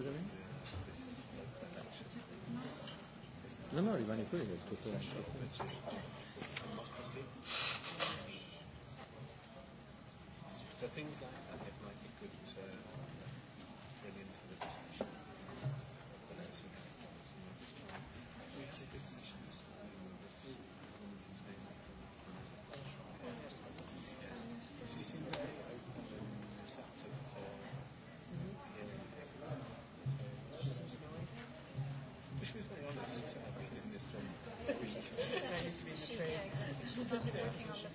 vous avez Non, non, rimane quello. Tutto... The things that working on the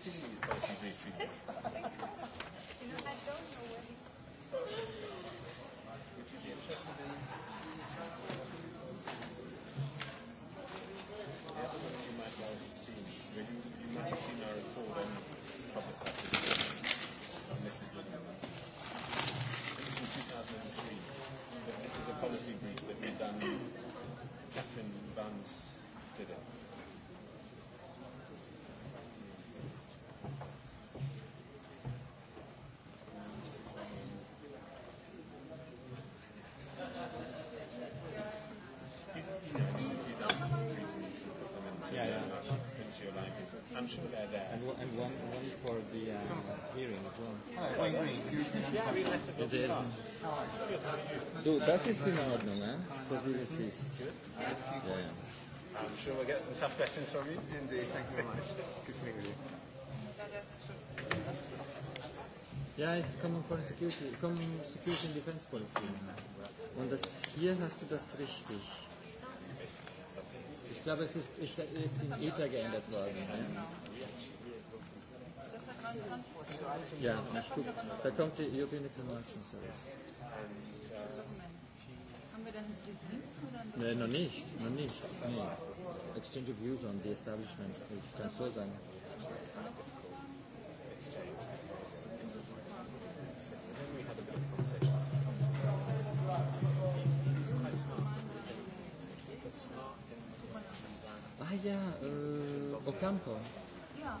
BC is Bossy BC. you know, I don't know where he Would you be interested in you might well have seen you, you might have seen our report on public practice from Mrs. Lindman. It was in 2003, but this is a policy brief that we done. Catherine Vance did it. I'm sure they're there. And, w- and one, one for the uh, hearing as well. Hi, Wayne Green, European Yeah, we met the Good. Du, das ist in Ordnung, eh? so wie es ist. Yeah, yeah. I'm sure we'll get some tough questions from you. Indeed, thank you very much. Good to meet with you. Ja, ich komme von Security, ich komme Security and Defense Policy. Und das hier hast du das richtig. Ich glaube, es ist, ist, ist in ETA geändert worden. Ne? Ja, na gut. Da kommt die European Information Service. Haben wir dann das gesehen? Nein, noch nicht. Noch nicht. Nee. Exchange of Views on the Establishment. Ich kann so sagen. Ah ja, äh, eh, Ocampo. Ja.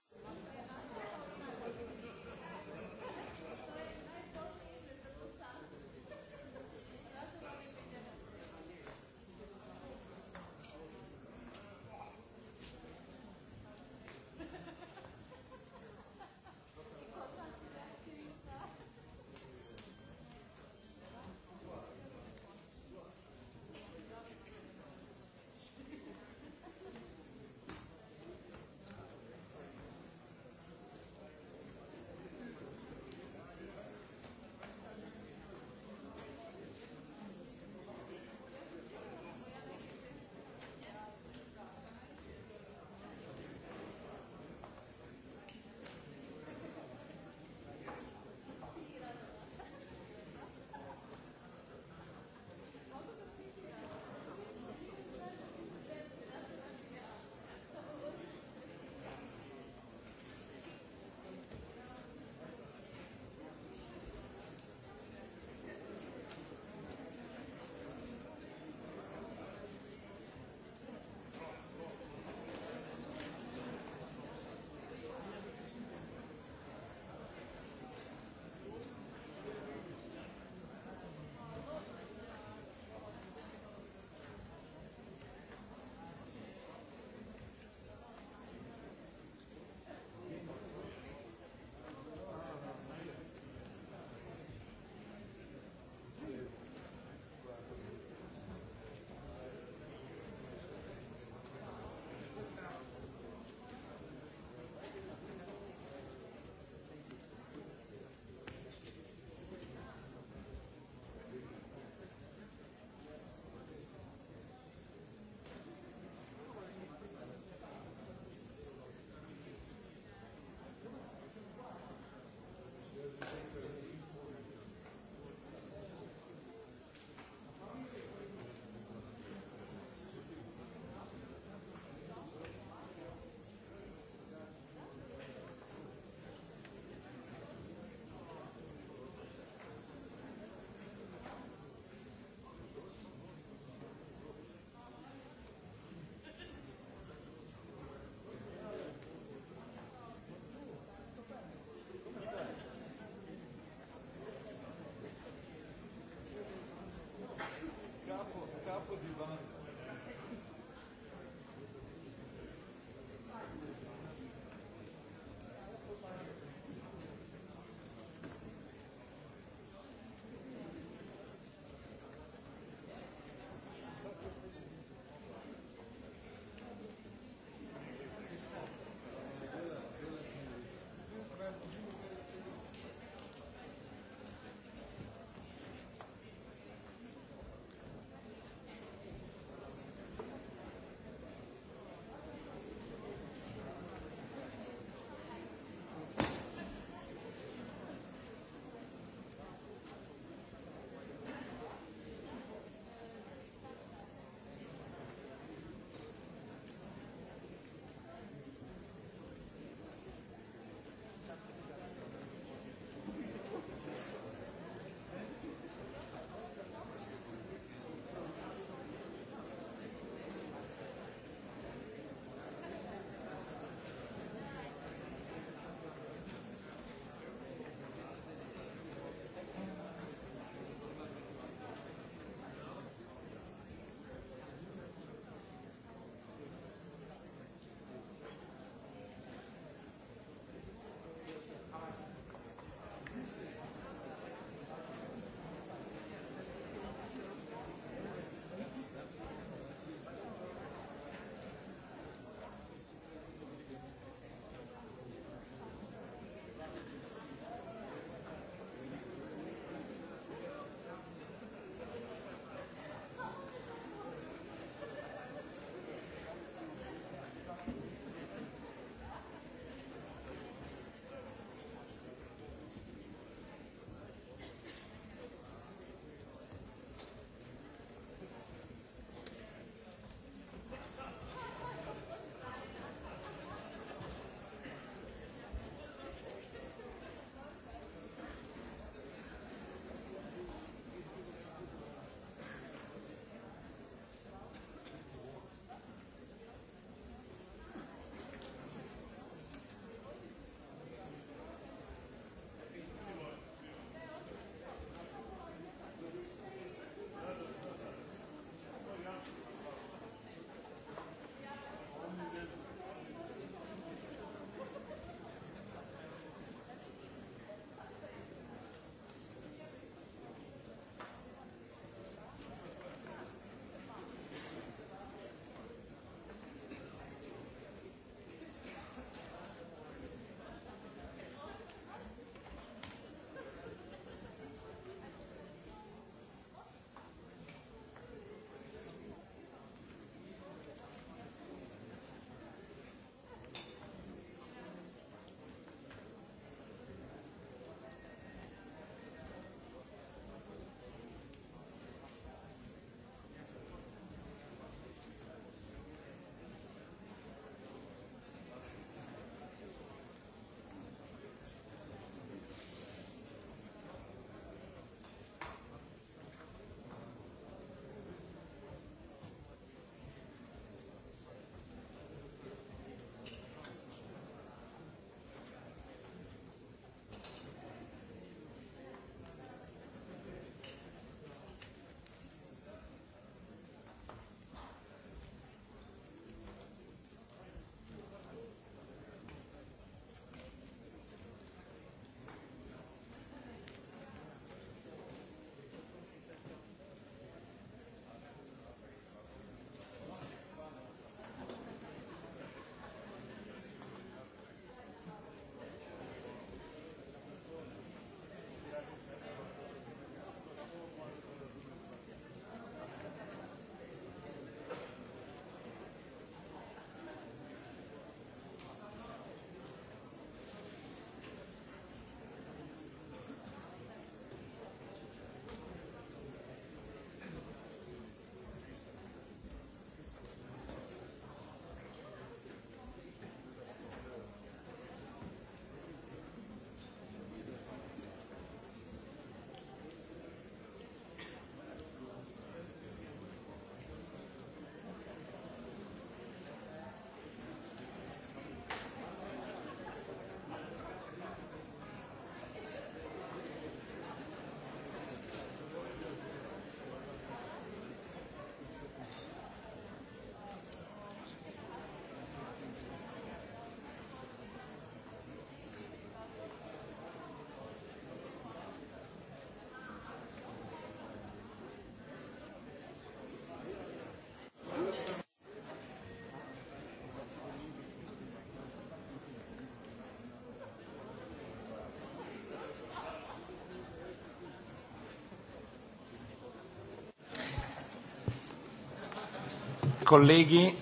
colleghi,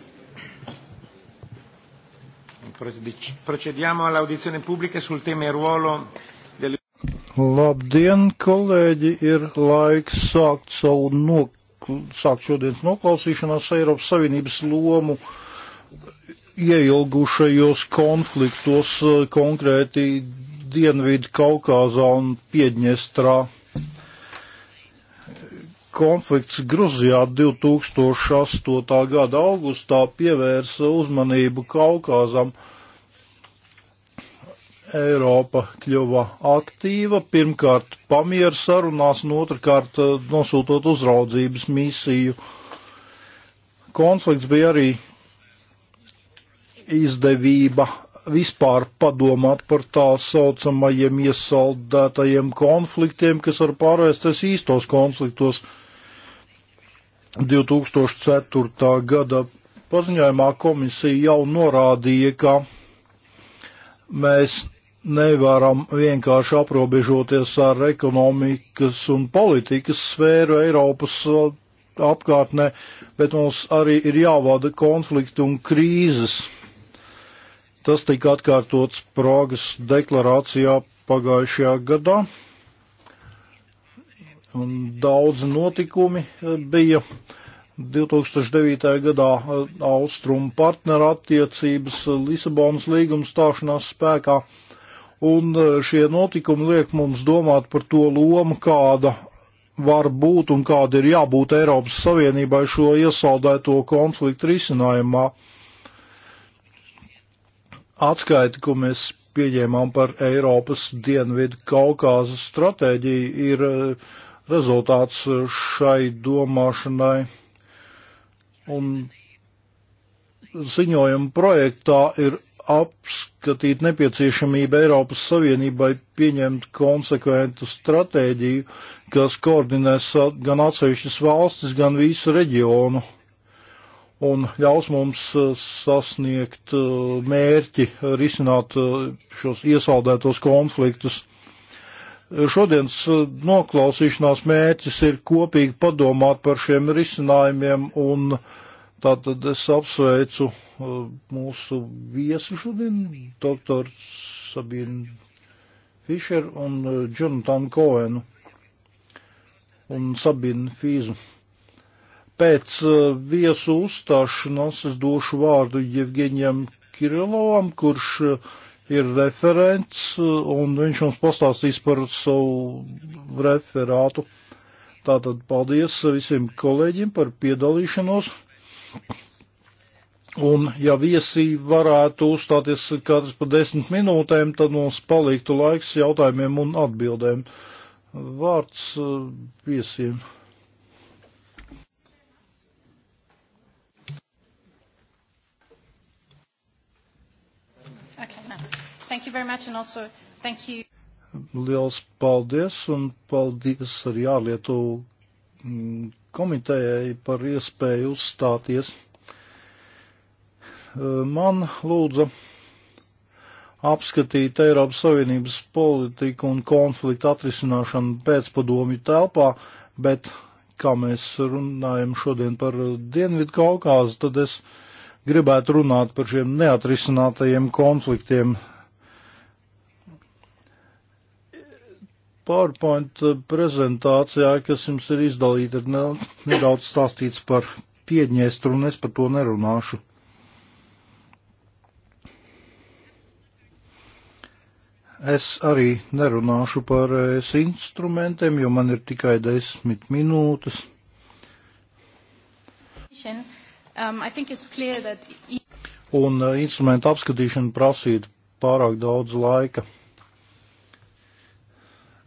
procediamo all'audizione pubblica sul tema e ruolo delle. Labdien, kolēģi! Ir laiks sākt savu no, sākt šodienas noklausīšanās Eiropas Savienības lomu ieilgušajos konfliktos konkrēti Dienvidu Kaukāzā un Piedņestrā konflikts Gruzijā 2008. gada augustā pievērsa uzmanību Kaukāzam. Eiropa kļuva aktīva, pirmkārt pamieru sarunās, un otrkārt eh, nosūtot uzraudzības misiju. Konflikts bija arī izdevība vispār padomāt par tā saucamajiem iesaldētajiem konfliktiem, kas var pārvērsties īstos konfliktos. 2004. gada paziņojumā komisija jau norādīja, ka mēs nevaram vienkārši aprobežoties ar ekonomikas un politikas sfēru Eiropas apkārtnē, bet mums arī ir jāvada konflikti un krīzes. Tas tika atkārtots Prāgas deklarācijā pagājušajā gadā un daudz notikumi eh, bija. 2009. gadā eh, Austrum partneru attiecības eh, Lisabonas līguma stāšanās spēkā, un šie notikumi liek mums domāt par to lomu, kāda var būt un kāda ir jābūt Eiropas Savienībai šo iesaldēto konfliktu risinājumā. Atskaita, ko mēs pieņēmām par Eiropas dienvidu Kaukāzas stratēģiju, ir uh, rezultāts eh, šai domāšanai. Un ziņojuma projektā ir apskatīt nepieciešamību Eiropas Savienībai pieņemt konsekventu stratēģiju, kas koordinēs gan atsevišķas valstis, gan visu reģionu un ļaus mums eh, sasniegt eh, mērķi risināt šos iesaldētos konfliktus. Šodienas noklausīšanās mērķis ir kopīgi padomāt par šiem risinājumiem, un tātad es apsveicu uh, mūsu viesi šodien, doktor Sabīnu Fišeru un uh, Jonatanu Koenu un Sabīnu Fīzu. Pēc uh, viesu uzstāšanās es došu vārdu Jevgeņiem Kirilovam, kurš uh, ir referents, un viņš mums pastāstīs par savu referātu. Tātad paldies visiem kolēģiem par piedalīšanos. Un ja viesi varētu uzstāties katrs pa desmit minūtēm, tad mums paliktu laiks jautājumiem un atbildēm. Vārds uh, viesiem. Uh, Thank you very much and also thank you. Liels paldies un paldies arī ārlietu mm, komitejai par iespēju uzstāties. Eh, man lūdza apskatīt Eiropas Savienības politiku un konfliktu atrisināšanu pēcpadomju telpā, bet kā mēs runājam šodien par Dienvidu Kaukāzu, tad es gribētu runāt par šiem neatrisinātajiem konfliktiem PowerPoint prezentācijā, kas jums ir izdalīta, ir nedaudz stāstīts par Piedņestru, un es par to nerunāšu. Es arī nerunāšu par es instrumentiem, jo man ir tikai desmit minūtes. Um, un uh, instrumentu apskatīšana prasīja pārāk daudz laika.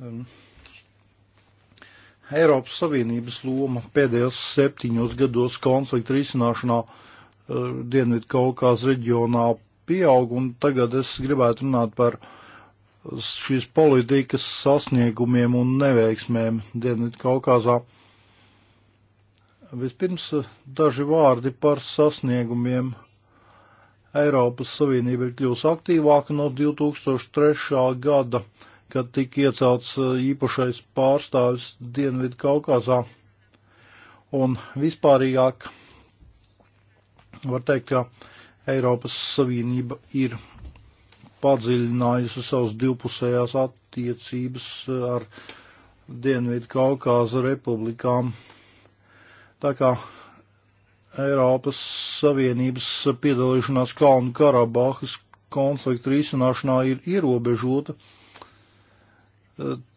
Um, Eiropas Savienības loma pēdējos septiņos gados konflikta risināšanā uh, Dienvidu Kaukās reģionā pieaug, un tagad es gribētu runāt par šīs politikas sasniegumiem un neveiksmēm Dienvidu Kaukāzā. Vispirms uh, daži vārdi par sasniegumiem. Eiropas Savienība ir kļūst aktīvāka no 2003. gada. Uh, kad tika iecelts eh, īpašais pārstāvis Dienvidu Kaukazā. Un vispārīgāk var teikt, ka Eiropas Savienība ir padziļinājusi savas divpusējās attiecības eh, ar Dienvidu Kaukāza republikām. Tā kā Eiropas Savienības piedalīšanās Kalnu Karabahas konflikta risināšanā ir ierobežota, uh,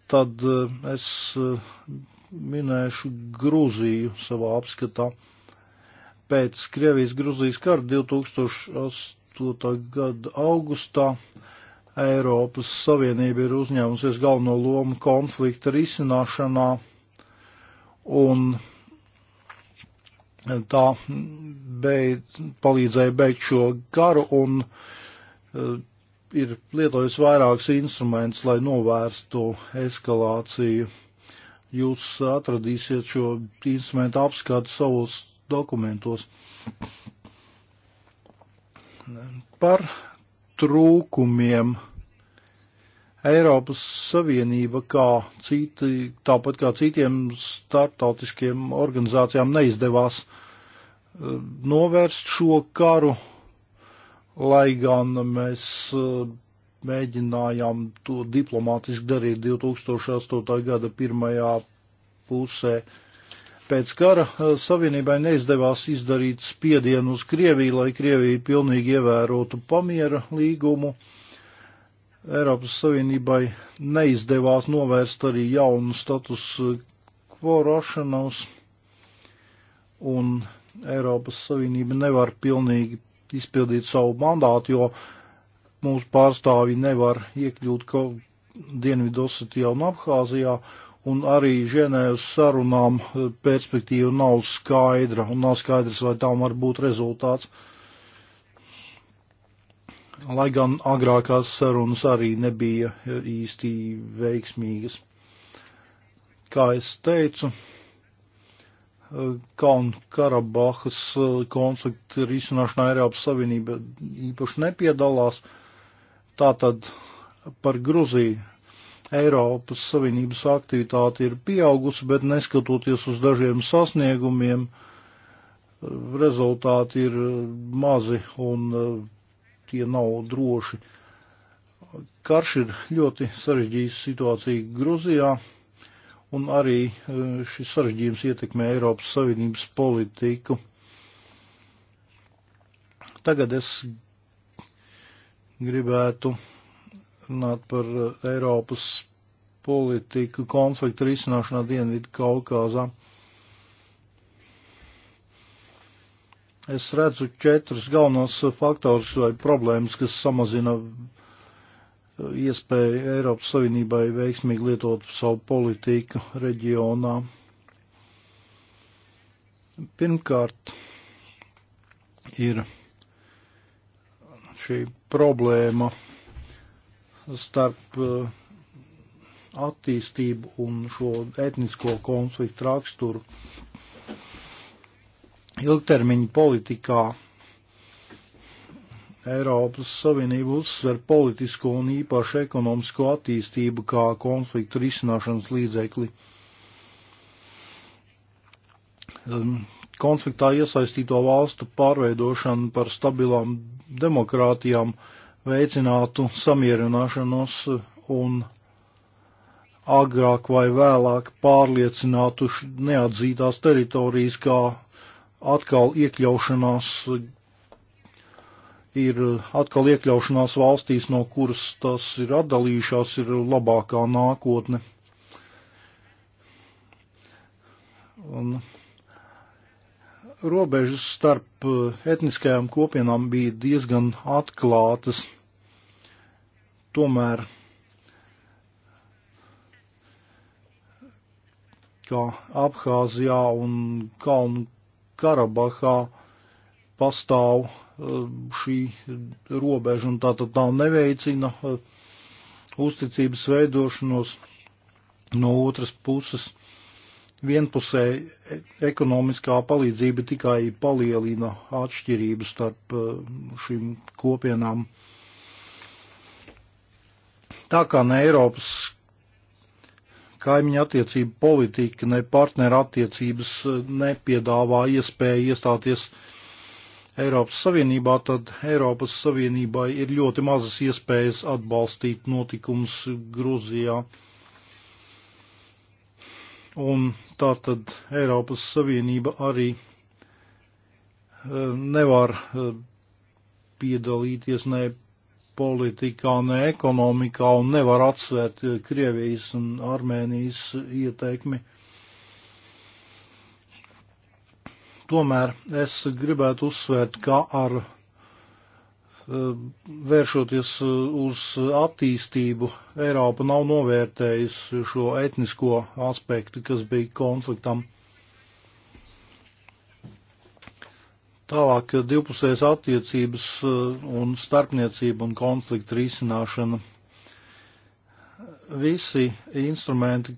tad eh, es eh, minēšu Grūziju savā apskatā. Pēc Krievijas-Grūzijas kara 2008. gada augustā Eiropas Savienība ir uzņēmusies galveno lomu konflikta risināšanā un tā beid, palīdzēja beigt šo karu un eh, ir lietojusi vairākus instrumentus, lai novērstu eskalāciju. Jūs atradīsiet šo instrumentu apskatu savos dokumentos. Par trūkumiem Eiropas Savienība, kā citi, tāpat kā citiem starptautiskiem organizācijām, neizdevās eh, novērst šo karu lai gan mēs uh, mēģinājām to diplomātiski darīt 2008. gada pirmajā pusē. Pēc kara uh, Savienībai neizdevās izdarīt spiedienu uz Krieviju, lai Krievija pilnīgi ievērotu pamiera līgumu. Eiropas Savienībai neizdevās novērst arī jaunu status uh, quo rašanos, un Eiropas Savienība nevar pilnīgi izpildīt savu mandātu, jo mūsu pārstāvji nevar iekļūt Dienvidosetijā un Abhāzijā, un arī Ženēvas sarunām eh, perspektīva nav skaidra, un nav skaidrs, vai tam var būt rezultāts. Lai gan agrākās sarunas arī nebija eh, īsti veiksmīgas. Kā es teicu, Kalnu-Karabahas eh, konflikta risināšanā Eiropas Savienība īpaši nepiedalās. Tātad par Gruziju Eiropas Savienības aktivitāte ir pieaugusi, bet neskatoties uz dažiem sasniegumiem, eh, rezultāti ir eh, mazi un tie nav droši. Karš ir ļoti sarežģījis situāciju Gruzijā un arī e, šis sarežģījums ietekmē Eiropas Savienības politiku. Tagad es gribētu runāt par Eiropas politiku konfliktu risināšanā Dienvidu Kaukāzā. Es redzu četrus galvenos faktorus vai problēmas, kas samazina iespēju Eiropas Savienībai veiksmīgi lietot savu politiku reģionā. Pirmkārt, ir šī problēma starp uh, attīstību un šo etnisko konfliktu raksturu. Ilgtermiņa politikā Eiropas Savienība uzsver politisko un īpaši ekonomisko attīstību kā konfliktu risināšanas līdzekli. Konfliktā iesaistīto valstu pārveidošana par stabilām demokrātijām veicinātu samierināšanos un agrāk vai vēlāk pārliecinātu neatzītās teritorijas kā atkal iekļaušanās ir atkal iekļaušanās valstīs, no kuras tas ir atdalījušās, ir labākā nākotne. Un robežas starp eh, etniskajām kopienām bija diezgan atklātas. Tomēr, kā Abhāzijā un Kalnu Karabahā, pastāv eh, šī robeža un tā tad tā neveicina eh, uzticības veidošanos no otras puses. Vienpusē e-, ekonomiskā palīdzība tikai palielina atšķirības starp eh, šīm kopienām. Tā kā ne Eiropas kaimiņa attiecība politika, ne partneru attiecības nepiedāvā iespēju iestāties uh, Eiropas Savienībā, tad Eiropas Savienībai ir ļoti mazas iespējas atbalstīt notikums Gruzijā. Un tā tad Eiropas Savienība arī e, nevar e, piedalīties ne politikā, ne ekonomikā un nevar atsvērt Krievijas un Armēnijas ieteikmi. Tomēr es gribētu uzsvērt, ka ar e, vēršoties uz attīstību, Eiropa nav novērtējusi šo etnisko aspektu, kas bija konfliktam. Tālāk divpusējas attiecības e, un starpniecība un konflikta risināšana. Visi instrumenti,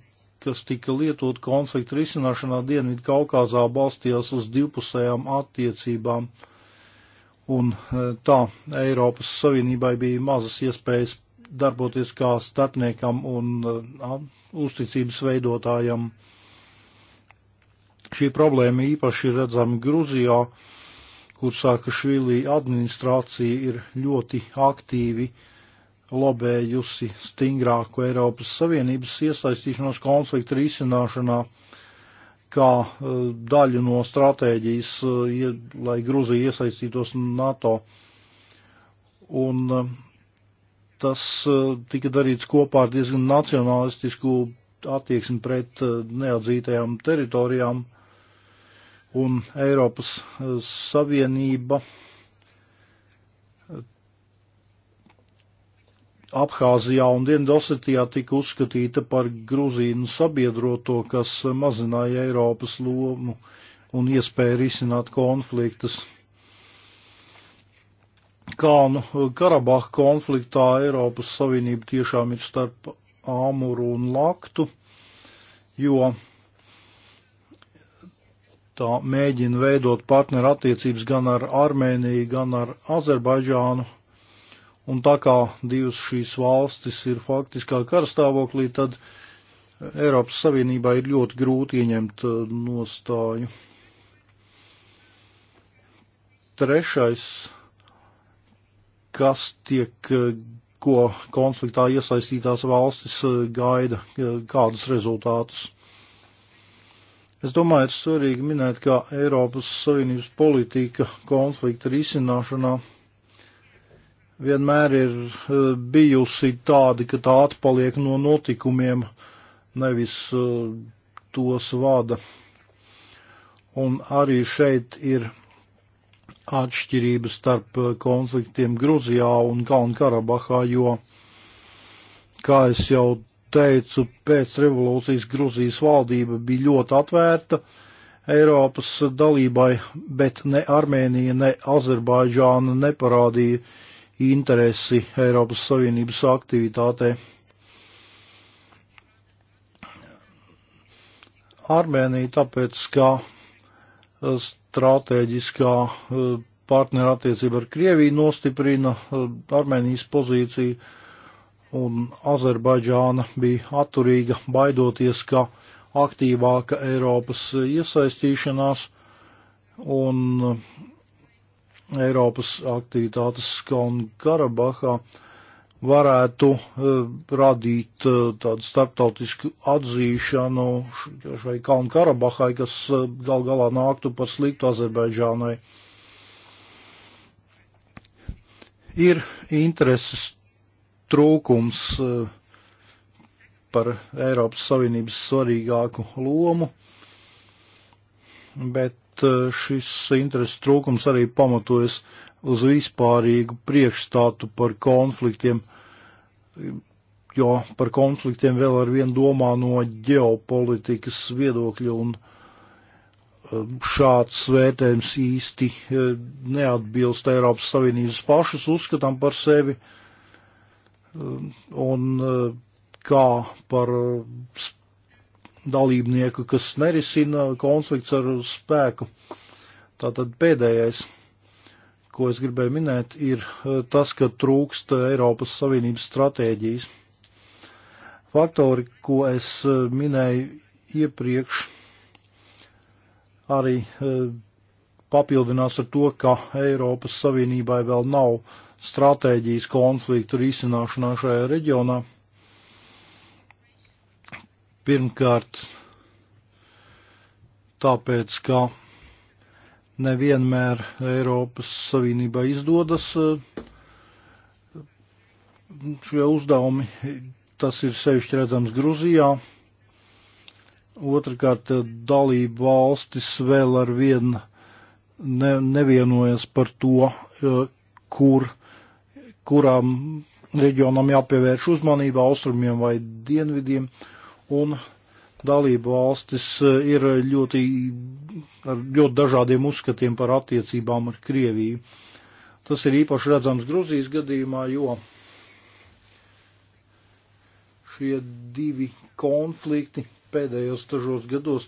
kas tika lietot konflikta risināšanā Dienvidu Kaukāzā, balstījās uz divpusējām attiecībām, un e, tā Eiropas Savienībai bija mazas iespējas darboties kā starpniekam un uh, uzticības veidotājam. Šī problēma īpaši ir redzama Gruzijā, kur Sākašvili administrācija ir ļoti aktīvi uh, lobējusi stingrāku Eiropas Savienības iesaistīšanos konflikta risināšanā kā e, daļu no stratēģijas, e, lai Gruzija iesaistītos NATO. Un e, tas tika darīts kopā ar diezgan nacionalistisku attieksmi pret neatzītajām teritorijām, un Eiropas Savienība Abhāzijā un Dienvidosetijā tika uzskatīta par Gruzīnu sabiedroto, kas mazināja Eiropas lomu un iespēju risināt konfliktus. Kā nu, Karabaha konfliktā Eiropas Savienība tiešām ir starp āmuru un laktu, jo tā mēģina veidot partneru attiecības gan ar Armēniju, gan ar Azerbaidžānu Un tā kā divas šīs valstis ir faktiskā karstāvoklī, tad Eiropas Savienībā ir ļoti grūti ieņemt uh, nostāju. Trešais, kas tiek, uh, ko konfliktā iesaistītās valstis uh, gaida, kādus rezultātus. Es domāju, ir svarīgi minēt, ka Eiropas Savienības politika konflikta risināšanā vienmēr ir eh, bijusi tāda, ka tā atpaliek no notikumiem, nevis eh, tos vada. Un arī šeit ir atšķirības starp eh, konfliktiem Gruzijā un Kalnkarabahā, jo, kā es jau teicu, pēc revolūcijas Gruzijas valdība bija ļoti atvērta Eiropas dalībai, bet ne Armēnija, ne Azerbaidžāna neparādīja uh, interesi Eiropas Savienības aktivitātē. Armēnija tāpēc, ka e, stratēģiskā e, partnerattiecība ar Krieviju nostiprina e, Armēnijas pozīciju, un Azerbaidžāna bija atturīga, baidoties, ka aktīvāka Eiropas iesaistīšanās un Eiropas aktivitātes Kalnu-Karabahā varētu eh, radīt eh, tādu starptautisku atzīšanu šai Kalnu-Karabahai, kas eh, gal galā nāktu par sliktu Azerbaidžānai. Ir intereses trūkums par Eiropas Savienības svarīgāku lomu, bet bet eh, šis interesu trūkums arī pamatojas uz vispārīgu priekšstātu par konfliktiem, jo par konfliktiem vēl ar vienu domā no ģeopolitikas viedokļa un eh, šāds vērtējums īsti eh, neatbilst Eiropas Savienības pašas uzskatām par sevi un kā par dalībnieku, kas nerisina konflikts ar spēku. Tātad pēdējais, ko es gribēju minēt, ir e, tas, ka trūkst Eiropas Savienības stratēģijas. Faktori, ko es e, minēju iepriekš, arī e, papildinās ar to, ka Eiropas Savienībai vēl nav stratēģijas konfliktu risināšanā šajā reģionā. Pirmkārt, tāpēc, ka nevienmēr Eiropas Savienībā izdodas eh, šie uzdevumi. Tas ir sevišķi redzams Gruzijā. Otrakārt, dalība valstis vēl ar vienu ne, nevienojas par to, eh, kur, kurām reģionam jāpievērš uzmanība, austrumiem vai dienvidiem. Uh, un dalību valstis e, ir ļoti, ar ļoti dažādiem uzskatiem par attiecībām ar Krieviju. Tas ir īpaši redzams Gruzijas gadījumā, jo šie divi konflikti pēdējos dažos gados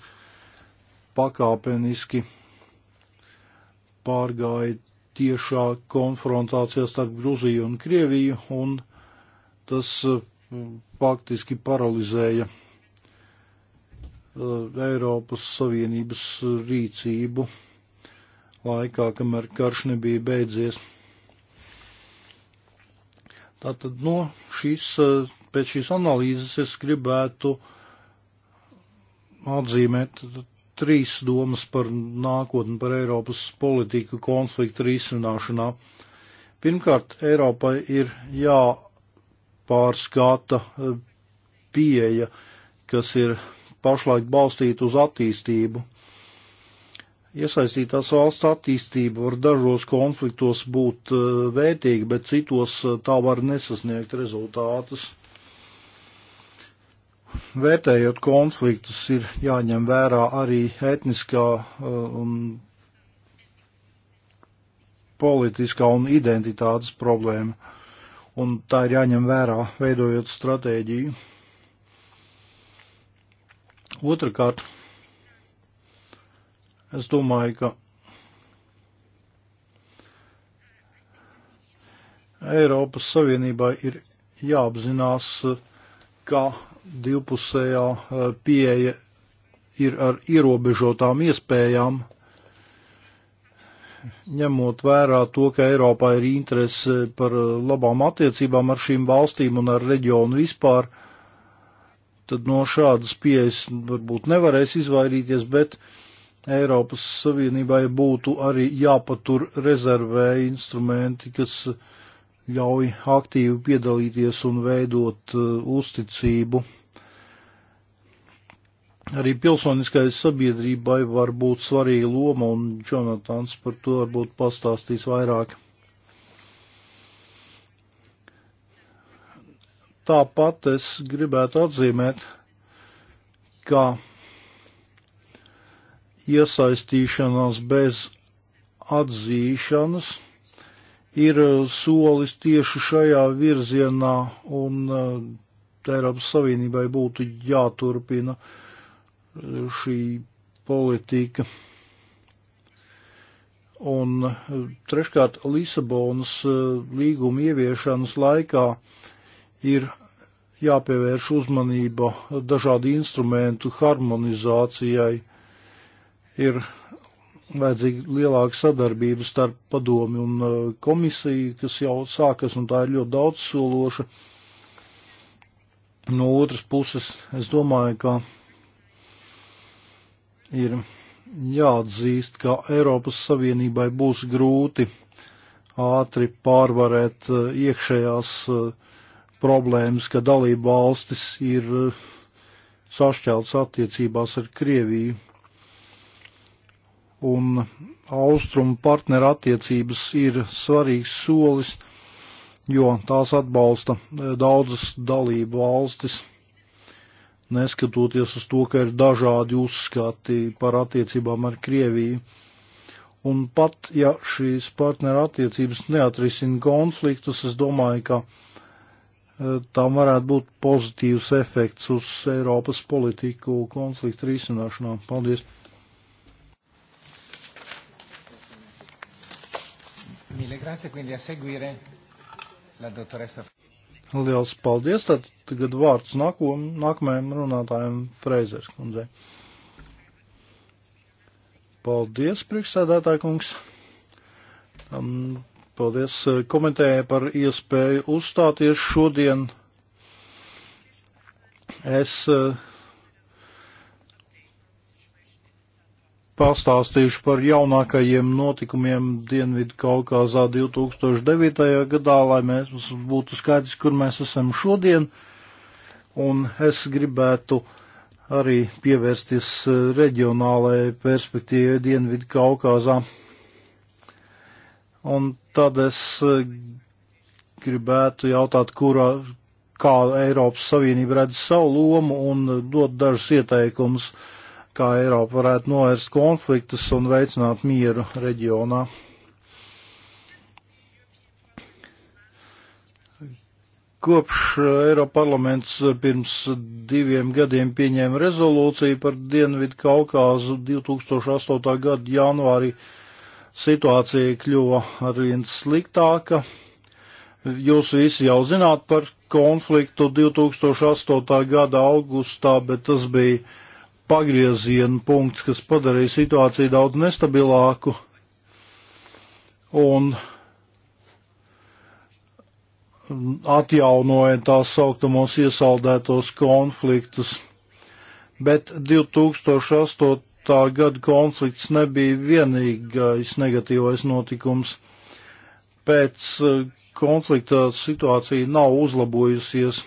pakāpeniski pārgāja tiešā konfrontācijā starp Gruziju un Krieviju, un tas e, faktiski paralizēja Eh, Eiropas Savienības rīcību laikā, kamēr karš nebija beidzies. Tātad no šīs, eh, pēc šīs analīzes es gribētu atzīmēt trīs domas par nākotni, par Eiropas politiku konflikta risināšanā. Pirmkārt, Eiropai ir jāpārskata eh, pieeja, kas ir pašlaik balstīta uz attīstību. Iesaistītās valsts attīstība var dažos konfliktos būt eh, vērtīga, bet citos eh, tā var nesasniegt rezultātus. Vērtējot konfliktus, ir jāņem vērā arī etniskā eh, un politiskā un identitātes problēma, un tā ir jāņem vērā, veidojot stratēģiju. Otrakārt, es domāju, ka Eiropas Savienībai ir jāapzinās, ka divpusējā eh, pieeja ir ar ierobežotām iespējām, ņemot vērā to, ka Eiropā ir interese par eh, labām attiecībām ar šīm valstīm un ar reģionu vispār. Uh, tad no šādas pieejas varbūt nevarēs izvairīties, bet Eiropas Savienībai būtu arī jāpatur rezervē instrumenti, kas ļauj aktīvi piedalīties un veidot uh, uzticību. Arī pilsoniskais sabiedrībai var būt svarīga loma, un Jonatans par to varbūt pastāstīs vairāk. Tāpat es gribētu atzīmēt, ka iesaistīšanās bez atzīšanas ir solis tieši šajā virzienā, un uh, Eiropas Savienībai būtu jāturpina šī politika. Un uh, treškārt, Lisabonas uh, līguma ieviešanas laikā ir jāpievērš uzmanība dažādu instrumentu harmonizācijai. Ir vajadzīga lielāka sadarbība starp padomi un uh, komisiju, kas jau sākas, un tā ir ļoti daudz sološa. No otras puses, es domāju, ka ir jāatzīst, ka Eiropas Savienībai būs grūti ātri pārvarēt uh, iekšējās uh, problēmas, ka dalība valstis ir eh, sašķelts attiecībās ar Krieviju. Un austrumu partneru attiecības ir svarīgs solis, jo tās atbalsta eh, daudzas dalību valstis, neskatoties uz to, ka ir dažādi uzskati par attiecībām ar Krieviju. Un pat ja šīs partneru attiecības neatrisina konfliktus, es domāju, ka Eh, tam varētu būt pozitīvs efekts uz Eiropas politiku konfliktu risināšanā. Paldies! Mille grazie, quindi a seguire la dottoressa. Liels paldies, tad tagad vārds nākom, nākamajam runātājam Freizers kundzei. Paldies, priekšsēdētāj kungs. Um, Paldies komitējai par iespēju uzstāties šodien. Es eh, pastāstīšu par jaunākajiem notikumiem Dienvidu Kaukāzā 2009. gadā, lai mēs būtu skaidrs, kur mēs esam šodien. Un es gribētu arī pievērsties eh, reģionālajai perspektīvai Dienvidu Kaukāzā. Un tad es eh, gribētu jautāt, kurā, kā Eiropas Savienība redz savu lomu un eh, dot dažus ieteikumus, kā Eiropa varētu novērst konfliktus un veicināt mieru reģionā. Kopš eh, Eiropa parlaments pirms diviem gadiem pieņēma rezolūciju par Dienvidu Kaukāzu 2008. gada janvārī situācija kļuva arvien sliktāka. Jūs visi jau zināt par konfliktu 2008. gada augustā, bet tas bija pagrieziena punkts, kas padarīja situāciju daudz nestabilāku. Un atjaunoja tās sauktamos iesaldētos konfliktus. Bet 2008 gada konflikts nebija vienīgais negatīvais notikums. Pēc eh, konflikta situācija nav uzlabojusies.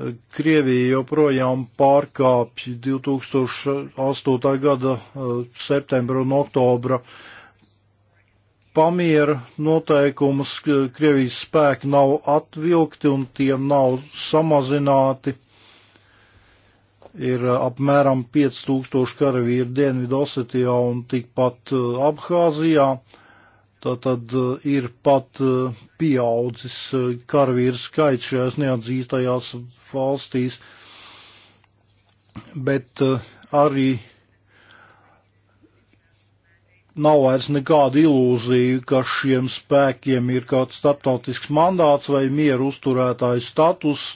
Eh, Krievija joprojām pārkāpj 2008. gada eh, septembra un oktobra pamiera noteikumus. Krievijas spēki nav atvilkti un tie nav samazināti ir eh, apmēram 5000 karavīru Dienvidosetijā un tikpat eh, Abhāzijā. Tātad eh, ir pat pieaudzis karavīru skaits šajās neatzīstajās valstīs, bet arī nav vairs nekāda ilūzija, ka šiem spēkiem ir kāds starptautisks mandāts vai mieru uzturētāju status.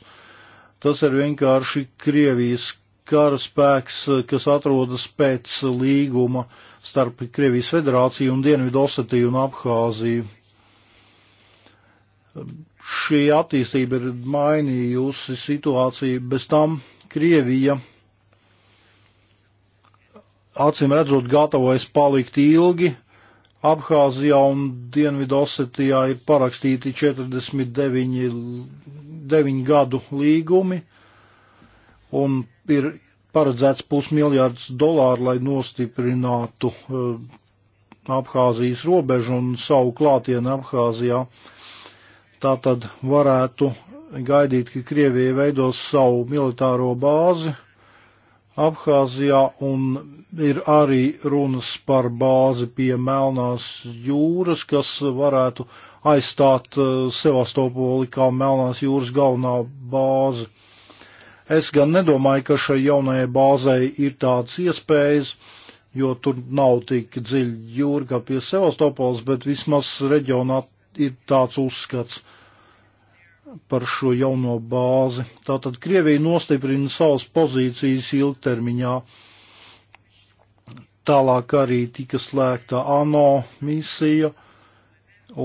Tas ir vienkārši Krievijas karaspēks, eh, kas atrodas pēc līguma starp Krievijas federāciju un Dienvidu Osetiju un Abhāziju. Šī attīstība ir mainījusi situāciju, bez tam Krievija acīm redzot gatavojas palikt ilgi. Abhāzijā un Dienvidu Osetijā ir parakstīti 49 9 gadu līgumi, un ir paredzēts pusmiljārds dolāru, lai nostiprinātu eh, Abhāzijas robežu un savu klātienu Abhāzijā. Tā tad varētu gaidīt, ka Krievija veidos savu militāro bāzi Abhāzijā un ir arī runas par bāzi pie Melnās jūras, kas varētu aizstāt eh, Sevastopoli kā Melnās jūras galvenā bāze. Es gan nedomāju, ka šai jaunajai bāzei ir tādas iespējas, jo tur nav tik dziļa jūra kā pie Sevastopols, bet vismaz reģionā ir tāds uzskats par šo jauno bāzi. Tātad Krievija nostiprina savas pozīcijas ilgtermiņā. Tālāk arī tika slēgta ANO misija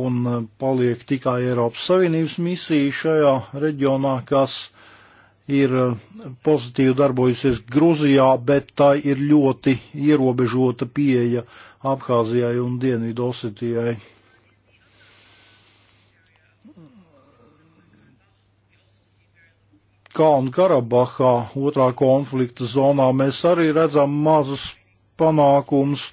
un paliek tikai Eiropas Savienības misija šajā reģionā, kas ir eh, pozitīvi darbojusies Gruzijā, bet tā ir ļoti ierobežota pieeja Abhāzijai un Dienvidu Osetijai. Kalnu Karabahā, otrā konflikta zonā, mēs arī redzam mazus panākums.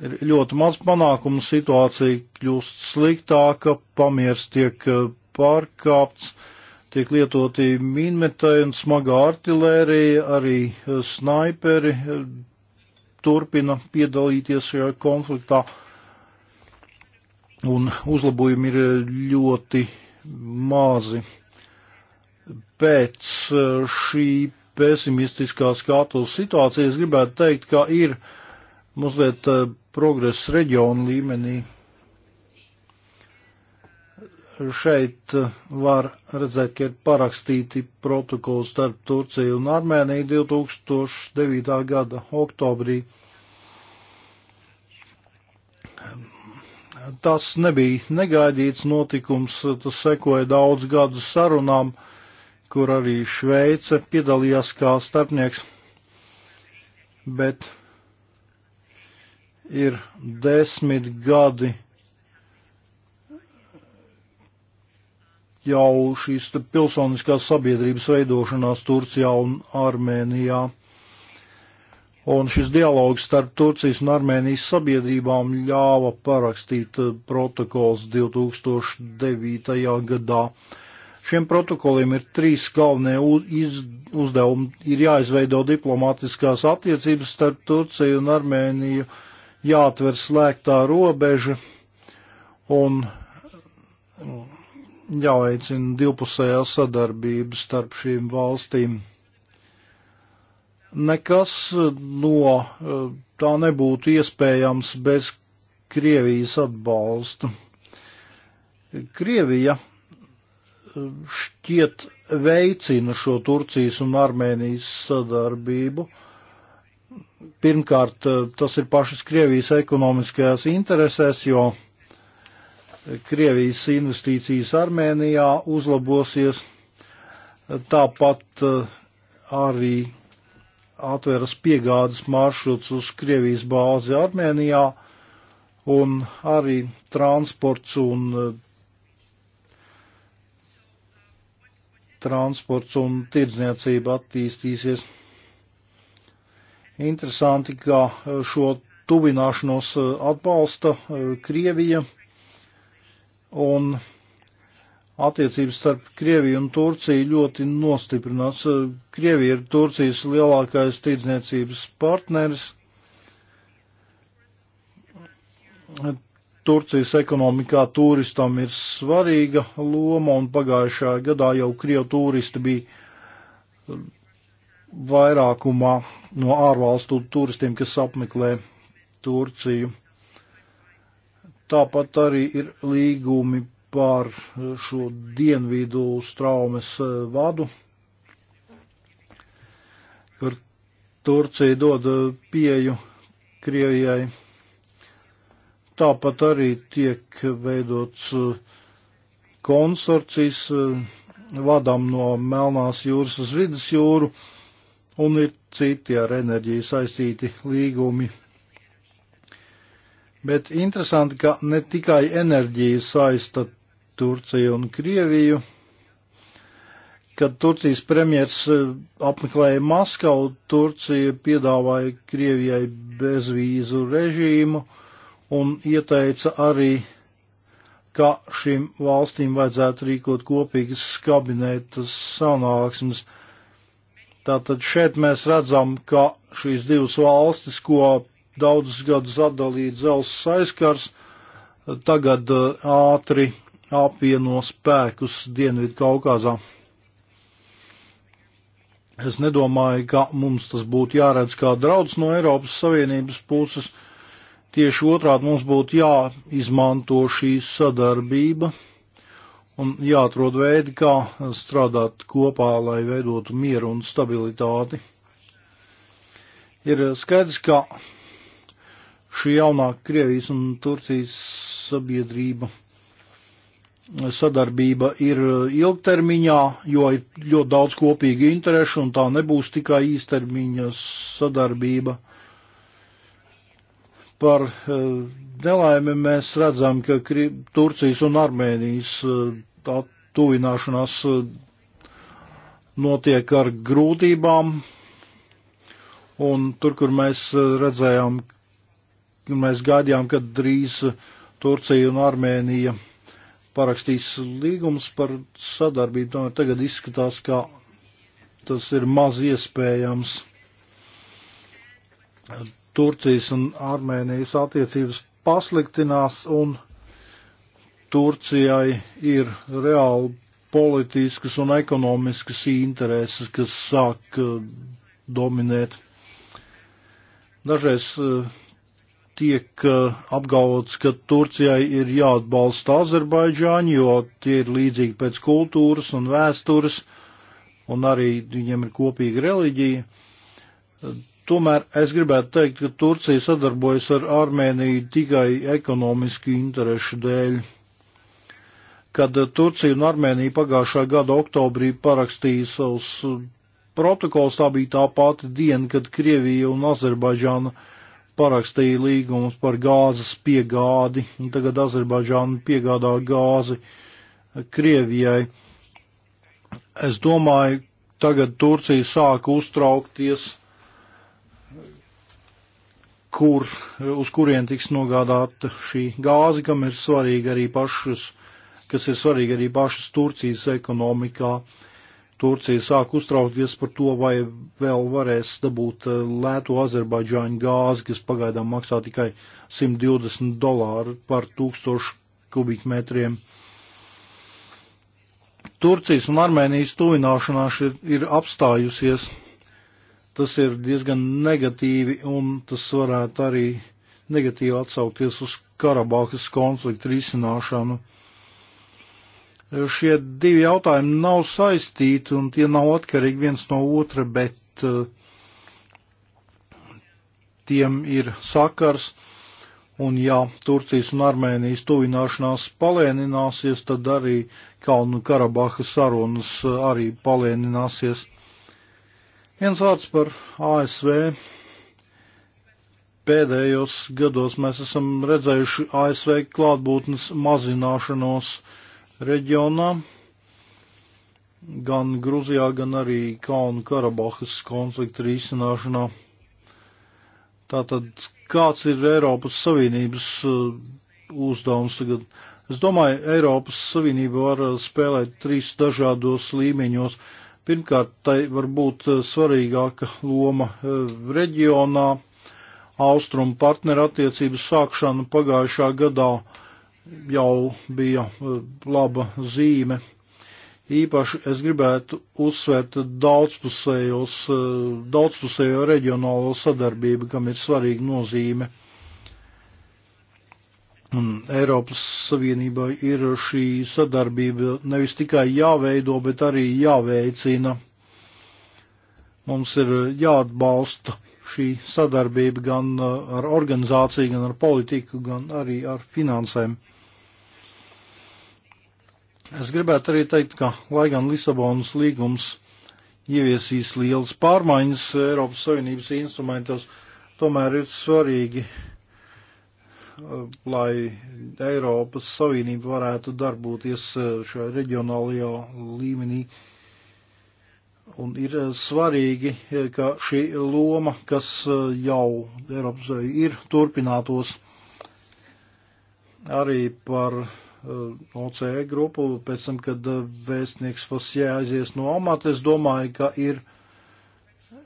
Ir ļoti maz panākumu situācija kļūst sliktāka, pamiers tiek eh, pārkāpts. Uh, tiek lietoti minmetai un smagā artilērija, arī eh, snaiperi eh, turpina piedalīties šajā konfliktā. Un uzlabojumi ir eh, ļoti mazi. Pēc šī pesimistiskā skatus situācijas gribētu teikt, ka ir mazliet progress reģionu līmenī šeit eh, var redzēt, ka ir parakstīti protokoli starp Turciju un Armēniju 2009. gada oktobrī. Tas nebija negaidīts notikums, tas sekoja daudz gadu sarunām, kur arī Šveice piedalījās kā starpnieks, bet ir desmit gadi jau šīs pilsoniskās sabiedrības veidošanās Turcijā un Armēnijā. Un šis dialogs starp Turcijas un Armēnijas sabiedrībām ļāva parakstīt eh, protokols 2009. gadā. Šiem protokoliem ir trīs galvenie uzdevumi. Ir jāizveido diplomatiskās attiecības starp Turciju un Armēniju, jāatver slēgtā robeža un jāveicina divpusējā sadarbība starp šīm valstīm. Nekas eh, no eh, tā nebūtu iespējams bez Krievijas atbalsta. Krievija eh, šķiet veicina šo Turcijas un Armēnijas sadarbību. Pirmkārt, tas ir pašas Krievijas ekonomiskajās interesēs, jo Krievijas investīcijas Armēnijā uzlabosies, tāpat eh, arī atveras piegādes maršruts uz Krievijas bāzi Armēnijā un arī transports un eh, transports un tirdzniecība attīstīsies. Interesanti, ka eh, šo tuvināšanos atbalsta Krievija un attiecības starp Krieviju un Turciju ļoti nostiprinās. Krievija ir Turcijas lielākais tirdzniecības partneris. Turcijas ekonomikā turistam ir svarīga loma, un pagājušā gadā jau Krievu turisti bija vairākumā no ārvalstu turistiem, kas apmeklē Turciju. Tāpat arī ir līgumi par šo dienvidu straumes eh, vadu, kur Turcija dod eh, pieju Krievijai. Tāpat arī tiek veidots eh, konsorcijas vadam no Melnās jūras uz Vidus jūru, un ir citi ar enerģiju saistīti līgumi. Bet interesanti, ka ne tikai enerģija saista Turciju un Krieviju. Kad Turcijas premjers eh, apmeklēja Maskavu, Turcija piedāvāja Krievijai bezvīzu režīmu un ieteica arī, ka šīm valstīm vajadzētu rīkot kopīgas kabinetas sanāksmes. Tātad šeit mēs redzam, ka šīs divas valstis, ko daudzus gadus atdalīja dzelzs aizkars, tagad eh, ātri apvieno spēkus Dienvidu Kaukazā. Es nedomāju, ka mums tas būtu jāredz kā draudz no Eiropas Savienības puses. Tieši otrādi mums būtu jāizmanto šī sadarbība un jāatrod veidi, kā strādāt kopā, lai veidotu mieru un stabilitāti. Ir skaidrs, ka šī jaunā Krievijas un Turcijas sabiedrība sadarbība ir ilgtermiņā, jo ir ļoti daudz kopīgi interešu un tā nebūs tikai īstermiņa sadarbība. Par eh, nelaimi mēs redzam, ka Turcijas un Armēnijas eh, tuvināšanās eh, notiek ar grūtībām, un tur, kur mēs redzējām, mēs gaidījām, ka drīz Turcija un Armēnija parakstīs līgums par sadarbību, tomēr tagad izskatās, ka tas ir maz iespējams. Turcijas un Armēnijas attiecības pasliktinās un Turcijai ir reāli politiskas un ekonomiskas intereses, kas sāk eh, dominēt. Dažreiz uh, tiek eh, apgalvots, ka Turcijai ir jāatbalsta Azerbaidžāņi, jo tie ir līdzīgi pēc kultūras un vēstures, un arī viņiem ir kopīga reliģija. Tomēr es gribētu teikt, ka Turcija sadarbojas ar Armēniju tikai ekonomiski interešu dēļ. Kad eh, Turcija un Armēnija pagājušā gada oktobrī parakstīja savus eh, protokols, tā bija tā pati diena, kad Krievija un Azerbaidžāna uh, parakstīja līgumus par gāzes piegādi, un tagad Azerbaidžāna piegādā gāzi Krievijai. Es domāju, tagad Turcija sāk uztraukties, kur, uz kurien tiks nogādāta šī gāze, kam ir svarīga arī pašas, kas ir svarīga arī pašas Turcijas ekonomikā. Uh, Turcija sāk uztraukties par to, vai vēl varēs dabūt eh, lēto Azerbaidžāņu gāzi, kas pagaidām maksā tikai 120 dolāru par tūkstošu kubikmetriem. Turcijas un Armēnijas tuvināšanās ir, ir apstājusies. Tas ir diezgan negatīvi, un tas varētu arī negatīvi atsaukties uz Karabahas konflikta risināšanu. Ar Šie divi jautājumi nav saistīti un tie nav atkarīgi viens no otra, bet eh, tiem ir sakars. Un ja Turcijas un Armēnijas tuvināšanās palēnināsies, tad arī Kalnu Karabaha sarunas eh, arī palēnināsies. Viens vārds par ASV. Pēdējos gados mēs esam redzējuši ASV klātbūtnes mazināšanos reģionā, gan Gruzijā, gan arī Kaunu Karabahas konflikta risināšanā. Tātad, kāds ir Eiropas Savienības uh, uzdevums tagad? Es domāju, Eiropas Savienība var uh, spēlēt trīs dažādos līmeņos. Pirmkārt, tai var būt uh, svarīgāka loma reģionā, austrumu partneru attiecības sākšana pagājušā gadā jau bija uh, laba zīme. Īpaši es gribētu uzsvērt daudzpusējos, uh, daudzpusējo reģionālo sadarbību, kam ir svarīga nozīme. Un Eiropas Savienībai ir šī sadarbība nevis tikai jāveido, bet arī jāveicina. Mums ir jāatbalsta šī sadarbība gan uh, ar organizāciju, gan ar politiku, gan arī ar finansēm. Es gribētu arī teikt, ka lai gan Lisabonas līgums ieviesīs lielas pārmaiņas Eiropas Savienības instrumentos, tomēr ir svarīgi, eh, lai Eiropas Savienība varētu darboties eh, šajā reģionālajā līmenī. Un ir eh, svarīgi, ka šī loma, kas jau Eiropas ir, turpinātos arī par Eh, OCE grupu, pēc tam, kad eh, vēstnieks Fasijā aizies no amata, es domāju, ka ir eh,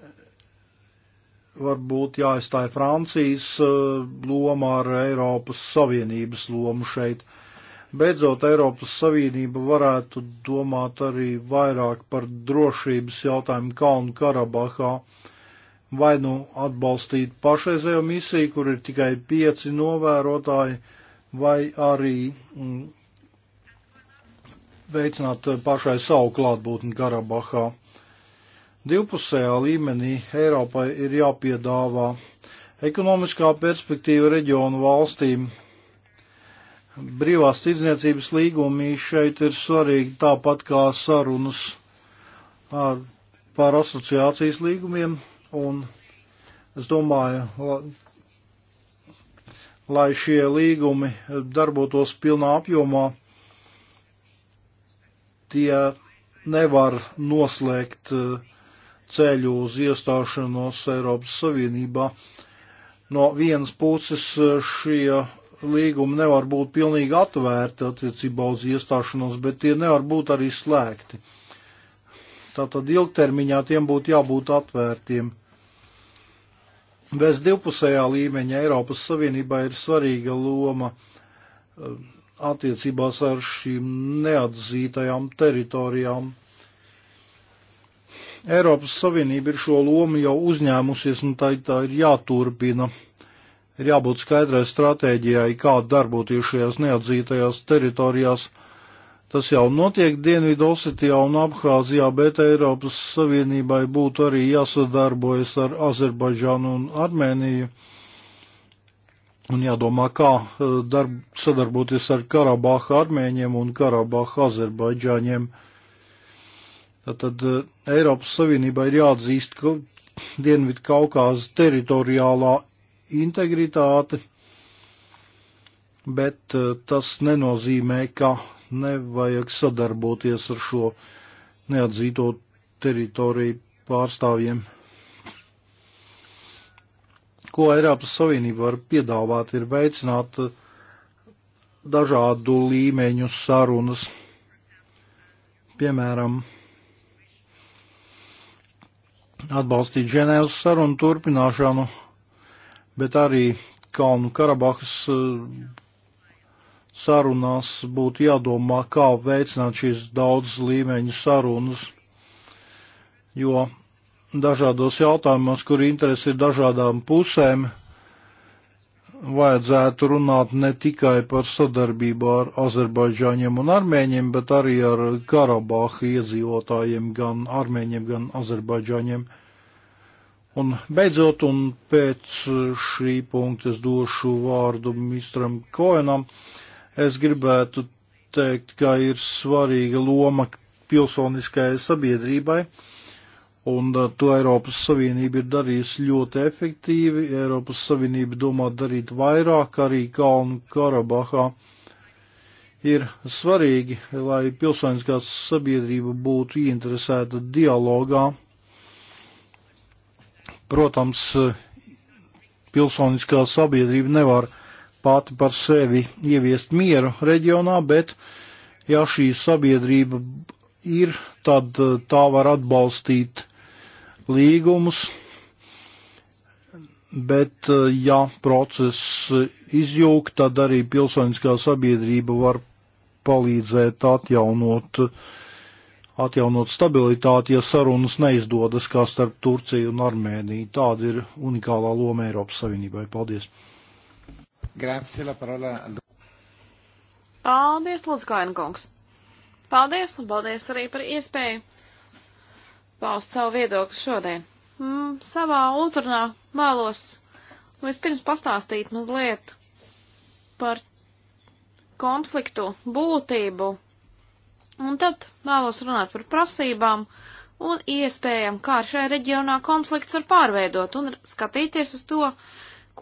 varbūt jāizstāja Francijas loma ar Eiropas Savienības lomu šeit. Beidzot, Eiropas Savienība varētu domāt arī vairāk par drošības jautājumu Kalnu Karabahā, vai nu atbalstīt pašreizējo misiju, kur ir tikai pieci novērotāji, vai arī mm, veicināt pašai savu klātbūtni Karabahā. Divpusējā līmenī Eiropai ir jāpiedāvā ekonomiskā perspektīva reģionu valstīm. Brīvās tirdzniecības līgumi šeit ir svarīgi tāpat kā sarunas ar, par asociācijas līgumiem, un es domāju, lai šie līgumi darbotos pilnā apjomā, tie nevar noslēgt eh, ceļu uz iestāšanos Eiropas Savienībā. No vienas puses eh, šie līgumi nevar būt pilnīgi atvērti attiecībā uz iestāšanos, bet tie nevar būt arī slēgti. Tātad ilgtermiņā tiem būtu jābūt atvērtiem. Bez divpusējā līmeņa Eiropas Savienībā ir svarīga loma um, attiecībās ar šīm neatzītajām teritorijām. Eiropas Savienība ir šo lomu jau uzņēmusies, un tā, tā ir jāturpina. Ir jābūt skaidrai stratēģijai, kā darboties šajās neatzītajās teritorijās. Uh, Tas jau notiek Dienvidu Osetijā un Abhāzijā, bet Eiropas Savienībai būtu arī jāsadarbojas ar Azerbaidžānu un Armēniju. Un jādomā, kā eh, darb, sadarboties ar Karabāha armēņiem un Karabāha azerbaidžāņiem. Tad eh, Eiropas Savienībai ir jāatzīst, ka Dienvidu Kaukāza teritoriālā integritāte, bet eh, tas nenozīmē, ka nevajag sadarboties ar šo neatzīto teritoriju pārstāvjiem. Ko Eiropas Savienība var piedāvāt, ir veicināt eh, dažādu līmeņu sarunas. Piemēram, atbalstīt Ženēvas sarunu turpināšanu, bet arī Kalnu Karabahas eh, sarunās būtu jādomā, kā veicināt šīs daudz līmeņu sarunas, jo dažādos jautājumos, kur interesi ir dažādām pusēm, vajadzētu runāt ne tikai par sadarbību ar Azerbaidžāņiem un armēņiem, bet arī ar Karabāha iedzīvotājiem, gan armēņiem, gan Azerbaidžāņiem. Un beidzot, un pēc šī punkta es došu vārdu ministram Koenam. Uh, Es gribētu teikt, ka ir svarīga loma pilsoniskajai sabiedrībai, un uh, to Eiropas Savienība ir darījusi ļoti efektīvi. Eiropas Savienība domā darīt vairāk arī Kalnu Karabahā. Ir svarīgi, lai pilsoniskā sabiedrība būtu ieinteresēta dialogā. Protams, pilsoniskā sabiedrība nevar uh, pati par sevi ieviest mieru reģionā, bet ja šī sabiedrība ir, tad eh, tā var atbalstīt līgumus, bet eh, ja process izjūg, tad arī pilsoniskā sabiedrība var palīdzēt atjaunot, atjaunot stabilitāti, ja sarunas neizdodas kā starp Turciju un Armēniju. Tāda ir unikālā loma Eiropas Savienībai. Paldies! Grazie, la parola. Paldies, Lūdzu, Kainkungs. Paldies, un paldies arī par iespēju paust savu viedokli šodien. Mm, savā uzrunā vēlos vispirms pastāstīt mazliet par konfliktu būtību, un tad vēlos runāt par prasībām un iespējām, kā šajā reģionā konflikts var pārveidot, un skatīties uz to,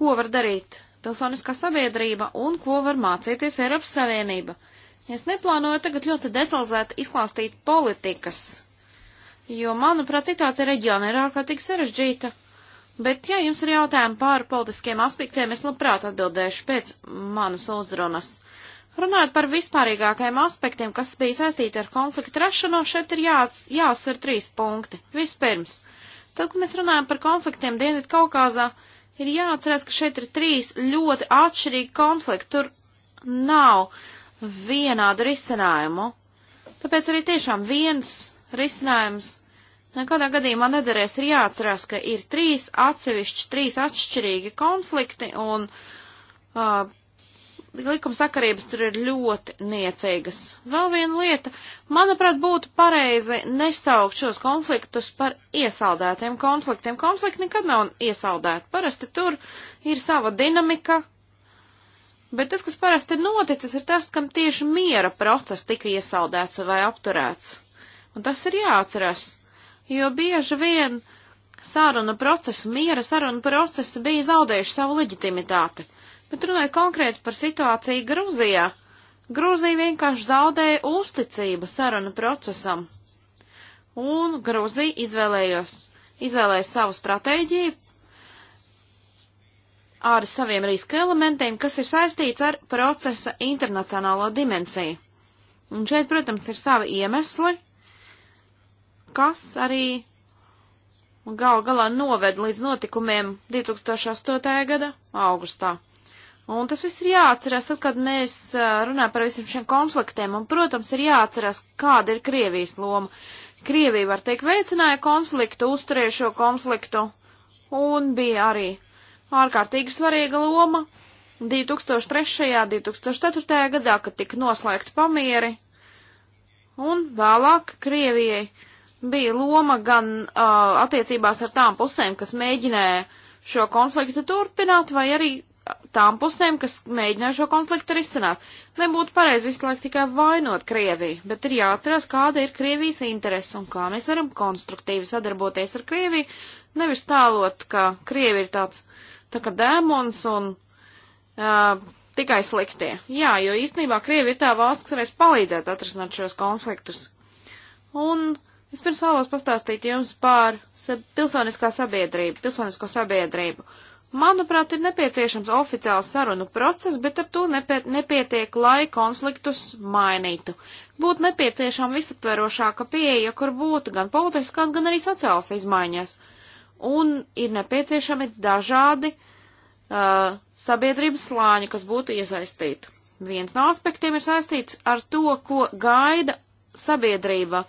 ko var darīt pilsoniskā sabiedrība un ko var mācīties Eiropas Savienība. Es neplānoju tagad ļoti detalizēti izklāstīt politikas, jo, manuprāt, situācija reģiona ir ārkārtīgi sarežģīta. Bet, ja jums ir jautājumi par politiskiem aspektiem, es labprāt atbildēšu pēc manas uzrunas. Runājot par vispārīgākajiem aspektiem, kas bija saistīti ar konfliktu rašanu, šeit ir jā, jāuzsver trīs punkti. Vispirms, tad, kad mēs runājam par konfliktiem Dienvidu Kaukāzā, uh, ir jāatcerās, ka šeit ir trīs ļoti atšķirīgi konflikti. Tur nav vienādu risinājumu. Tāpēc arī tiešām viens risinājums nekādā gadījumā nederēs. Ir jāatcerās, ka ir trīs atsevišķi, trīs atšķirīgi konflikti un uh, likumsakarības tur ir ļoti niecīgas. Vēl viena lieta, manuprāt, būtu pareizi nesaukt šos konfliktus par iesaldētiem konfliktiem. Konflikti nekad nav iesaldēti. Parasti tur ir sava dinamika, bet tas, kas parasti ir noticis, ir tas, kam tieši miera process tika iesaldēts vai apturēts. Un tas ir jāatcerās, jo bieži vien saruna procesa, miera saruna procesa bija zaudējuši savu leģitimitāti. Bet runāju konkrēti par situāciju Grūzijā. Grūzija vienkārši zaudēja uzticību sarunu procesam. Un Grūzija izvēlējos, izvēlēja savu stratēģiju ar saviem riska elementiem, kas ir saistīts ar procesa internacionālo dimensiju. Un šeit, protams, ir savi iemesli, kas arī gal galā noved līdz notikumiem 2008. gada augustā. Un tas viss ir jāatcerās, tad, kad mēs runājam par visiem šiem konfliktiem. Un, protams, ir jāatcerās, kāda ir Krievijas loma. Krievija, var teikt, veicināja konfliktu, uzturēja šo konfliktu un bija arī ārkārtīgi svarīga loma 2003. un 2004. gadā, kad tika noslēgti pamieri. Un vēlāk Krievijai bija loma gan uh, attiecībās ar tām pusēm, kas mēģināja šo konfliktu turpināt, vai arī tām pusēm, kas mēģināja šo konfliktu risināt. Nebūtu pareizi visu laiku tikai vainot Krieviju, bet ir jāatcerās, kāda ir Krievijas interese un kā mēs varam konstruktīvi sadarboties ar Krieviju, nevis tālot, ka Krievi ir tāds tā kā dēmons un uh, tikai sliktie. Jā, jo īstenībā Krievi ir tā valsts, kas varēs palīdzēt atrisināt šos konfliktus. Un es pirms vēlos pastāstīt jums par pilsoniskā sabiedrību, pilsonisko sabiedrību. Uh, Manuprāt, ir nepieciešams oficiāls sarunu process, bet ar to nepietiek, lai konfliktus mainītu. Būtu nepieciešama visaptverošāka pieeja, kur būtu gan politiskās, gan arī sociālas izmaiņas. Un ir nepieciešami dažādi uh, sabiedrības slāņi, kas būtu iesaistīti. Viens no aspektiem ir saistīts ar to, ko gaida sabiedrība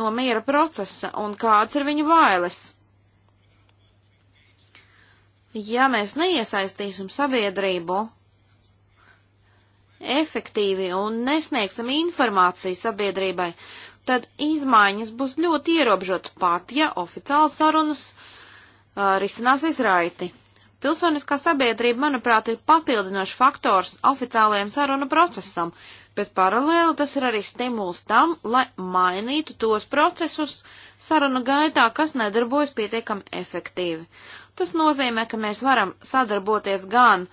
no miera procesa un kāds ir viņa vailes ja mēs neiesaistīsim sabiedrību efektīvi un nesniegsim informāciju sabiedrībai, tad izmaiņas būs ļoti ierobežotas pat, ja oficiāli sarunas uh, risināsies raiti. Pilsoniskā sabiedrība, manuprāt, ir papildinošs faktors oficiālajiem sarunu procesam, bet paralēli tas ir arī stimuls tam, lai mainītu tos procesus sarunu gaitā, kas nedarbojas pietiekami efektīvi. Tas nozīmē, ka mēs varam sadarboties gan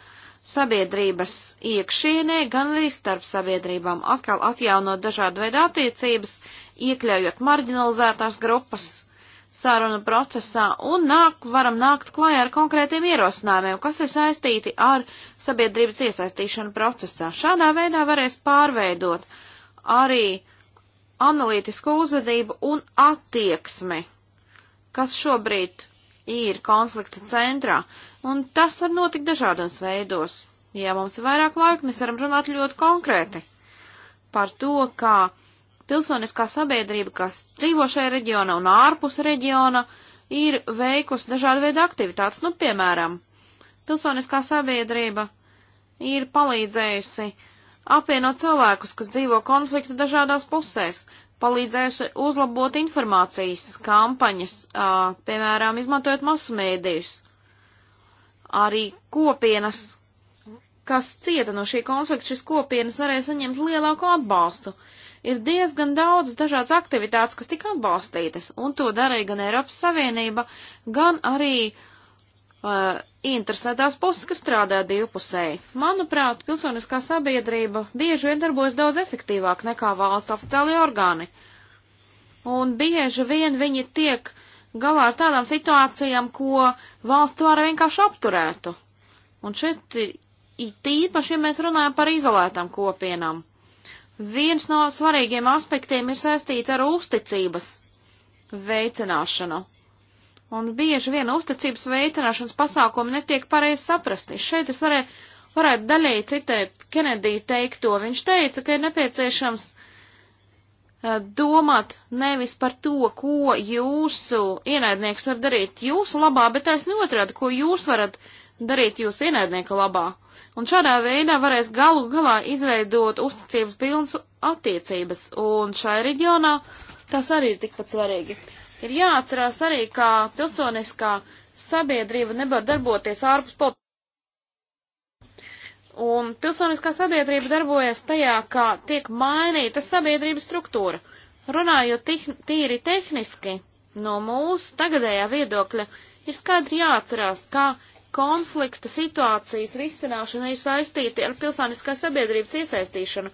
sabiedrības iekšienē, gan arī starp sabiedrībām, atkal atjaunot dažādu veidu attiecības, iekļaujot marginalizētās grupas sarunu procesā un nāk, varam nākt klajā ar konkrētiem ierosinājumiem, kas ir saistīti ar sabiedrības iesaistīšanu procesā. Šādā veidā varēs pārveidot arī analītisku uzvedību un attieksmi, kas šobrīd ir konflikta centrā, un tas var notikt dažādos veidos. Ja mums ir vairāk laika, mēs varam runāt ļoti konkrēti par to, kā pilsoniskā sabiedrība, kas dzīvo šajā reģionā un ārpus reģiona, ir veikusi dažādu veidu aktivitātes. Nu, piemēram, pilsoniskā sabiedrība ir palīdzējusi apvienot cilvēkus, kas dzīvo konflikta dažādās pusēs, palīdzējusi uzlabot informācijas kampaņas, uh, piemēram, izmantojot masu mēdījus. Arī kopienas, kas cieta no šī konflikta, šis kopienas varēja saņemt lielāku atbalstu. Ir diezgan daudz dažādas aktivitātes, kas tika atbalstītas, un to darīja gan Eiropas Savienība, gan arī uh, uh, interesētās puses, kas strādā divpusēji. Manuprāt, pilsoniskā sabiedrība bieži vien darbojas daudz efektīvāk nekā valsts oficiālie orgāni. Un bieži vien viņi tiek galā ar tādām situācijām, ko valsts vara vienkārši apturētu. Un šeit tīpaši, ja mēs runājam par izolētām kopienām. Viens no svarīgiem aspektiem ir saistīts ar uzticības veicināšanu. Un bieži vien uzticības veicināšanas pasākumi netiek pareizi saprasti. Šeit es varēju, varētu daļēji citēt Kenediju teikto. Viņš teica, ka ir nepieciešams uh, domāt nevis par to, ko jūsu ienaidnieks var darīt jūsu labā, bet taisni otrādi, ko jūs varat darīt jūsu ienaidnieka labā. Un šādā veidā varēs galu galā izveidot uzticības pilnas attiecības, un šai reģionā tas arī ir tikpat svarīgi. Ir jāatcerās arī, ka pilsoniskā sabiedrība nevar darboties ārpus politikas. Un pilsoniskā sabiedrība darbojas tajā, kā tiek mainīta sabiedrības struktūra. Runājot tih, tīri tehniski, no mūsu tagadējā viedokļa ir skaidri jāatcerās, ka konflikta situācijas risināšana ir saistīta ar pilsoniskā sabiedrības iesaistīšanu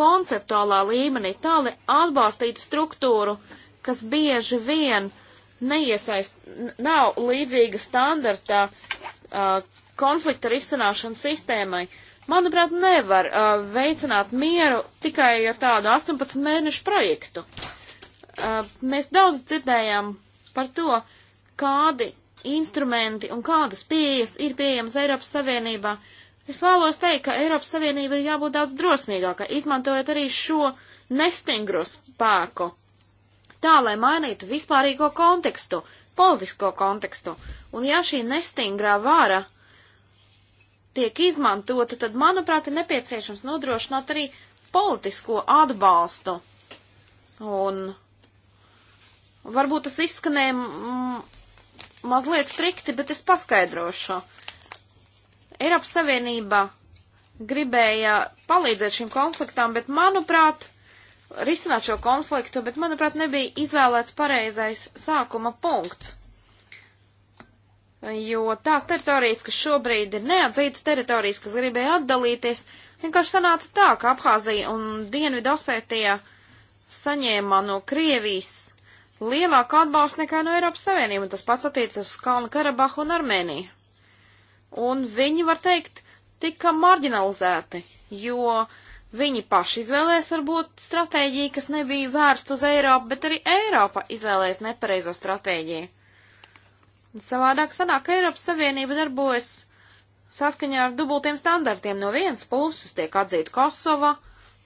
konceptuālā līmenī, tā lai atbalstītu struktūru uh, kas bieži vien neiesaist, nav līdzīga standartā uh, konflikta risināšanas sistēmai. Manuprāt, nevar uh, veicināt mieru tikai ar tādu 18 mēnešu projektu. Uh, mēs daudz dzirdējām par to, kādi instrumenti un kādas pieejas ir pieejamas Eiropas Savienībā. Es vēlos teikt, ka Eiropas Savienība ir jābūt daudz drosmīgākai, izmantojot arī šo nestingro spēku tā, lai mainītu vispārīgo kontekstu, politisko kontekstu. Un ja šī nestingrā vara tiek izmantota, tad, manuprāt, ir nepieciešams nodrošināt arī politisko atbalstu. Un varbūt tas izskanēja mazliet strikti, bet es paskaidrošu. Eiropas Savienība gribēja palīdzēt šim konfliktam, bet, manuprāt, risināt šo konfliktu, bet, manuprāt, nebija izvēlēts pareizais sākuma punkts. Jo tās teritorijas, kas šobrīd ir neatzītas teritorijas, kas gribēja atdalīties, vienkārši sanāca tā, ka Abhāzija un Dienvidosētija saņēma no Krievijas lielāku atbalstu nekā no Eiropas Savienības, un tas pats attiecas uz Kalnu Karabahu un Armēniju. Un viņi, var teikt, tika marginalizēti, jo uh, Viņi paši izvēlējās varbūt stratēģiju, kas nebija vērsta uz Eiropu, bet arī Eiropa izvēlējās nepareizo stratēģiju. Savādāk sanāk, ka Eiropas Savienība darbojas saskaņā ar dubultiem standartiem. No vienas puses tiek atzīta Kosova,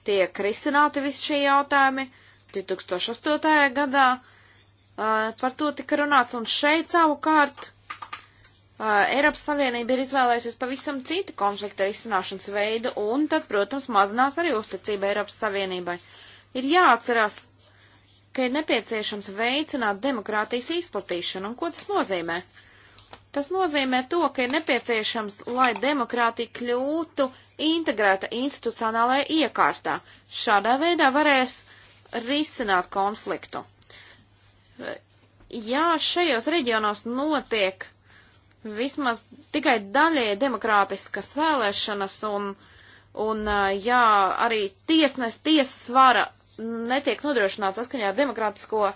tiek risināti visi šie jautājumi. 2008. gadā uh, par to tika runāts, un šeit savukārt Eiropas Savienība ir izvēlējusies pavisam citu konflikta risināšanas veidu, un tas, protams, mazinās arī uzticību Eiropas Savienībai. Ir jāatcerās, ka ir nepieciešams veicināt demokrātijas izplatīšanu, un ko tas nozīmē? Tas nozīmē to, ka ir nepieciešams, lai demokrātija kļūtu integrēta institucionālajā iekārtā. Šādā veidā varēs risināt konfliktu. Ja šajos reģionos notiek vismaz tikai daļēji demokrātiskas vēlēšanas un, un jā, arī tiesnes, tiesas vara netiek nodrošināta saskaņā ar demokrātisko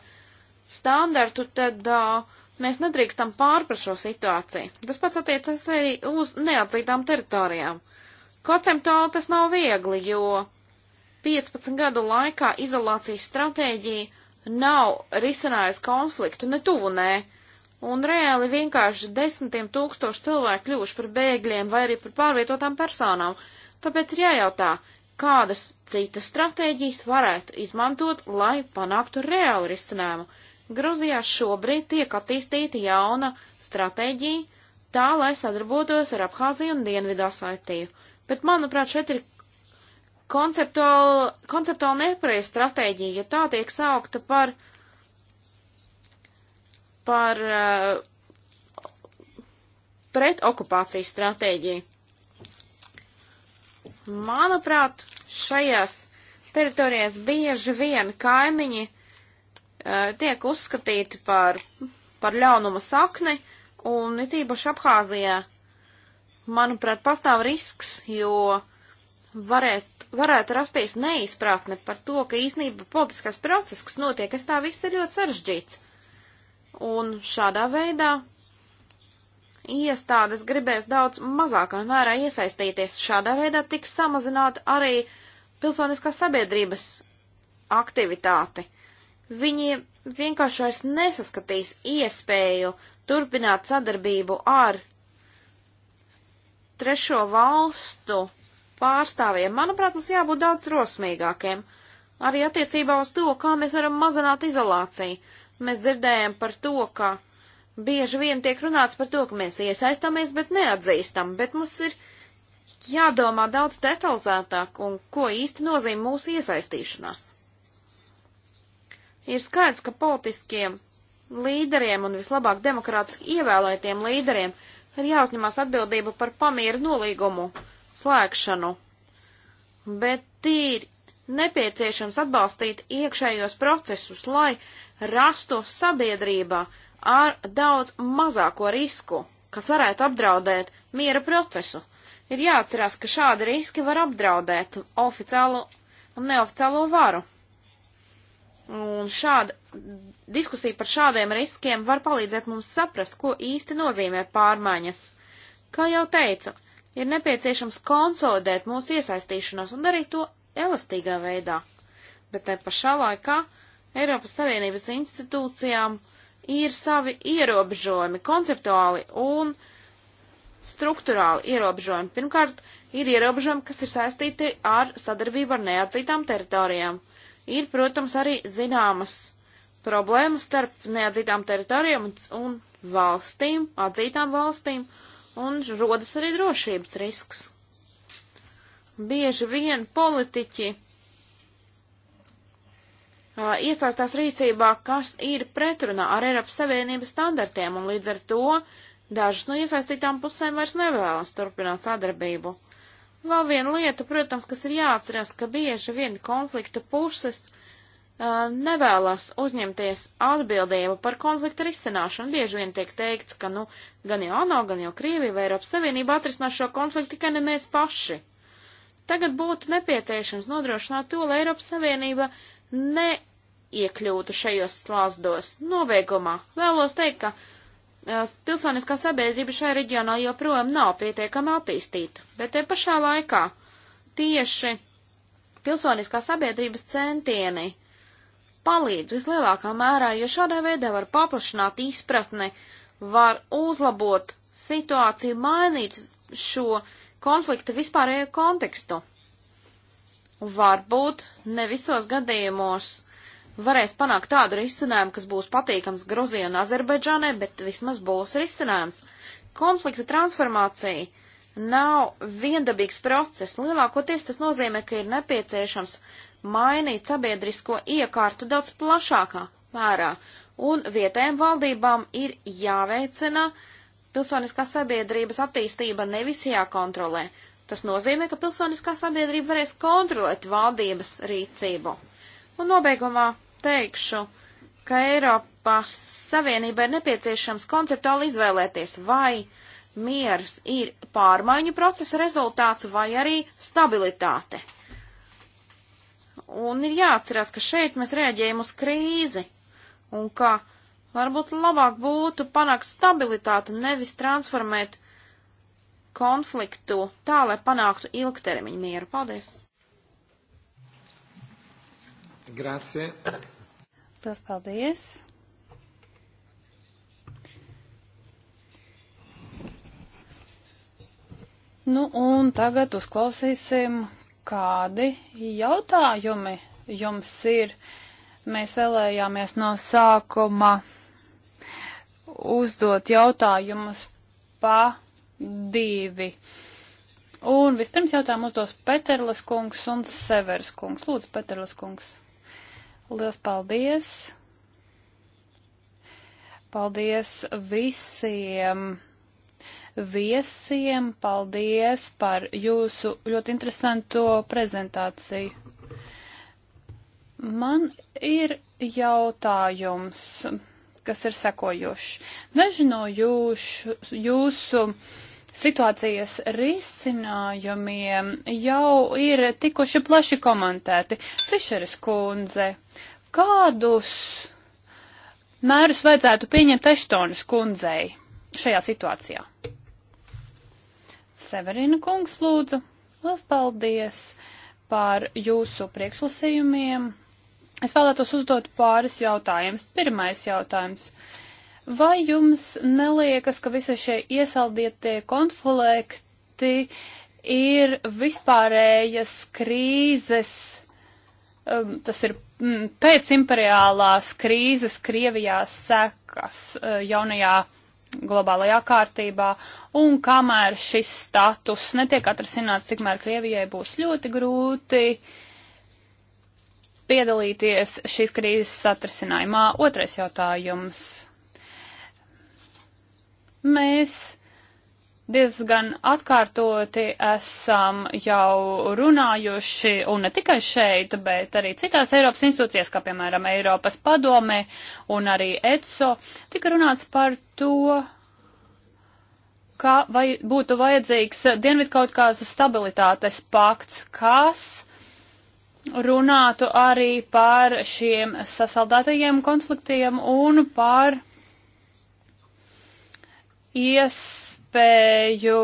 standartu, tad uh, mēs nedrīkstam pārprat šo situāciju. Tas pats attiecas arī uz neatzītām teritorijām. Konceptuāli tas nav viegli, jo 15 gadu laikā izolācijas stratēģija nav risinājusi konfliktu ne tuvu, nē. Ne un reāli vienkārši desmitiem tūkstoši cilvēku kļuvuši par bēgļiem vai arī par pārvietotām personām. Tāpēc ir jājautā, kādas citas stratēģijas varētu izmantot, lai panāktu reālu risinājumu. Gruzijā šobrīd tiek attīstīta jauna stratēģija, tā lai sadarbotos ar Abhāziju un Dienvidāsvaitiju. Bet, manuprāt, šeit ir konceptuāli, konceptuāli nepareiz stratēģija, jo tā tiek saukta par par eh, pretokupācijas stratēģiju. Manuprāt, šajās teritorijās bieži vien kaimiņi eh, tiek uzskatīti par, par ļaunuma sakni, un it īpaši Abhāzijā, manuprāt, pastāv risks, jo varētu, varētu rasties neizpratne par to, ka īstenība politiskais process, kas notiek, es tā viss ir ļoti sarežģīts un šādā veidā iestādes gribēs daudz mazākā mērā iesaistīties. Šādā veidā tiks samazināta arī pilsoniskās sabiedrības aktivitāte. Viņi vienkārši vairs nesaskatīs iespēju turpināt sadarbību ar trešo valstu pārstāvjiem. Manuprāt, mums jābūt daudz drosmīgākiem. Arī attiecībā uz to, kā mēs varam mazināt izolāciju mēs dzirdējam par to, ka bieži vien tiek runāts par to, ka mēs iesaistāmies, bet neatzīstam, bet mums ir jādomā daudz detalizētāk un ko īsti nozīmē mūsu iesaistīšanās. Ir skaidrs, ka politiskiem līderiem un vislabāk demokrātiski ievēlētiem līderiem ir jāuzņemās atbildība par pamieru nolīgumu slēgšanu, bet tīri nepieciešams atbalstīt iekšējos procesus, lai rastos sabiedrībā ar daudz mazāko risku, kas varētu apdraudēt miera procesu. Ir jāatcerās, ka šādi riski var apdraudēt oficiālo un neoficiālo varu. Un šāda diskusija par šādiem riskiem var palīdzēt mums saprast, ko īsti nozīmē pārmaiņas. Kā jau teicu, ir nepieciešams konsolidēt mūsu iesaistīšanos un darīt to elastīgā veidā, bet te pašā laikā Eiropas Savienības institūcijām ir savi ierobežojumi, konceptuāli un struktūrāli ierobežojumi. Pirmkārt, ir ierobežojumi, kas ir saistīti ar sadarbību ar neatzītām teritorijām. Ir, protams, arī zināmas problēmas starp neatzītām teritorijām un valstīm, atzītām valstīm, un rodas arī drošības risks. Bieži vien politiķi uh, iesaistās rīcībā, kas ir pretrunā ar Eiropas Savienības standartiem, un līdz ar to dažas no iesaistītām pusēm vairs nevēlas turpināt sadarbību. Vēl viena lieta, protams, kas ir jāatcerās, ka bieži vien konflikta puses uh, nevēlas uzņemties atbildību par konflikta risināšanu. Bieži vien tiek teikts, ka nu, gan jau ANO, gan jau Krievija vai Eiropas Savienība atrisinās šo konfliktu tikai ne mēs paši. Tagad būtu nepieciešams nodrošināt to, lai Eiropas Savienība uh, neiekļūtu šajos slāzdos. Nobeigumā vēlos teikt, ka e, pilsoniskā sabiedrība šajā reģionā joprojām nav pietiekami attīstīta, bet te pašā laikā tieši pilsoniskā sabiedrības centieni palīdz vislielākā mērā, jo šādā veidā var paplašināt izpratni, var uzlabot situāciju, mainīt šo konflikta vispārējo kontekstu. Un varbūt ne visos gadījumos varēs panākt tādu risinājumu, kas būs patīkams Gruzijai un Azerbaidžānai, bet vismaz būs risinājums. Konflikta transformācija nav viendabīgs process. Lielākoties tas nozīmē, ka ir nepieciešams mainīt sabiedrisko iekārtu daudz plašākā mērā, un vietējām valdībām ir jāveicina pilsoniskā sabiedrības attīstība nevis jākontrolē. Tas nozīmē, ka pilsoniskā sabiedrība varēs kontrolēt valdības rīcību. Un nobeigumā teikšu, ka Eiropas Savienībai ir nepieciešams konceptuāli izvēlēties, vai miers ir pārmaiņu procesa rezultāts vai arī stabilitāte. Un ir jāatcerās, ka šeit mēs reaģējam uz krīzi un ka varbūt labāk būtu panākt stabilitāti, nevis transformēt konfliktu tā, lai panāktu ilgtermiņu mieru. Paldies! Grazie! Lielas paldies! Nu, un tagad uzklausīsim, kādi jautājumi jums ir. Mēs vēlējāmies no sākuma uzdot jautājumus pa divi. Un vispirms jautājumu uzdos Peterlas kungs un Severs kungs. Lūdzu, Peterlas kungs. Lielas paldies! Paldies visiem viesiem, paldies par jūsu ļoti interesanto prezentāciju. Man ir jautājums kas ir sekojošs. Daži no jūs, jūsu situācijas risinājumiem jau ir tikuši plaši komentēti. Fišeris kundze, kādus mērus vajadzētu pieņemt Eštonas kundzei šajā situācijā? Severina kungs lūdzu, liels paldies par jūsu priekšlasījumiem Es vēlētos uzdot pāris jautājumus. Pirmais jautājums. Vai jums neliekas, ka visi šie iesaldietie konflikti ir vispārējas krīzes, um, tas ir mm, pēc imperiālās krīzes Krievijā sekas uh, jaunajā globālajā kārtībā, un kamēr šis status netiek atrasināts, tikmēr Krievijai būs ļoti grūti uh, piedalīties šīs krīzes satrisinājumā. Otrais jautājums. Mēs diezgan atkārtoti esam jau runājuši, un ne tikai šeit, bet arī citās Eiropas institūcijās, kā piemēram Eiropas padome un arī ECO, tika runāts par to, ka vai, būtu vajadzīgs Dienvidkautkāzes stabilitātes pakts, kas runātu arī par šiem sasaldētajiem konfliktiem un par iespēju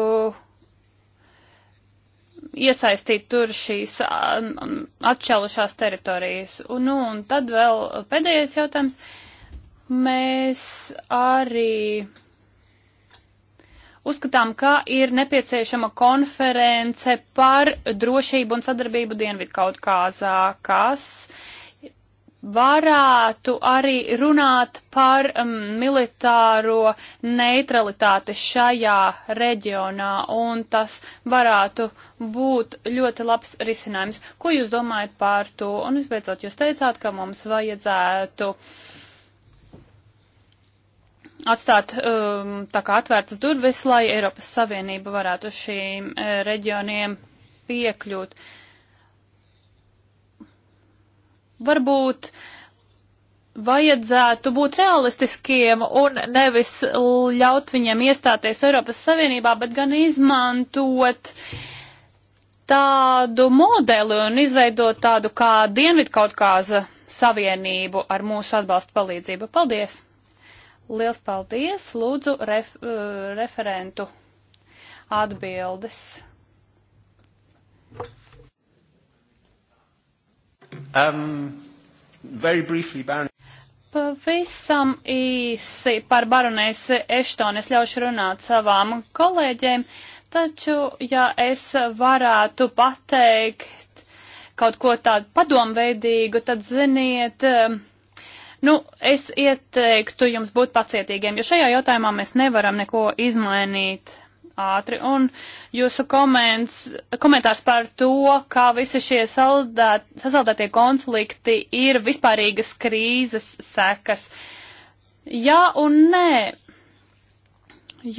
iesaistīt tur šīs um, um, atšķēlušās teritorijas. Un, nu, un tad vēl pēdējais jautājums. Mēs arī uzskatām, ka ir nepieciešama konference par drošību un sadarbību Dienvidkaukāzā, kas varētu arī runāt par um, militāro neutralitāti šajā reģionā, un tas varētu būt ļoti labs risinājums. Ko jūs domājat par to? Un visbeidzot, jūs teicāt, ka mums vajadzētu uh, atstāt um, tā kā atvērtas durvis, lai Eiropas Savienība varētu šīm uh, reģioniem piekļūt. Varbūt vajadzētu būt realistiskiem un nevis ļaut viņiem iestāties Eiropas Savienībā, bet gan izmantot tādu modeli un izveidot tādu kā Dienvidkautkāza savienību ar mūsu atbalstu palīdzību. Paldies! Liels paldies! Lūdzu ref, uh, referentu atbildes. Um, very briefly, Baron. Pavisam īsi par baronēsi Eštoni es ļaušu runāt savām kolēģiem, taču, ja es varētu pateikt kaut ko tādu padomveidīgu, tad ziniet, um, Nu, es ieteiktu jums būt pacietīgiem, jo šajā jautājumā mēs nevaram neko izmainīt ātri. Un jūsu koments, komentārs par to, kā visi šie saldāt, sasaldētie konflikti ir vispārīgas krīzes sekas. Jā un nē.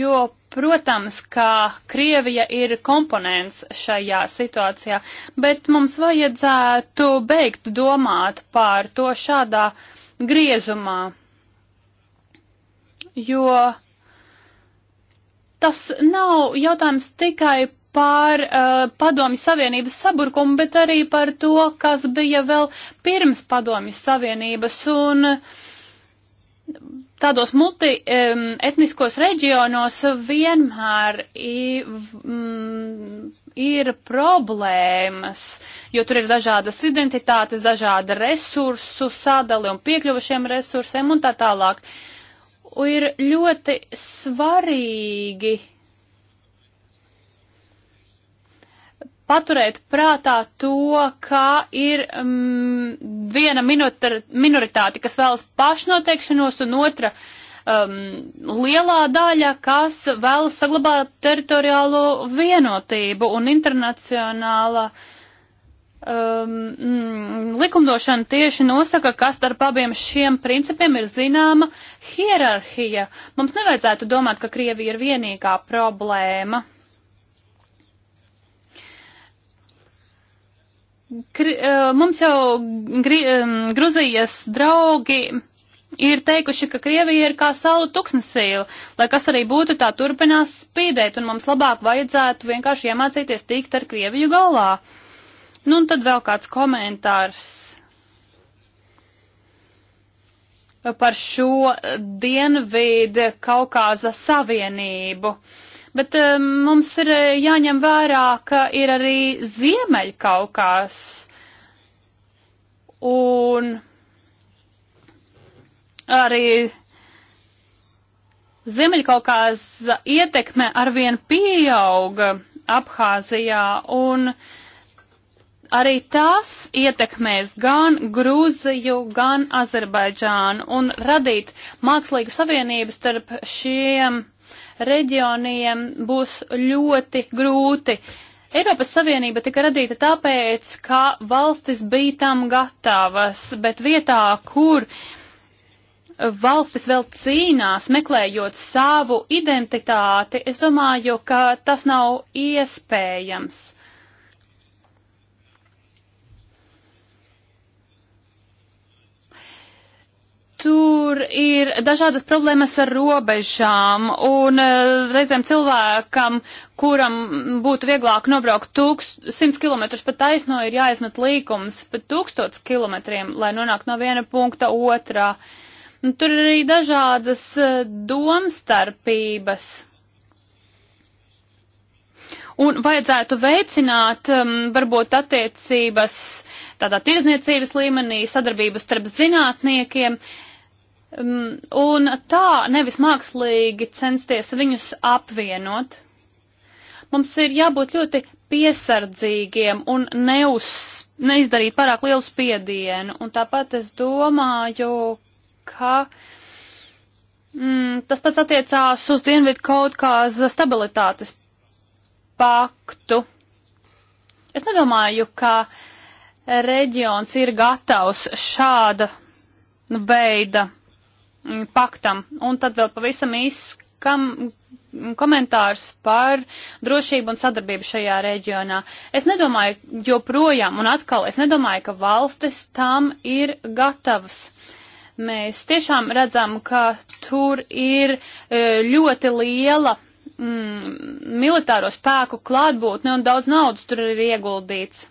Jo, protams, ka Krievija ir komponents šajā situācijā, bet mums vajadzētu beigt domāt par to šādā uh, griezumā, jo tas nav jautājums tikai par uh, padomju savienības saburkumu, bet arī par to, kas bija vēl pirms padomju savienības un tādos multietniskos um, reģionos vienmēr i, um, ir problēmas, jo tur ir dažādas identitātes, dažāda resursu sadali un piekļuvušiem resursiem un tā tālāk. Un ir ļoti svarīgi paturēt prātā to, ka ir mm, viena minoritāte, kas vēlas pašnoteikšanos, un otra um, lielā daļa, kas vēlas saglabāt teritoriālo vienotību un internacionāla um, mm, likumdošana tieši nosaka, kas starp abiem šiem principiem ir zināma hierarhija. Mums nevajadzētu domāt, ka Krievija ir vienīgā problēma. Kri, uh, mums jau gri, um, Gruzijas draugi ir teikuši, ka Krievija ir kā saula tuksnesīla, lai kas arī būtu tā turpinās spīdēt, un mums labāk vajadzētu vienkārši iemācīties tikt ar Krieviju galā. Nu, un tad vēl kāds komentārs par šo Dienvīdu Kaukāza savienību. Bet um, mums ir eh, jāņem vērā, ka ir arī Ziemeļkaukās. Un arī Ziemeļkaukāza ietekme arvien pieauga Abhāzijā, un arī tas ietekmēs gan Grūziju, gan Azerbaidžānu, un radīt mākslīgu savienību starp šiem reģioniem būs ļoti grūti. Eiropas Savienība tika radīta tāpēc, ka valstis bija tam gatavas, bet vietā, kur uh, valstis vēl cīnās, meklējot savu identitāti, es domāju, ka tas nav iespējams. Tur ir dažādas problēmas ar robežām, un e, reizēm cilvēkam, kuram būtu vieglāk nobraukt 100 km pa taisno, ir jāizmet līkums pa 1000 km, lai nonāktu no viena punkta otrā. Uh, Nu, tur ir arī dažādas e, domstarpības. Un vajadzētu veicināt um, varbūt attiecības tādā tirzniecības līmenī, sadarbības starp zinātniekiem, um, un tā nevis mākslīgi censties viņus apvienot. Mums ir jābūt ļoti piesardzīgiem un neuz, neizdarīt pārāk lielu spiedienu, un tāpat es domāju, ka mm, tas pats attiecās uz Dienvidu Kautkāza stabilitātes paktu. Es nedomāju, ka reģions ir gatavs šāda nu, veida mm, paktam. Un tad vēl pavisam izskam komentārs par drošību un sadarbību šajā reģionā. Es nedomāju joprojām, un atkal, es nedomāju, ka valstis tam ir gatavs. Uh, Mēs tiešām redzam, ka tur ir e, ļoti liela mm, militāro spēku klātbūtne un daudz naudas tur ir ieguldīts.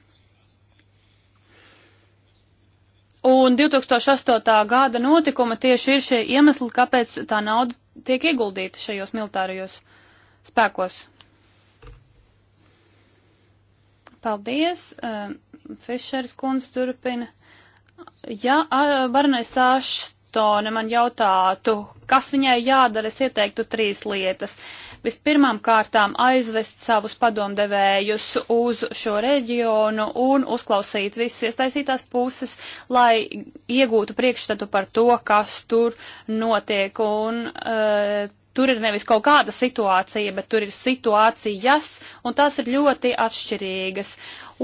Un 2008. gada notikuma tieši ir šie iemesli, kāpēc tā nauda tiek ieguldīta šajos militārajos spēkos. Paldies. Uh, Fišers kundze turpina. Ja Baronais Aštone man jautātu, kas viņai jādara, es ieteiktu trīs lietas. Vispirmām kārtām aizvest savus padomdevējus uz šo reģionu un uzklausīt visas iesaistītās puses, lai iegūtu priekšstatu par to, kas tur notiek. Un, uh, tur ir nevis kaut kāda situācija, bet tur ir situācijas, un tās ir ļoti atšķirīgas.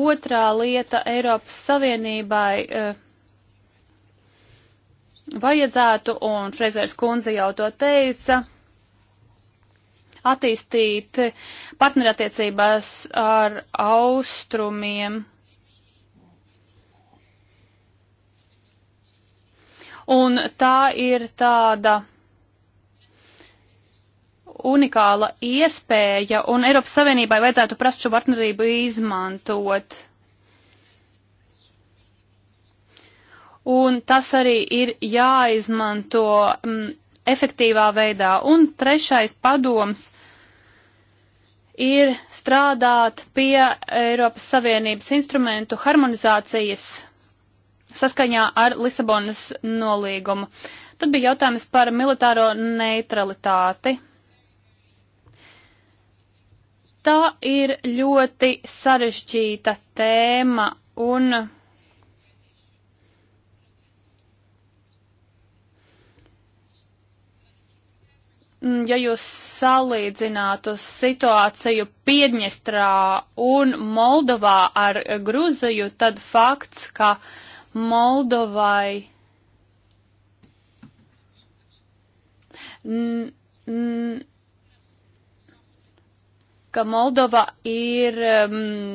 Otrā lieta Eiropas Savienībai. Uh, vajadzētu, un Frezers kundze jau to teica, attīstīt partnerattiecībās ar austrumiem. Un tā ir tāda unikāla iespēja, un Eiropas Savienībai vajadzētu prast šo partnerību izmantot. un tas arī ir jāizmanto mm, efektīvā veidā. Un trešais padoms ir strādāt pie Eiropas Savienības instrumentu harmonizācijas saskaņā ar Lisabonas nolīgumu. Tad bija jautājums par militāro neutralitāti. Tā ir ļoti sarežģīta tēma un Mm, ja jūs salīdzinātu situāciju Piedņestrā un Moldovā ar Gruziju, tad fakts, ka Moldovai ka Moldova ir, mm,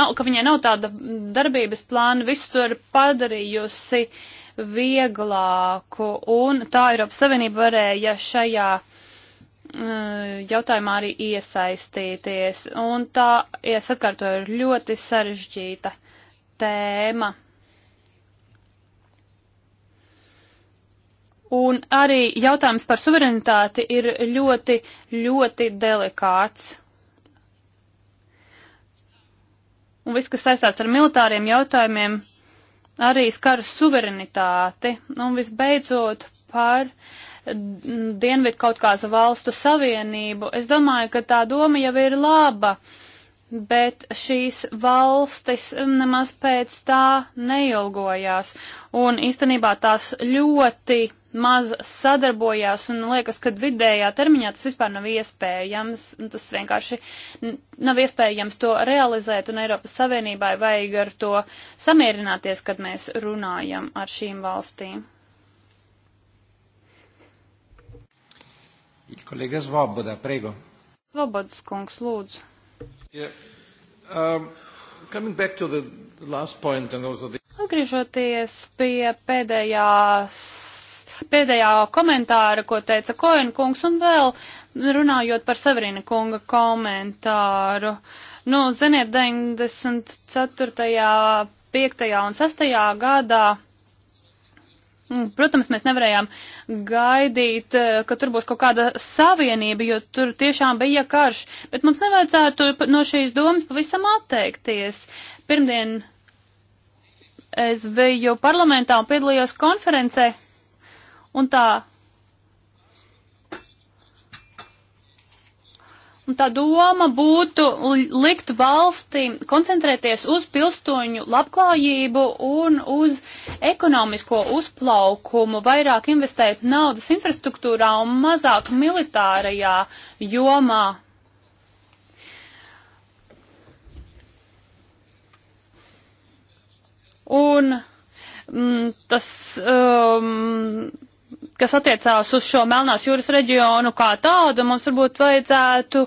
nav, ka viņai nav tāda darbības plāna, visu to ir padarījusi vieglāku, un tā Eiropas Savienība varēja šajā Eh, jautājumā arī iesaistīties. Un tā, ja es atkārtoju, ir ļoti sarežģīta tēma. Un arī jautājums par suverenitāti ir ļoti, ļoti delikāts. Un viss, kas saistās ar militāriem jautājumiem, arī skar suverenitāti. Un visbeidzot, par Dienvidu kaut kāza valstu savienību. Es domāju, ka tā doma jau ir laba, bet šīs valstis nemaz pēc tā neilgojās. Un īstenībā tās ļoti maz sadarbojās un liekas, ka vidējā termiņā tas vispār nav iespējams. Tas vienkārši nav iespējams to realizēt un Eiropas Savienībai vajag ar to samierināties, kad mēs runājam ar šīm valstīm. Il kolēģa Svoboda, prego. Svobodas kungs, lūdzu. Yeah. Um, coming back to the last point and also the... Atgriežoties pie pēdējās, pēdējā komentāra, ko teica Koina kungs, un vēl runājot par Severina kunga komentāru. Nu, ziniet, 94., 5. un 6. gadā Mm, protams, mēs nevarējām gaidīt, eh, ka tur būs kaut kāda savienība, jo tur tiešām bija karš, bet mums nevajadzētu no šīs domas pavisam atteikties. Pirmdien es biju parlamentā un piedalījos konferencē, un tā Un tā doma būtu likt valstī koncentrēties uz pilstoņu labklājību un uz ekonomisko uzplaukumu, vairāk investēt naudas infrastruktūrā un mazāk militārajā jomā. Un mm, tas. Um, kas attiecās uz šo Melnās jūras reģionu kā tādu, mums varbūt vajadzētu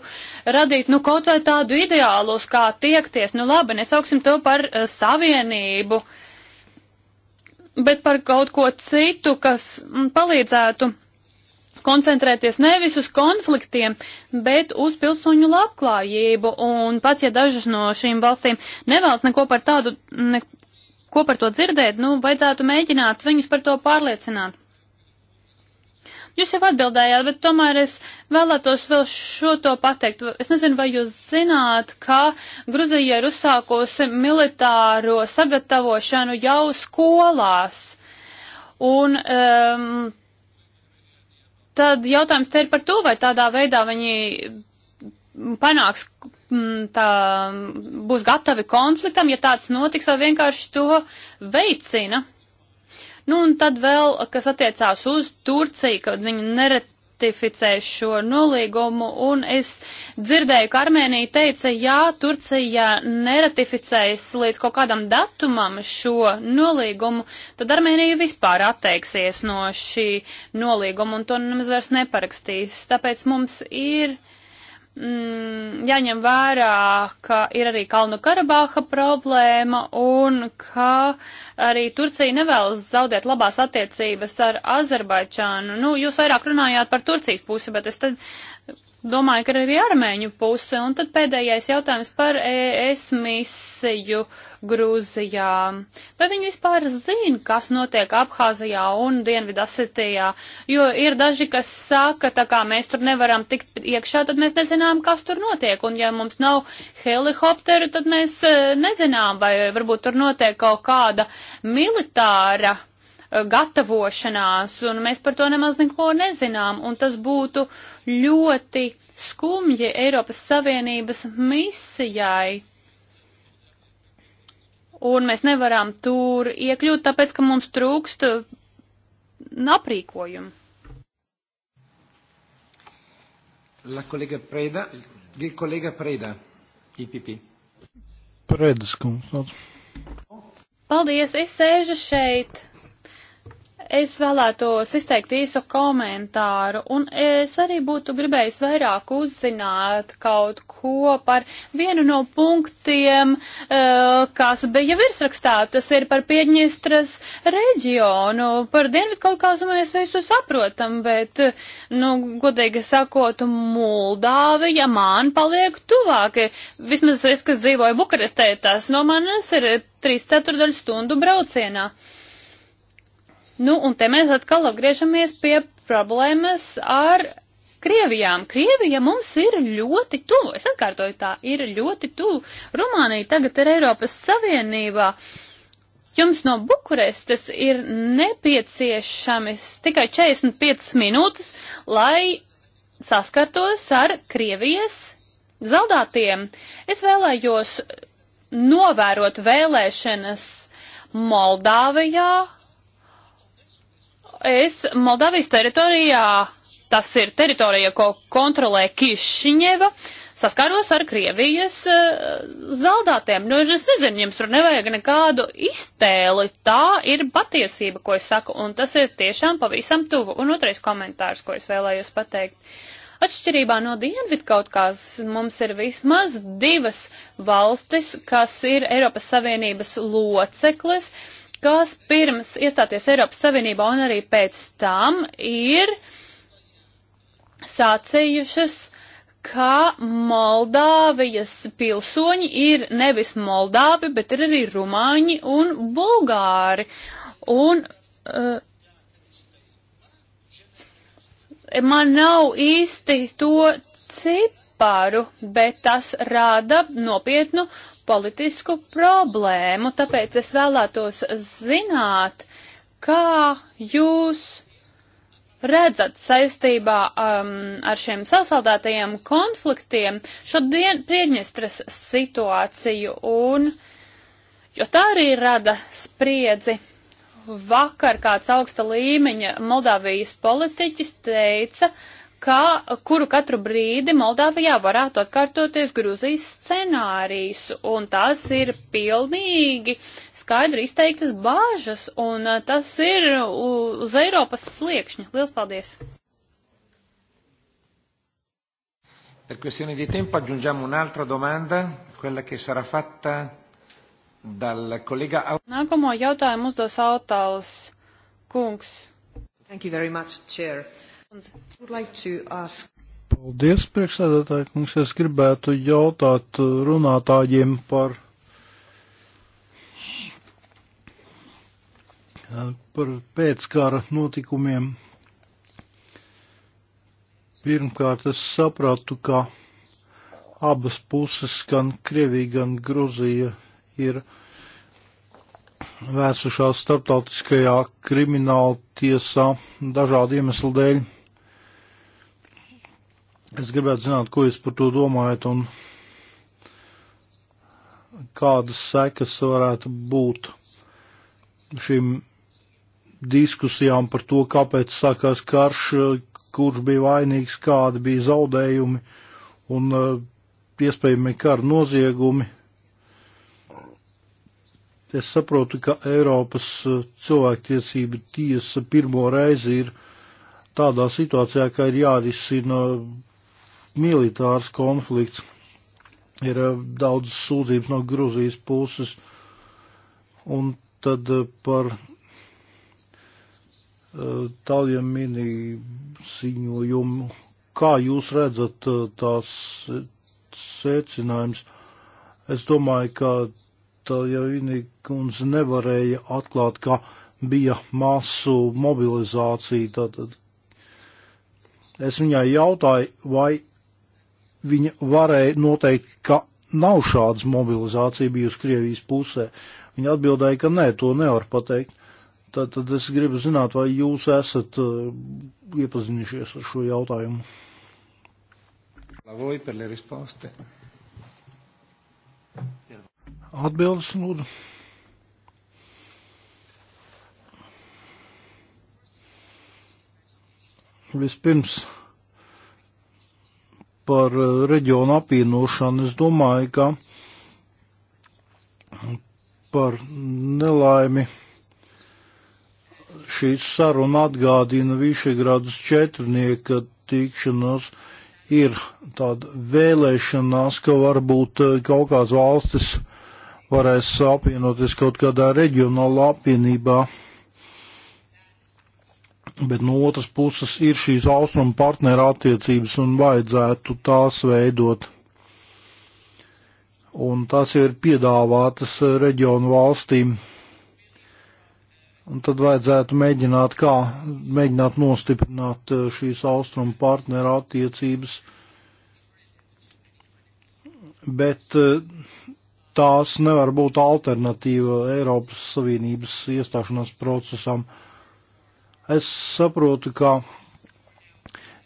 radīt, nu, kaut vai tādu ideālu, uz kā tiekties. Nu, labi, nesauksim to par uh, savienību, bet par kaut ko citu, kas m, mm, palīdzētu koncentrēties nevis uz konfliktiem, bet uz pilsoņu labklājību. Un pat ja dažas no šīm valstīm nevēlas neko par tādu, neko par to dzirdēt, nu, vajadzētu mēģināt viņus par to pārliecināt. Jūs jau atbildējāt, bet tomēr es vēlētos vēl šo to pateikt. Es nezinu, vai jūs zināt, ka Gruzija ir uzsākusi militāro sagatavošanu jau skolās. Un, um, tad jautājums te ir par to, vai tādā veidā viņi panāks, mm, tā, būs gatavi konfliktam, ja tāds notiks, vai vienkārši to veicina. Nu, un tad vēl, kas attiecās uz Turciju, kad viņi neratificē šo nolīgumu, un es dzirdēju, ka Armēnija teica, jā, Turcija neratificēs līdz kaut kādam datumam šo nolīgumu, tad Armēnija vispār atteiksies no šī nolīguma, un to nemaz vairs neparakstīs. Tāpēc mums ir. Uh, mm, jāņem vērā, ka ir arī Kalnu Karabāha problēma un ka arī Turcija nevēlas zaudēt labās attiecības ar Azerbaidžānu. Nu, jūs vairāk runājāt par Turcijas pusi, bet es tad domāju, ka arī armēņu puse. Un tad pēdējais jautājums par ES misiju Grūzijā. Vai viņi vispār zina, kas notiek Abhāzijā un Dienvidasetijā? Jo ir daži, kas saka, tā kā mēs tur nevaram tikt iekšā, tad mēs nezinām, kas tur notiek. Un ja mums nav helikopteru, tad mēs e, nezinām, vai varbūt tur notiek kaut kāda militāra e, gatavošanās, un mēs par to nemaz neko nezinām, un tas būtu uh, ļoti skumji Eiropas Savienības misijai. Un mēs nevaram tur iekļūt, tāpēc, ka mums trūkst aprīkojumu. La kolēga Preda, il kolēga Preda, IPP. Predas kungs. Paldies, es sēžu šeit. Es vēlētos izteikt īsu komentāru, un es arī būtu gribējis vairāk uzzināt kaut ko par vienu no punktiem, eh, kas bija virsrakstā. Tas ir par Piedņestras reģionu, par Dienvidu Kaukāzu mēs visu saprotam, bet, nu, godīgi sakot, Moldāvija man paliek tuvāk. Vismaz es, kas dzīvoju Bukarestē, tas no manis ir 3 ceturdaļu stundu braucienā. Uh, Nu, un te mēs atkal atgriežamies pie problēmas ar Krievijām. Krievija mums ir ļoti tuvu. Es atkārtoju, tā ir ļoti tuvu. Rumānija tagad ir Eiropas Savienībā. Jums no Bukurestes ir nepieciešamas tikai 45 minūtes, lai saskartos ar Krievijas zaldātiem. Es vēlējos novērot vēlēšanas Moldāvijā, es Moldavijas teritorijā, tas ir teritorija, ko kontrolē Kišiņeva, saskāros ar Krievijas uh, zaldātiem. Nu, es nezinu, jums tur nevajag nekādu iztēli. Tā ir patiesība, ko es saku, un tas ir tiešām pavisam tuvu. Un otrais komentārs, ko es vēlējos pateikt. Atšķirībā no Dienvidu kaut kās mums ir vismaz divas valstis, kas ir Eiropas Savienības loceklis. Uh, kas pirms iestāties Eiropas Savienībā un arī pēc tam ir sacījušas, ka Moldāvijas pilsoņi ir nevis Moldāvi, bet ir arī Rumāņi un Bulgāri. Un, uh, man nav īsti to ciparu, bet tas rada nopietnu politisku problēmu, tāpēc es vēlētos zināt, kā jūs redzat saistībā um, ar šiem sasaldētajiem konfliktiem šo Priedņestras situāciju un, jo tā arī rada spriedzi. Vakar kāds augsta līmeņa Moldavijas politiķis teica, uh, kā, kuru katru brīdi Moldāvijā varētu atkārtoties Grūzijas scenārijs, un tas ir pilnīgi skaidri izteiktas bāžas, un uh, tas ir uz Eiropas sliekšņa. Lielas paldies! Per questione di tempo aggiungiamo un'altra domanda, quella che sarà fatta dal collega Nākamo jautājumu uzdos Autals kungs. Thank you very much, Chair. Uh, Paldies, priekšsēdētāji, kungs. Es gribētu jautāt uh, runātājiem par, uh, par pēckara notikumiem. Pirmkārt, es sapratu, ka abas puses, gan Krievija, gan Gruzija, ir vēsušās starptautiskajā krimināla tiesā dažādu iemeslu dēļ. Es gribētu zināt, ko jūs par to domājat un kādas sekas varētu būt šīm diskusijām par to, kāpēc sākās karš, kurš bija vainīgs, kādi bija zaudējumi un eh, iespējami kara noziegumi. Es saprotu, ka Eiropas eh, cilvēktiesība tiesa pirmo reizi ir tādā situācijā, ka ir jārisina militārs konflikts. Ir eh, daudz sūdzības no Gruzijas puses. Un tad eh, par eh, tāliem mini ziņojumu. Kā jūs redzat tās secinājums? Es domāju, ka tā jau Inīkundze nevarēja atklāt, ka bija masu mobilizācija. Tātad es viņai jautāju, vai viņa varēja noteikt, ka nav šādas mobilizācija bijusi Krievijas pusē. Viņa atbildēja, ka nē, to nevar pateikt. Tad, tad es gribu zināt, vai jūs esat uh, iepazinušies ar šo jautājumu. Atbildes, lūdzu. Vispirms par eh, reģionu apvienošanu. Es domāju, ka par nelaimi šī saruna atgādina Višegrādas četrnieka tikšanos. Ir tāda vēlēšanās, ka varbūt eh, kaut kādas valstis varēs apvienoties kaut kādā reģionālā apvienībā bet no otras puses ir šīs austrumu partneru attiecības un vajadzētu tās veidot. Un tas ir piedāvātas eh, reģionu valstīm. Un tad vajadzētu mēģināt, kā mēģināt nostiprināt eh, šīs austrumu partneru attiecības. Bet eh, tās nevar būt alternatīva Eiropas Savienības iestāšanās procesam. Uh, Es saprotu, ka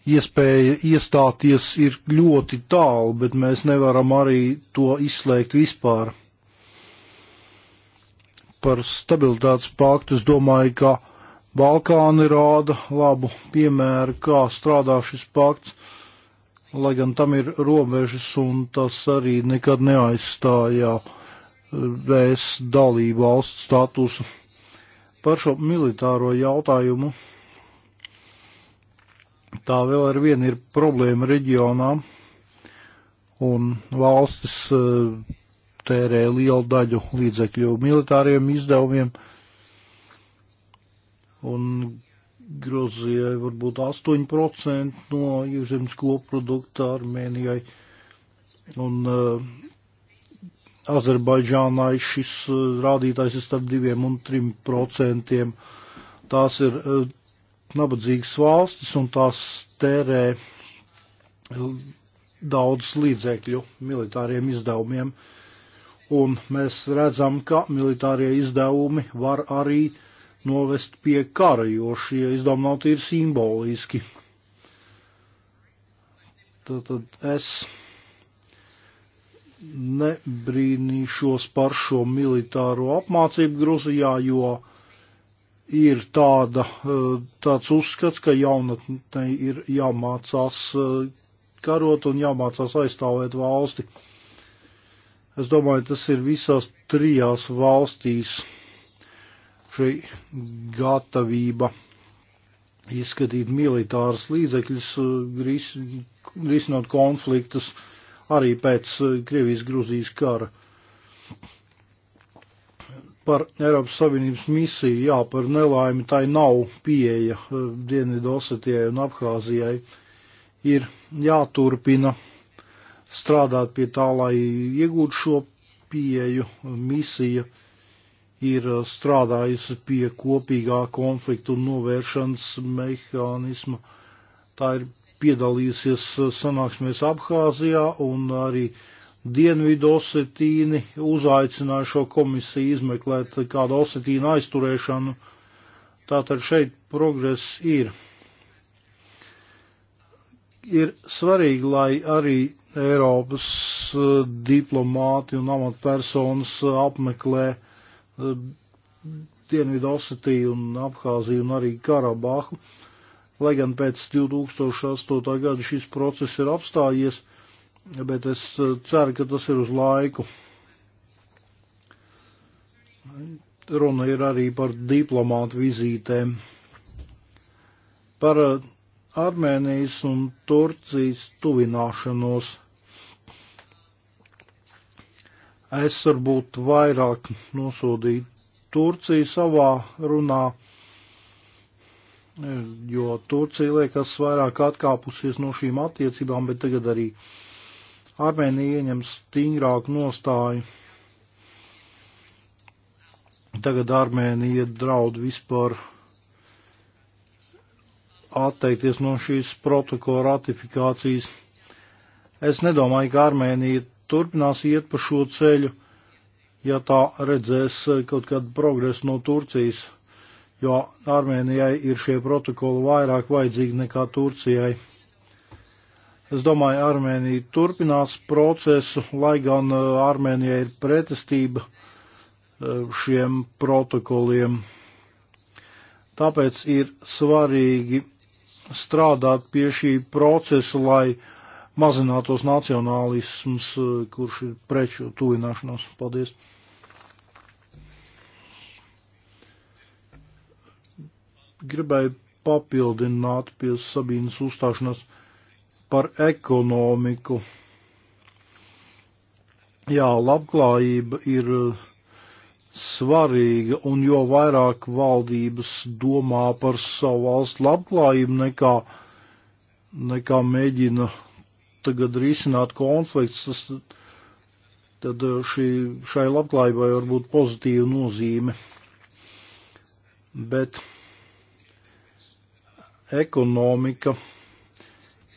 iespēja iestāties ir ļoti tālu, bet mēs nevaram arī to izslēgt vispār. Par stabilitātes paktu es domāju, ka Balkāni rāda labu piemēru, kā strādā šis pakts, lai gan tam ir robežas un tas arī nekad neaizstājā es eh, dalību valsts statusu. Par šo militāro jautājumu tā vēl ar vienu ir problēma reģionā, un valstis eh, tērē lielu daļu līdzekļu militāriem izdevumiem, un Grozijai varbūt 8% no iekšzemes koprodukta Armēnijai, un uh, Azerbaidžānai šis e, rādītājs ir starp 2 un 3 procentiem. Tās ir e, nabadzīgas valstis un tās tērē e, daudz līdzekļu militāriem izdevumiem. Un mēs redzam, ka militārie izdevumi var arī novest pie kara, jo šie izdevumi nav tīri simboliski. Tad, tad es nebrīnīšos par šo militāro apmācību Gruzijā, jo ir tāda, e, tāds uzskats, ka jaunatnē ir jāmācās e, karot un jāmācās aizstāvēt valsti. Es domāju, tas ir visās trijās valstīs šī gatavība izskatīt militāras līdzekļus, e, risinot konfliktus. Uh, arī pēc eh, Krievijas-Gruzijas kara. Par Eiropas Savienības misiju, jā, par nelaimi tai nav pieeja eh, Dienvidosetijai un Abhāzijai. Ir jāturpina strādāt pie tā, lai iegūtu šo pieeju. Misija ir eh, strādājusi pie kopīgā konfliktu novēršanas mehānisma. Tā ir piedalīsies uh, sanāksmēs Abhāzijā un arī Dienvidu Osetīni uzaicināja šo komisiju izmeklēt kādu Osetīnu aizturēšanu. Tātad šeit progress ir. Ir svarīgi, lai arī Eiropas uh, diplomāti un amatpersonas uh, apmeklē Dienvidu Osetiju un Abhāziju un arī Karabahu. Uh, lai gan pēc 2008. gada šis process ir apstājies, bet es eh, ceru, ka tas ir uz laiku. Runa ir arī par diplomātu vizītēm. Par eh, Armēnijas un Turcijas tuvināšanos. Es varbūt vairāk nosodīju Turciju savā runā jo Turcija liekas vairāk atkāpusies no šīm attiecībām, bet tagad arī Armēnija ieņem stingrāku nostāju. Tagad Armēnija draud vispār atteikties no šīs protokola ratifikācijas. Es nedomāju, ka Armēnija turpinās iet pa šo ceļu, ja tā redzēs kaut kādu progresu no Turcijas jo Armēnijai ir šie protokoli vairāk vajadzīgi nekā Turcijai. Es domāju, Armēnija turpinās procesu, lai gan e, Armēnijai ir pretestība e, šiem protokoliem. Tāpēc ir svarīgi strādāt pie šī procesa, lai mazinātos nacionālisms, e, kurš ir preču tuvināšanos. Paldies! gribēju papildināt pie Sabīnas uzstāšanās par ekonomiku. Jā, labklājība ir svarīga, un jo vairāk valdības domā par savu valstu labklājību, nekā, nekā mēģina tagad risināt konflikts, tas, tad šī, šai labklājībai var būt pozitīva nozīme. Bet ekonomika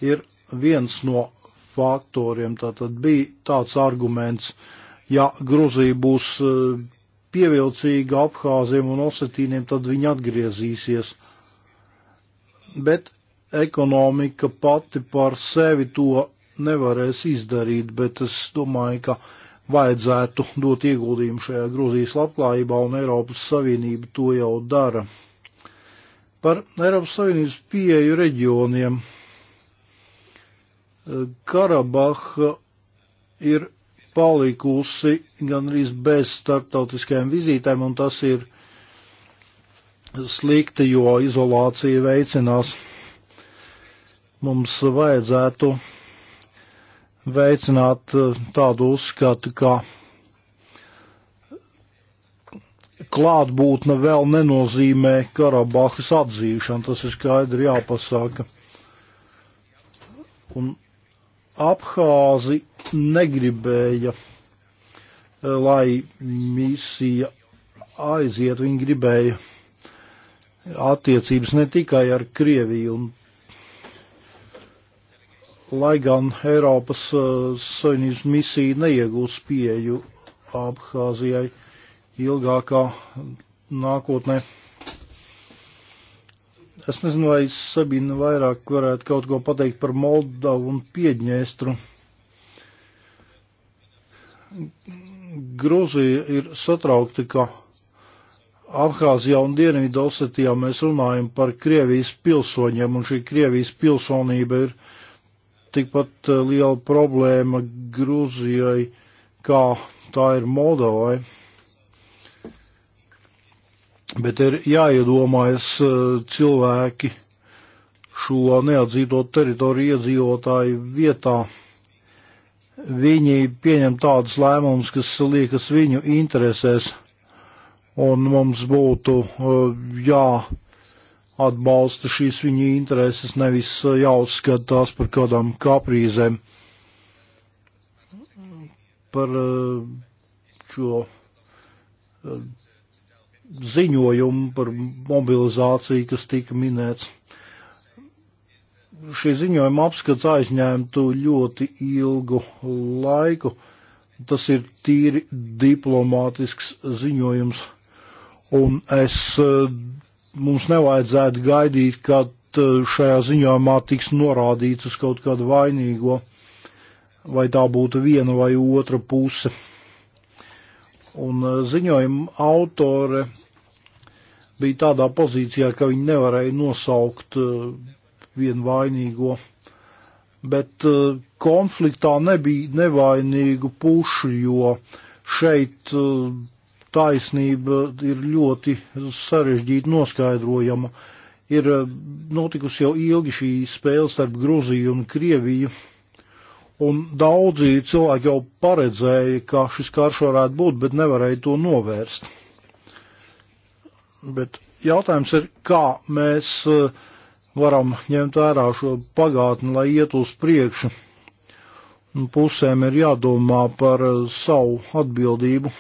ir viens no faktoriem. Tātad bija tāds arguments, ja Gruzija būs eh, pievilcīga Abhāziem un Osetīniem, tad viņi atgriezīsies. Bet ekonomika pati par sevi to nevarēs izdarīt, bet es domāju, ka vajadzētu dot ieguldījumu šajā Grūzijas labklājībā, un Eiropas Savienība to jau dara. Par Eiropas Savienības pieeju reģioniem. Eh, Karabaha ir palikusi gandrīz bez starptautiskajām vizītēm, un tas ir slikti, jo izolācija veicinās. Mums vajadzētu veicināt eh, tādu uzskatu, ka klātbūtne vēl nenozīmē Karabahas atzīšanu, tas ir skaidri jāpasaka. Un Abhāzi negribēja, eh, lai misija aiziet, viņi gribēja attiecības ne tikai ar Krieviju, un lai gan Eiropas uh, Savienības misija neiegūs pieju Abhāzijai, ilgākā nākotnē. Es nezinu, vai Sabina vairāk varētu kaut ko pateikt par Moldavu un Piedņēstru. Grūzija ir satraukta, ka Abhāzijā un Dienvidosetijā mēs runājam par Krievijas pilsoņiem, un šī Krievijas pilsonība ir tikpat eh, liela problēma Grūzijai, kā tā ir Moldovai. Bet ir jāiedomājas e, cilvēki šo neatzīto teritoriju iedzīvotāju vietā. Viņi pieņem tādus lēmumus, kas liekas viņu interesēs, un mums būtu e, jāatbalsta šīs viņa intereses, nevis jāuzskata tās par kādām kaprīzēm. Par e, šo ziņojumu par mobilizāciju, kas tika minēts. Šī ziņojuma apskats aizņēmtu ļoti ilgu laiku. Tas ir tīri diplomātisks ziņojums, un es, mums nevajadzētu gaidīt, kad eh, šajā ziņojumā tiks norādīts uz kaut kādu vainīgo, vai tā būtu viena vai otra puse. Un eh, ziņojuma autore bija tādā pozīcijā, ka viņi nevarēja nosaukt eh, vienu vainīgo. Bet eh, konfliktā nebija nevainīgu pušu, jo šeit eh, taisnība ir ļoti sarežģīti noskaidrojama. Ir notikusi jau ilgi šī spēle starp Gruziju un Krieviju, un daudzi cilvēki jau paredzēja, ka šis karš varētu būt, bet nevarēja to novērst Bet jautājums ir, kā mēs eh, varam ņemt vērā šo pagātni, lai iet uz priekšu. Pusēm ir jādomā par eh, savu atbildību.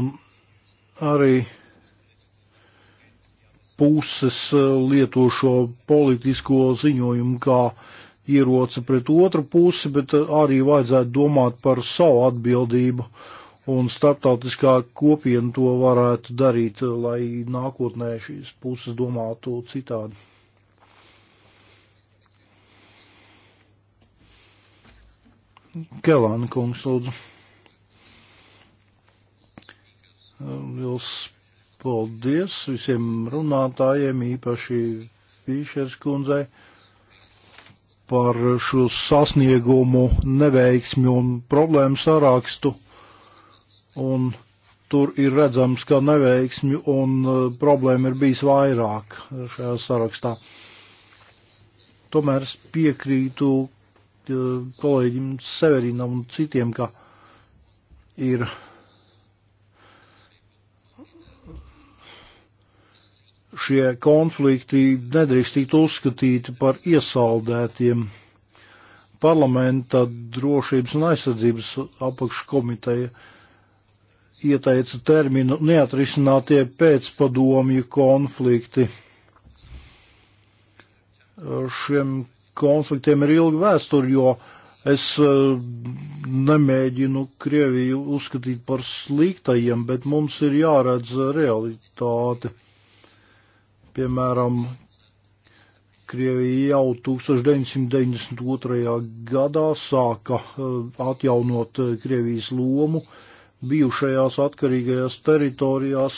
Un arī puses eh, lieto šo politisko ziņojumu kā ieroci pret otru pusi, bet arī vajadzētu domāt par savu atbildību. Uh, un starptautiskā kopiena to varētu darīt, lai nākotnē šīs puses domātu citādi. Kelāna kungs, lūdzu. Liels paldies visiem runātājiem, īpaši Fīšers kundzei par šo sasniegumu, neveiksmi un problēmu sārakstu un tur ir redzams, ka neveiksmi un e, problēma ir bijis vairāk šajā sarakstā. Tomēr es piekrītu e, kolēģim Severinam un citiem, ka ir šie konflikti nedrīkst tikt uzskatīti par iesaldētiem. Parlamenta drošības un aizsardzības apakškomiteja uh, ieteica terminu neatrisinātie pēcpadomju konflikti. Šiem konfliktiem ir ilga vēsture, jo es eh, nemēģinu Krieviju uzskatīt par sliktajiem, bet mums ir jāredz realitāte. Piemēram, Krievija jau 1992. gadā sāka eh, atjaunot eh, Krievijas lomu uh, bijušajās atkarīgajās teritorijās,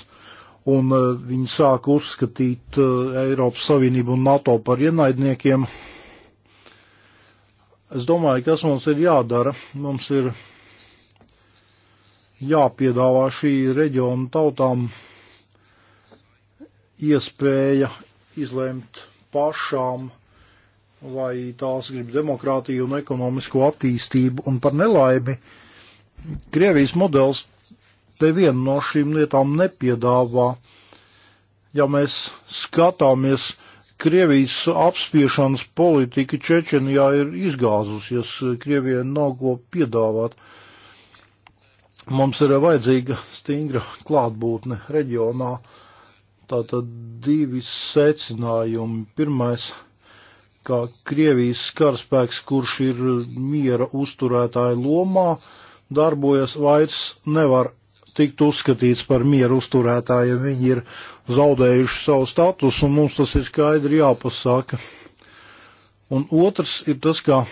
un eh, viņi sāka uzskatīt eh, Eiropas Savienību un NATO par ienaidniekiem. Es domāju, kas mums ir jādara. Mums ir jāpiedāvā šī reģiona tautām iespēja izlemt pašām, vai tās grib demokrātiju un ekonomisko attīstību, un par nelaimi uh, Krievijas modelis nevienu no šīm lietām nepiedāvā. Ja mēs skatāmies, Krievijas apspiešanas politika Čečenijā ir izgāzusies, Krievijai nav ko piedāvāt. Mums ir vajadzīga stingra klātbūtne reģionā. Tātad divi secinājumi. Pirmais, kā Krievijas karaspēks, kurš ir miera uzturētāja lomā, uh, darbojas, vairs nevar tikt uzskatīts par mieru uzturētājiem. Viņi ir zaudējuši savu statusu, un mums tas ir skaidri jāpasaka. Un otrs ir tas, ka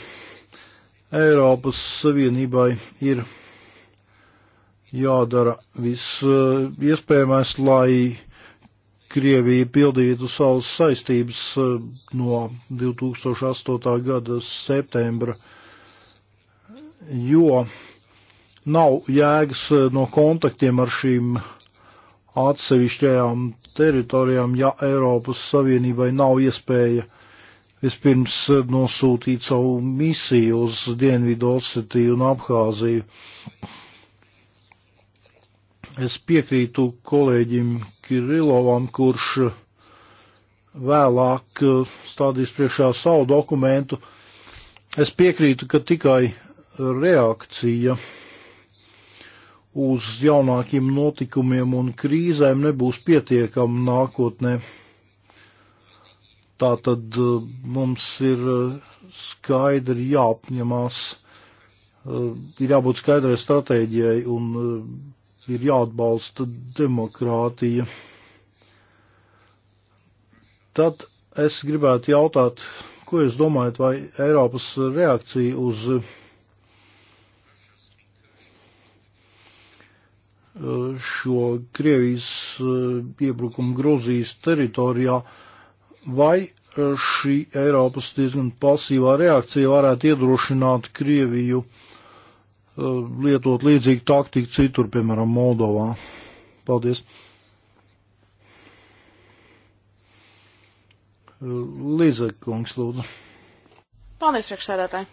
Eiropas Savienībai ir jādara viss eh, iespējamais, lai Krievija pildītu savas saistības eh, no 2008. gada septembra, jo nav jēgas eh, no kontaktiem ar šīm atsevišķajām teritorijām, ja Eiropas Savienībai nav iespēja vispirms eh, nosūtīt savu misiju uz Dienvidu Osetiju un Abhāziju. Es piekrītu kolēģim Kirilovam, kurš eh, vēlāk stādīs priekšā savu dokumentu. Es piekrītu, ka tikai reakcija uz jaunākiem notikumiem un krīzēm nebūs pietiekama nākotnē. Tātad eh, mums ir eh, skaidri jāapņemās, eh, ir jābūt skaidrai stratēģijai un ir jāatbalsta demokrātija. Tad es gribētu jautāt, ko jūs domājat, vai Eiropas reakcija uz šo Krievijas eh, iebrukumu Gruzijas teritorijā, vai eh, šī Eiropas diezgan pasīvā reakcija varētu iedrošināt Krieviju eh, lietot līdzīgu taktiku citur, piemēram, Moldovā. Paldies! Līdze, kungs, lūdzu. Paldies, priekšsēdētāji.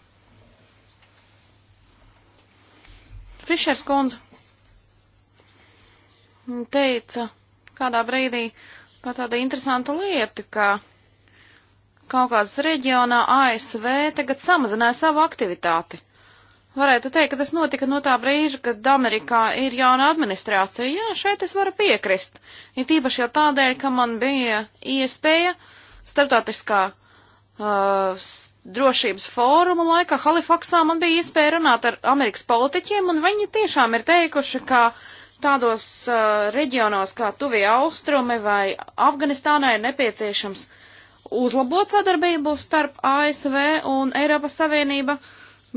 Fišers kundze teica kādā brīdī par tādu interesantu lietu, ka Kaukās reģionā ASV tagad samazināja savu aktivitāti. Varētu teikt, ka tas notika no tā brīža, kad Amerikā ir jauna administrācija. Jā, šeit es varu piekrist. Ir ja tīpaši jau tādēļ, ka man bija iespēja starptautiskā uh, drošības fóruma laikā Halifaksā man bija iespēja runāt ar Amerikas politiķiem, un viņi tiešām ir teikuši, ka uh, tādos uh, reģionos kā Tuvie Austrumi vai Afganistānai ir nepieciešams uzlabot sadarbību starp ASV un Eiropas Savienība,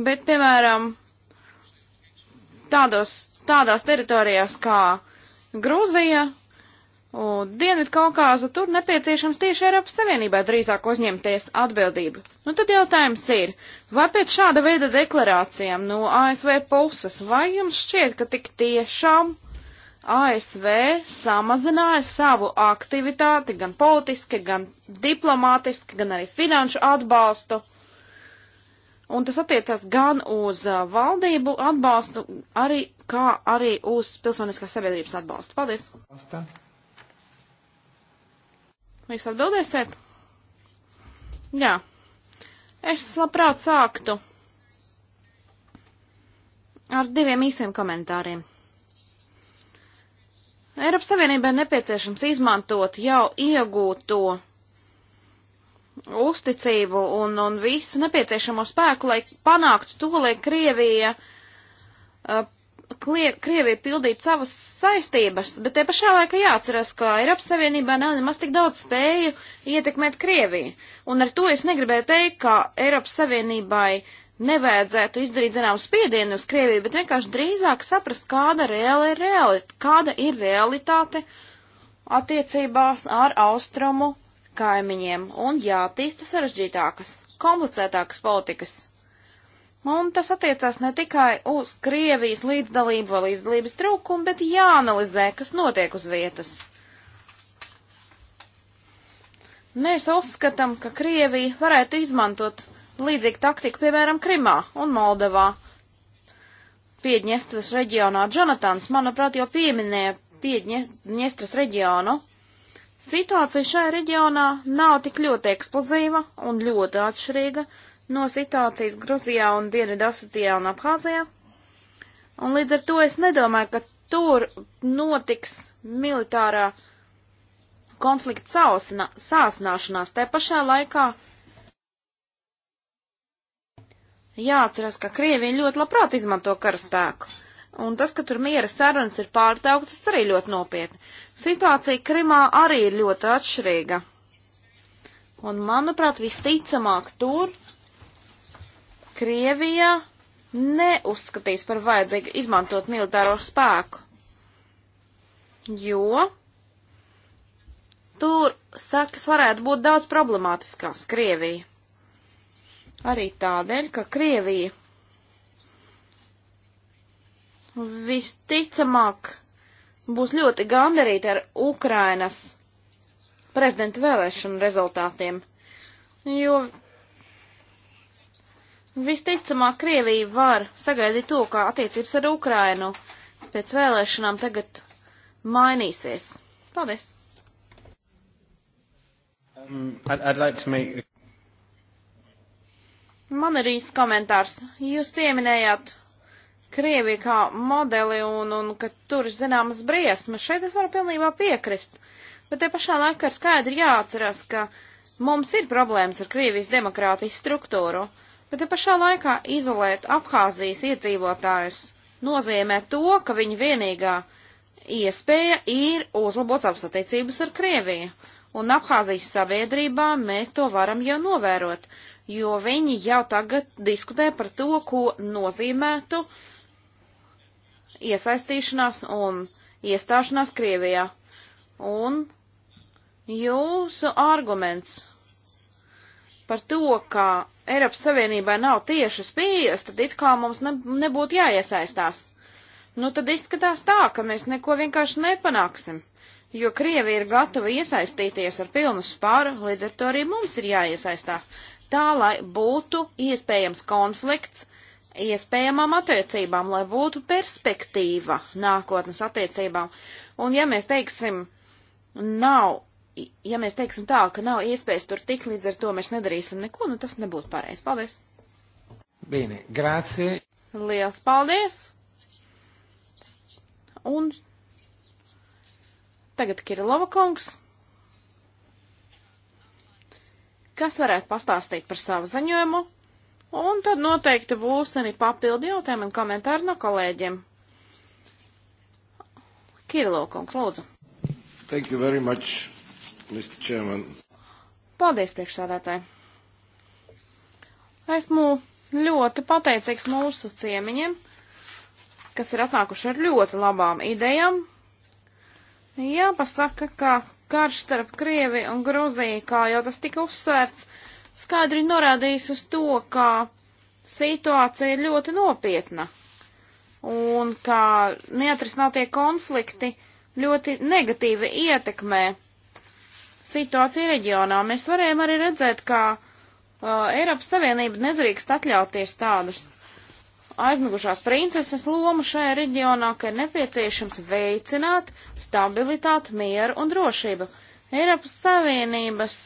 bet, piemēram, tādos, tādās teritorijās kā Grūzija un Dienvidkaukāza, tur nepieciešams tieši Eiropas Savienībai drīzāk uzņemties atbildību. Nu tad jautājums ir, vai pēc šāda veida deklarācijām no ASV puses, vai jums šķiet, ka tik tiešām ASV samazināja savu aktivitāti gan politiski, gan diplomātiski, gan arī finanšu atbalstu. Un tas attiecas gan uz uh, valdību atbalstu, arī, kā arī uz pilsoniskās sabiedrības atbalstu. Paldies! Jūs atbildēsiet? Jā. Es labprāt sāktu ar diviem īsiem komentāriem. Eiropas Savienībai nepieciešams izmantot jau iegūto uzticību un, un visu nepieciešamo spēku, lai panāktu to, lai Krievija, uh, klie, Krievija pildītu savas saistības, bet te pašā laikā jāatcerās, ka Eiropas Savienībā nav nemaz tik daudz spēju ietekmēt Krieviju. Un ar to es negribēju teikt, ka Eiropas Savienībai uh, nevajadzētu izdarīt zinām spiedienu uz Krieviju, bet vienkārši drīzāk saprast, kāda, reāli ir reali, kāda ir realitāte attiecībās ar austrumu kaimiņiem un jātīsta sarežģītākas, komplicētākas politikas. Un tas attiecās ne tikai uz Krievijas līdzdalību vai līdzdalības trūkumu, bet jāanalizē, kas notiek uz vietas. Mēs uzskatām, ka Krievija varētu izmantot uh, līdzīga taktika, piemēram, Krimā un Moldavā. Piedņestras reģionā Jonatans, manuprāt, jau pieminēja Piedņestras reģionu. Situācija šajā reģionā nav tik ļoti eksplozīva un ļoti atšķirīga no situācijas Gruzijā un Dienvidasetijā un Abhāzijā. Un līdz ar to es nedomāju, ka tur notiks militārā konflikta sāsināšanās. Te pašā laikā jāatceras, ka Krievija ļoti labprāt izmanto karaspēku. Un tas, ka tur miera sarunas ir pārtrauktas, tas arī ļoti nopietni. Situācija Krimā arī ir ļoti atšķirīga. Un, manuprāt, visticamāk tur Krievija neuzskatīs par vajadzīgu izmantot militāro spēku, jo tur, sakas, varētu būt daudz problemātiskās Krievija. Arī tādēļ, ka Krievija visticamāk būs ļoti gandarīta ar Ukrainas prezidenta vēlēšanu rezultātiem, jo visticamāk Krievija var sagaidīt to, kā attiecības ar Ukrainu pēc vēlēšanām tagad mainīsies. Paldies! Um, I'd, I'd like make... Man ir īsts komentārs. Jūs pieminējāt Krieviju kā modeli un, un ka tur ir zināmas briesmas. Šeit es varu pilnībā piekrist. Bet te pašā laikā ir skaidri jāatcerās, ka mums ir problēmas ar Krievijas demokrātijas struktūru. Bet te pašā laikā izolēt Abhāzijas iedzīvotājus nozīmē to, ka viņa vienīgā iespēja ir uzlabot savas attiecības ar Krieviju. Un Abhāzijas sabiedrībā mēs to varam jau novērot jo viņi jau tagad diskutē par to, ko nozīmētu iesaistīšanās un iestāšanās Krievijā. Un jūsu arguments par to, ka Eiropas Savienībai nav tiešas pieejas, tad it kā mums ne, nebūtu jāiesaistās. Nu tad izskatās tā, ka mēs neko vienkārši nepanāksim, jo Krievija ir gatava iesaistīties ar pilnu spāru, līdz ar to arī mums ir jāiesaistās tā, lai būtu iespējams konflikts iespējamām attiecībām, lai būtu perspektīva nākotnes attiecībām. Un ja mēs teiksim, nav, ja mēs teiksim tā, ka nav iespējas tur tik līdz ar to mēs nedarīsim neko, nu tas nebūtu pareizi. Paldies! Bene, grazie! Liels paldies! Un tagad Kirilova kungs. kas varētu pastāstīt par savu ziņojumu, un tad noteikti būs arī papildi jautājumi un komentāri no kolēģiem. Kirillokungs, lūdzu. Thank you very much, Mr. Chairman. Paldies, priekšsādātāji. Esmu ļoti pateicīgs mūsu ciemiņiem, kas ir atnākuši ar ļoti labām idejām. Jāpasaka, ka karš starp Krievi un Gruziju, kā jau tas tika uzsvērts, skaidri norādījis uz to, ka situācija ir ļoti nopietna un ka neatrisinātie konflikti ļoti negatīvi ietekmē situāciju reģionā. Mēs varējām arī redzēt, ka uh, Eiropas Savienība nedrīkst atļauties tādus aizmigušās princeses loma šajā reģionā, ka ir nepieciešams veicināt stabilitāti, mieru un drošību. Eiropas Savienības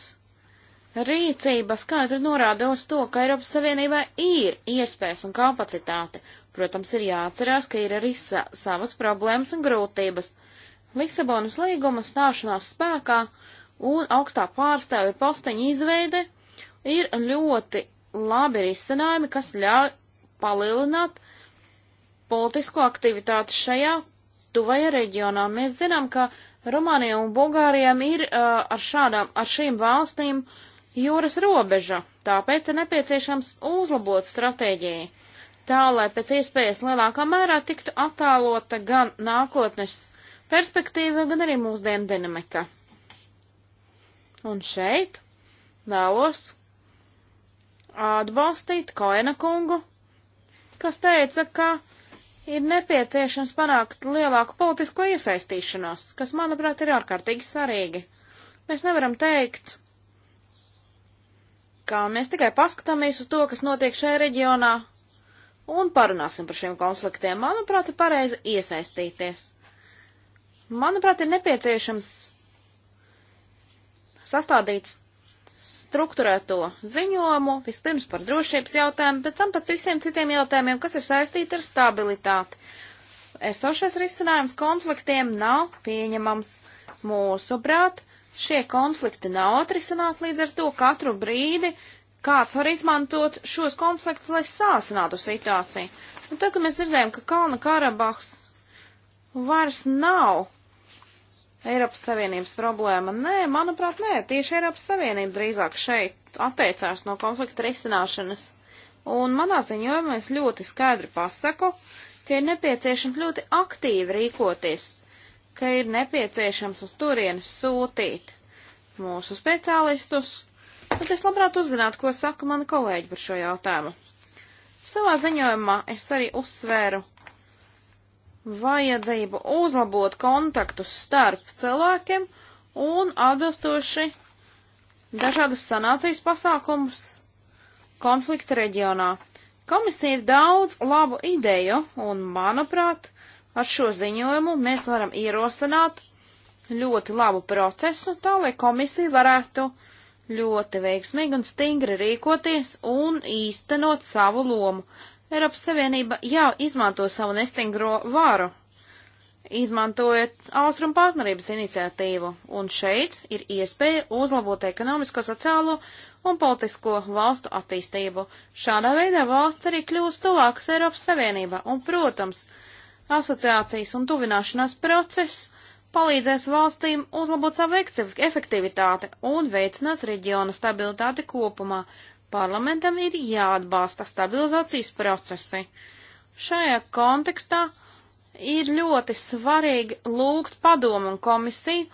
rīcība skaidri norāda uz to, ka Eiropas Savienībā ir iespējas un kapacitāte. Protams, ir jāatcerās, ka ir arī sa savas problēmas un grūtības. Lisabonas līguma stāšanās spēkā un augstā pārstāve posteņa izveide ir ļoti labi risinājumi, kas ļauj palielināt politisko aktivitāti šajā tuvajā reģionā. Mēs zinām, ka Rumānijam un Bulgārijam ir uh, ar, šādām, ar šīm valstīm jūras robeža, tāpēc ir nepieciešams uzlabot stratēģiju, tā lai pēc iespējas lielākā mērā tiktu attēlota gan nākotnes perspektīva, gan arī mūsdienu dinamika. Un šeit vēlos atbalstīt Koena kungu kas teica, ka ir nepieciešams panākt lielāku politisko iesaistīšanos, kas, manuprāt, ir ārkārtīgi svarīgi. Mēs nevaram teikt, ka mēs tikai paskatāmies uz to, kas notiek šajā reģionā, un parunāsim par šiem konfliktiem. Manuprāt, ir pareizi iesaistīties. Manuprāt, ir nepieciešams sastādīt struktūrēto ziņojumu, vispirms par drošības jautājumu, bet tam pēc visiem citiem jautājumiem, kas ir saistīti ar stabilitāti. Esošais risinājums konfliktiem nav pieņemams. Mūsuprāt, šie konflikti nav atrisināti līdz ar to katru brīdi kāds var izmantot šos konfliktus, lai sāsinātu situāciju. Un tad, kad mēs dzirdējam, ka Kalna Karabahs vairs nav Eiropas Savienības problēma? Nē, manuprāt, nē. Tieši Eiropas Savienība drīzāk šeit atteicās no konflikta risināšanas. Un manā ziņojumā es ļoti skaidri pasaku, ka ir nepieciešams ļoti aktīvi rīkoties, ka ir nepieciešams uz turienes sūtīt mūsu speciālistus. Tad es labprāt uzzinātu, ko saka mani kolēģi par šo jautājumu. Savā ziņojumā es arī uzsvēru vajadzību uzlabot kontaktus starp cilvēkiem un atbilstoši dažādus sanācijas pasākumus konflikta reģionā. Komisija ir daudz labu ideju, un, manuprāt, ar šo ziņojumu mēs varam ierosināt ļoti labu procesu, tā lai komisija varētu ļoti veiksmīgi un stingri rīkoties un īstenot savu lomu. Eiropas Savienība jau izmanto savu nestingro varu, izmantojot Austrum partnerības iniciatīvu, un šeit ir iespēja uzlabot ekonomisko, sociālo un politisko valstu attīstību. Šādā veidā valsts arī kļūst tuvākas Eiropas Savienībā, un, protams, asociācijas un tuvināšanās process palīdzēs valstīm uzlabot savu efektivitāti un veicinās reģiona stabilitāti kopumā, Parlamentam ir jāatbalsta stabilizācijas procesi. Šajā kontekstā ir ļoti svarīgi lūgt padomu un komisiju,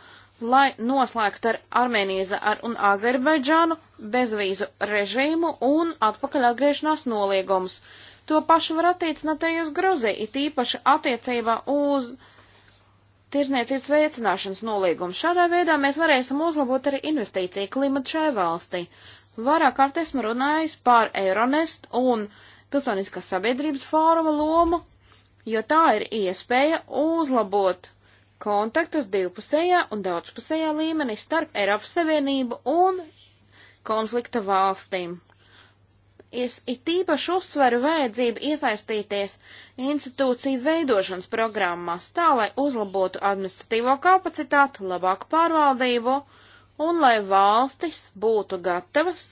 lai noslēgtu ar Armēnijas ar un Azerbaidžānu bezvīzu režīmu un atpakaļ atgriešanās noliegumus. To pašu var attiecināt arī uz Gruziju, it īpaši attiecībā uz tirzniecības veicināšanas nolīgumu. Šādā veidā mēs varēsim uzlabot arī investīciju klimatu šai valstī. Vairāk kārt esmu runājis par Eironest un Pilsoniskās sabiedrības fóruma lomu, jo tā ir iespēja uzlabot kontaktus divpusējā un daudzpusējā līmenī starp Eiropas Savienību un konflikta valstīm. Es it īpaši uzsveru vajadzību iesaistīties institūciju veidošanas programmās tā, lai uzlabotu administratīvo kapacitātu, labāku pārvaldību, uh, un lai valstis būtu gatavas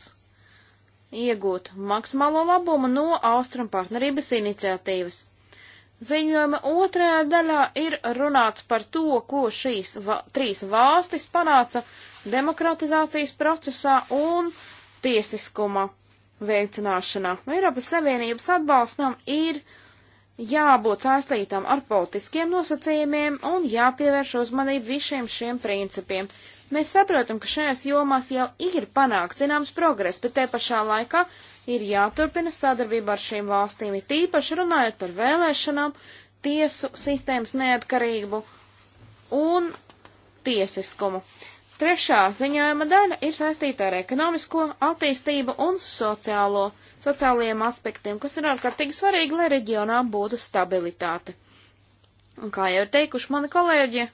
iegūt maksimālo labumu no Austrum partnerības iniciatīvas. Ziņojuma otrajā daļā ir runāts par to, ko šīs va trīs valstis panāca demokratizācijas procesā un tiesiskuma veicināšanā. Eiropas Savienības atbalstam ir jābūt saistītam ar politiskiem nosacījumiem un jāpievērš uzmanību visiem šiem principiem. Mēs saprotam, ka šajās jomās jau ir panākts zināms progress, bet te pašā laikā ir jāturpina sadarbība ar šīm valstīm, ir tīpaši runājot par vēlēšanām, tiesu sistēmas neatkarību un tiesiskumu. Trešā ziņojuma daļa ir saistīta ar ekonomisko attīstību un sociālo, sociālajiem aspektiem, kas ir ārkārtīgi svarīgi, lai reģionā būtu stabilitāte. Un kā jau ir teikuši mani kolēģi,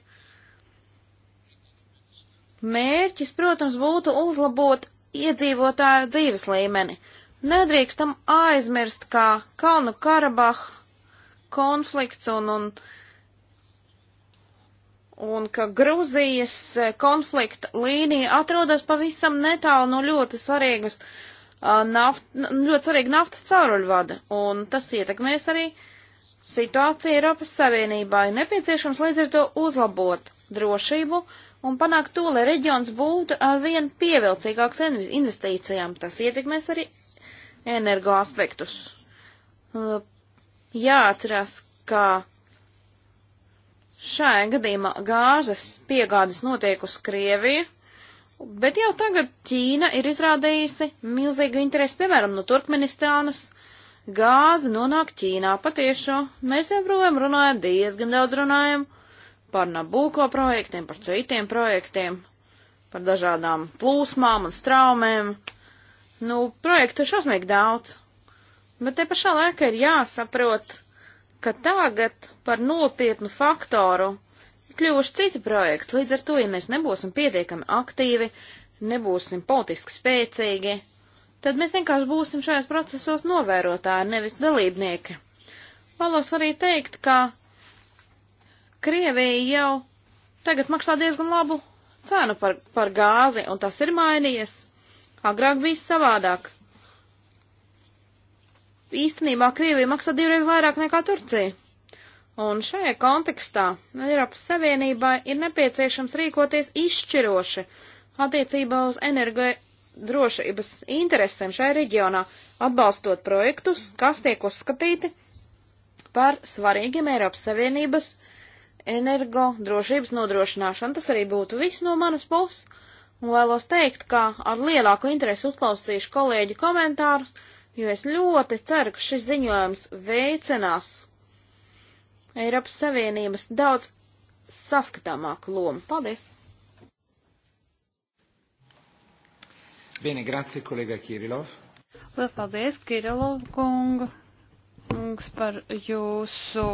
Mērķis, protams, būtu uzlabot iedzīvotāju dzīves līmeni. Nedrīkstam aizmirst, kā Kalnu Karabahu konflikts un, un, un ka Grūzijas eh, konflikta līnija atrodas pavisam netālu no ļoti svarīgas eh, naft, ļoti svarīga naftas cauruļvada, un tas ietekmēs arī situāciju Eiropas Savienībā. Ir nepieciešams līdz ar to uzlabot drošību, un panākt to, lai reģions būtu ar vien pievilcīgāks investīcijām. Tas ietekmēs arī energo aspektus. Jāatcerās, ka šajā gadījumā gāzes piegādes notiek uz Krieviju, bet jau tagad Ķīna ir izrādījusi milzīgu interesi, piemēram, no Turkmenistānas. Gāze nonāk Ķīnā patiešo. Mēs joprojām runājam, diezgan daudz runājam. Uh, par Nabuko projektiem, par citiem projektiem, par dažādām plūsmām un straumēm. Nu, projektu ir šausmīgi daudz, bet te pašā laikā ir jāsaprot, ka tagad par nopietnu faktoru kļuvuši citi projekti. Līdz ar to, ja mēs nebūsim pietiekami aktīvi, nebūsim politiski spēcīgi, tad mēs vienkārši būsim šajos procesos novērotāji, nevis dalībnieki. Vēlos arī teikt, ka Krievija jau tagad maksā diezgan labu cenu par, par gāzi, un tas ir mainījies. Agrāk bija savādāk. Īstenībā Krievija maksā divreiz vairāk nekā Turcija. Un šajā kontekstā Eiropas Savienībai ir nepieciešams rīkoties izšķiroši attiecībā uz energodrošības interesēm šajā reģionā, atbalstot projektus, kas tiek uzskatīti par svarīgiem Eiropas Savienības uh, energo drošības nodrošināšanu. Tas arī būtu viss no manas puses. Un vēlos teikt, ka ar lielāku interesi uzklausīšu kolēģi komentārus, jo es ļoti ceru, ka šis ziņojums veicinās Eiropas Savienības daudz saskatāmāku lomu. Paldies! Bene, grazie, kolēģa Kirilov. Lielas paldies, Kirilov kungu, kungs, par jūsu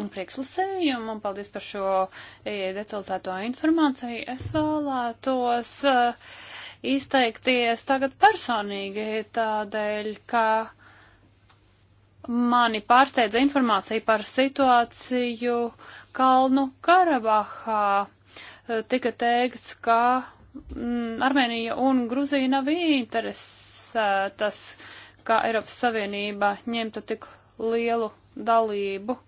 un priekšlasējumu, un paldies par šo e, detalizēto informāciju. Es vēlētos uh, izteikties tagad personīgi tādēļ, ka mani pārsteidza informācija par situāciju Kalnu Karabahā. E, tika teikts, ka mm, Armēnija un Gruzija nav interesētas, ka Eiropas Savienība ņemtu tik lielu dalību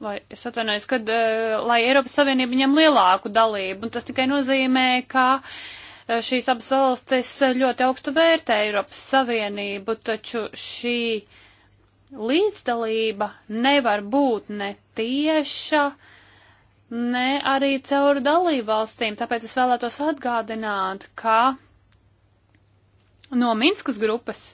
Vai es atvainojos, kad, uh, lai Eiropas Savienība ņem lielāku dalību, un tas tikai nozīmē, ka eh, šīs abas valstis ļoti augstu vērtē Eiropas Savienību, taču šī līdzdalība nevar būt ne tieša, ne arī caur dalību valstīm. Tāpēc es vēlētos atgādināt, ka no Minskas grupas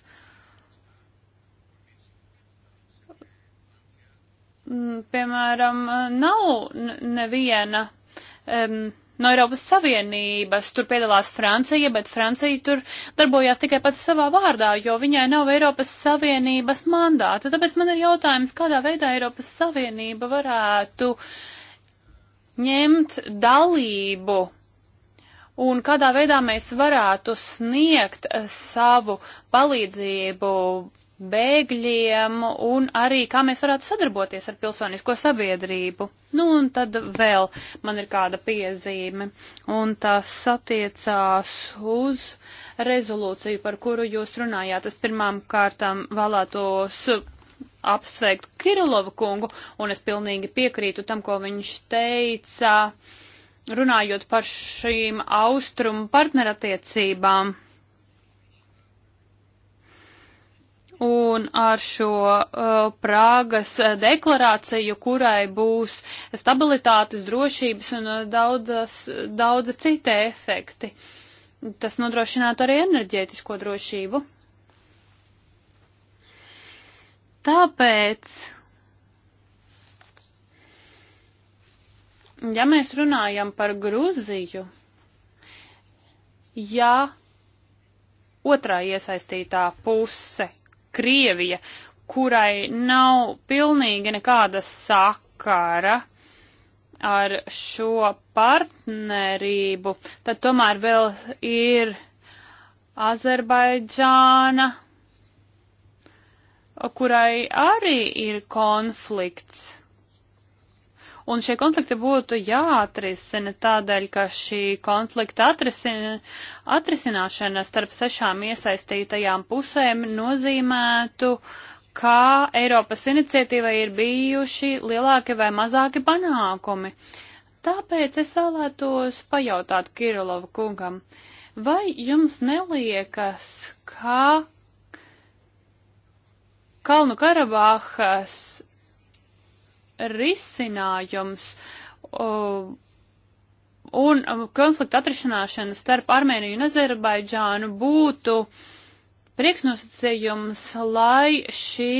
Mm, piemēram, eh, nav neviena um, no Eiropas Savienības. Tur piedalās Francija, bet Francija tur darbojās tikai pats savā vārdā, jo viņai nav Eiropas Savienības mandāta. Tāpēc man ir jautājums, kādā veidā Eiropas Savienība varētu ņemt dalību un kādā veidā mēs varētu sniegt eh, savu palīdzību bēgļiem un arī kā mēs varētu sadarboties ar pilsonisko sabiedrību. Nu, un tad vēl man ir kāda piezīme, un tas attiecās uz rezolūciju, par kuru jūs runājāt. Es pirmām kārtām vēlētos apsveikt Kirilovu kungu, un es pilnīgi piekrītu tam, ko viņš teica, runājot par šīm austrumu partnerattiecībām Un ar šo uh, Prāgas deklarāciju, kurai būs stabilitātes, drošības un uh, daudzas, daudzi citi efekti, tas nodrošinātu arī enerģētisko drošību. Tāpēc, ja mēs runājam par Gruziju, ja otrā iesaistītā puse Krievija, kurai nav pilnīgi nekāda sakara ar šo partnerību, tad tomēr vēl ir Azerbaidžāna, kurai arī ir konflikts. Un šie konflikti būtu jāatrisina tādēļ, ka šī konflikta atrisina, atrisināšana starp sešām iesaistītajām pusēm nozīmētu, kā Eiropas iniciatīvai ir bijuši lielāki vai mazāki panākumi. Tāpēc es vēlētos pajautāt Kirilova kungam, vai jums neliekas, ka Kalnu Karabahas risinājums un konflikta atrišanāšana starp Armēniju un Azerbaidžānu būtu priekšnosacījums, lai šī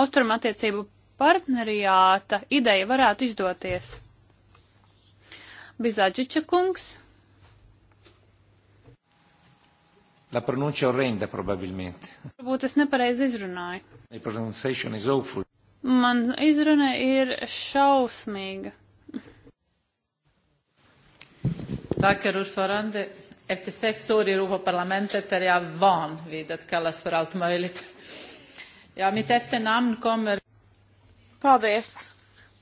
austrumattiecību partneriāta ideja varētu izdoties. Bizāģiča kungs. La pronuncia orrenda, probabilmente. Varbūt es nepareizi izrunāju. The pronunciation is awful. Man izruna ir šausmīga. Tackar ordförande. Efter sex år i Europaparlamentet är jag van vid att kallas för allt möjligt. Ja, mitt efternamn kommer... Paldies.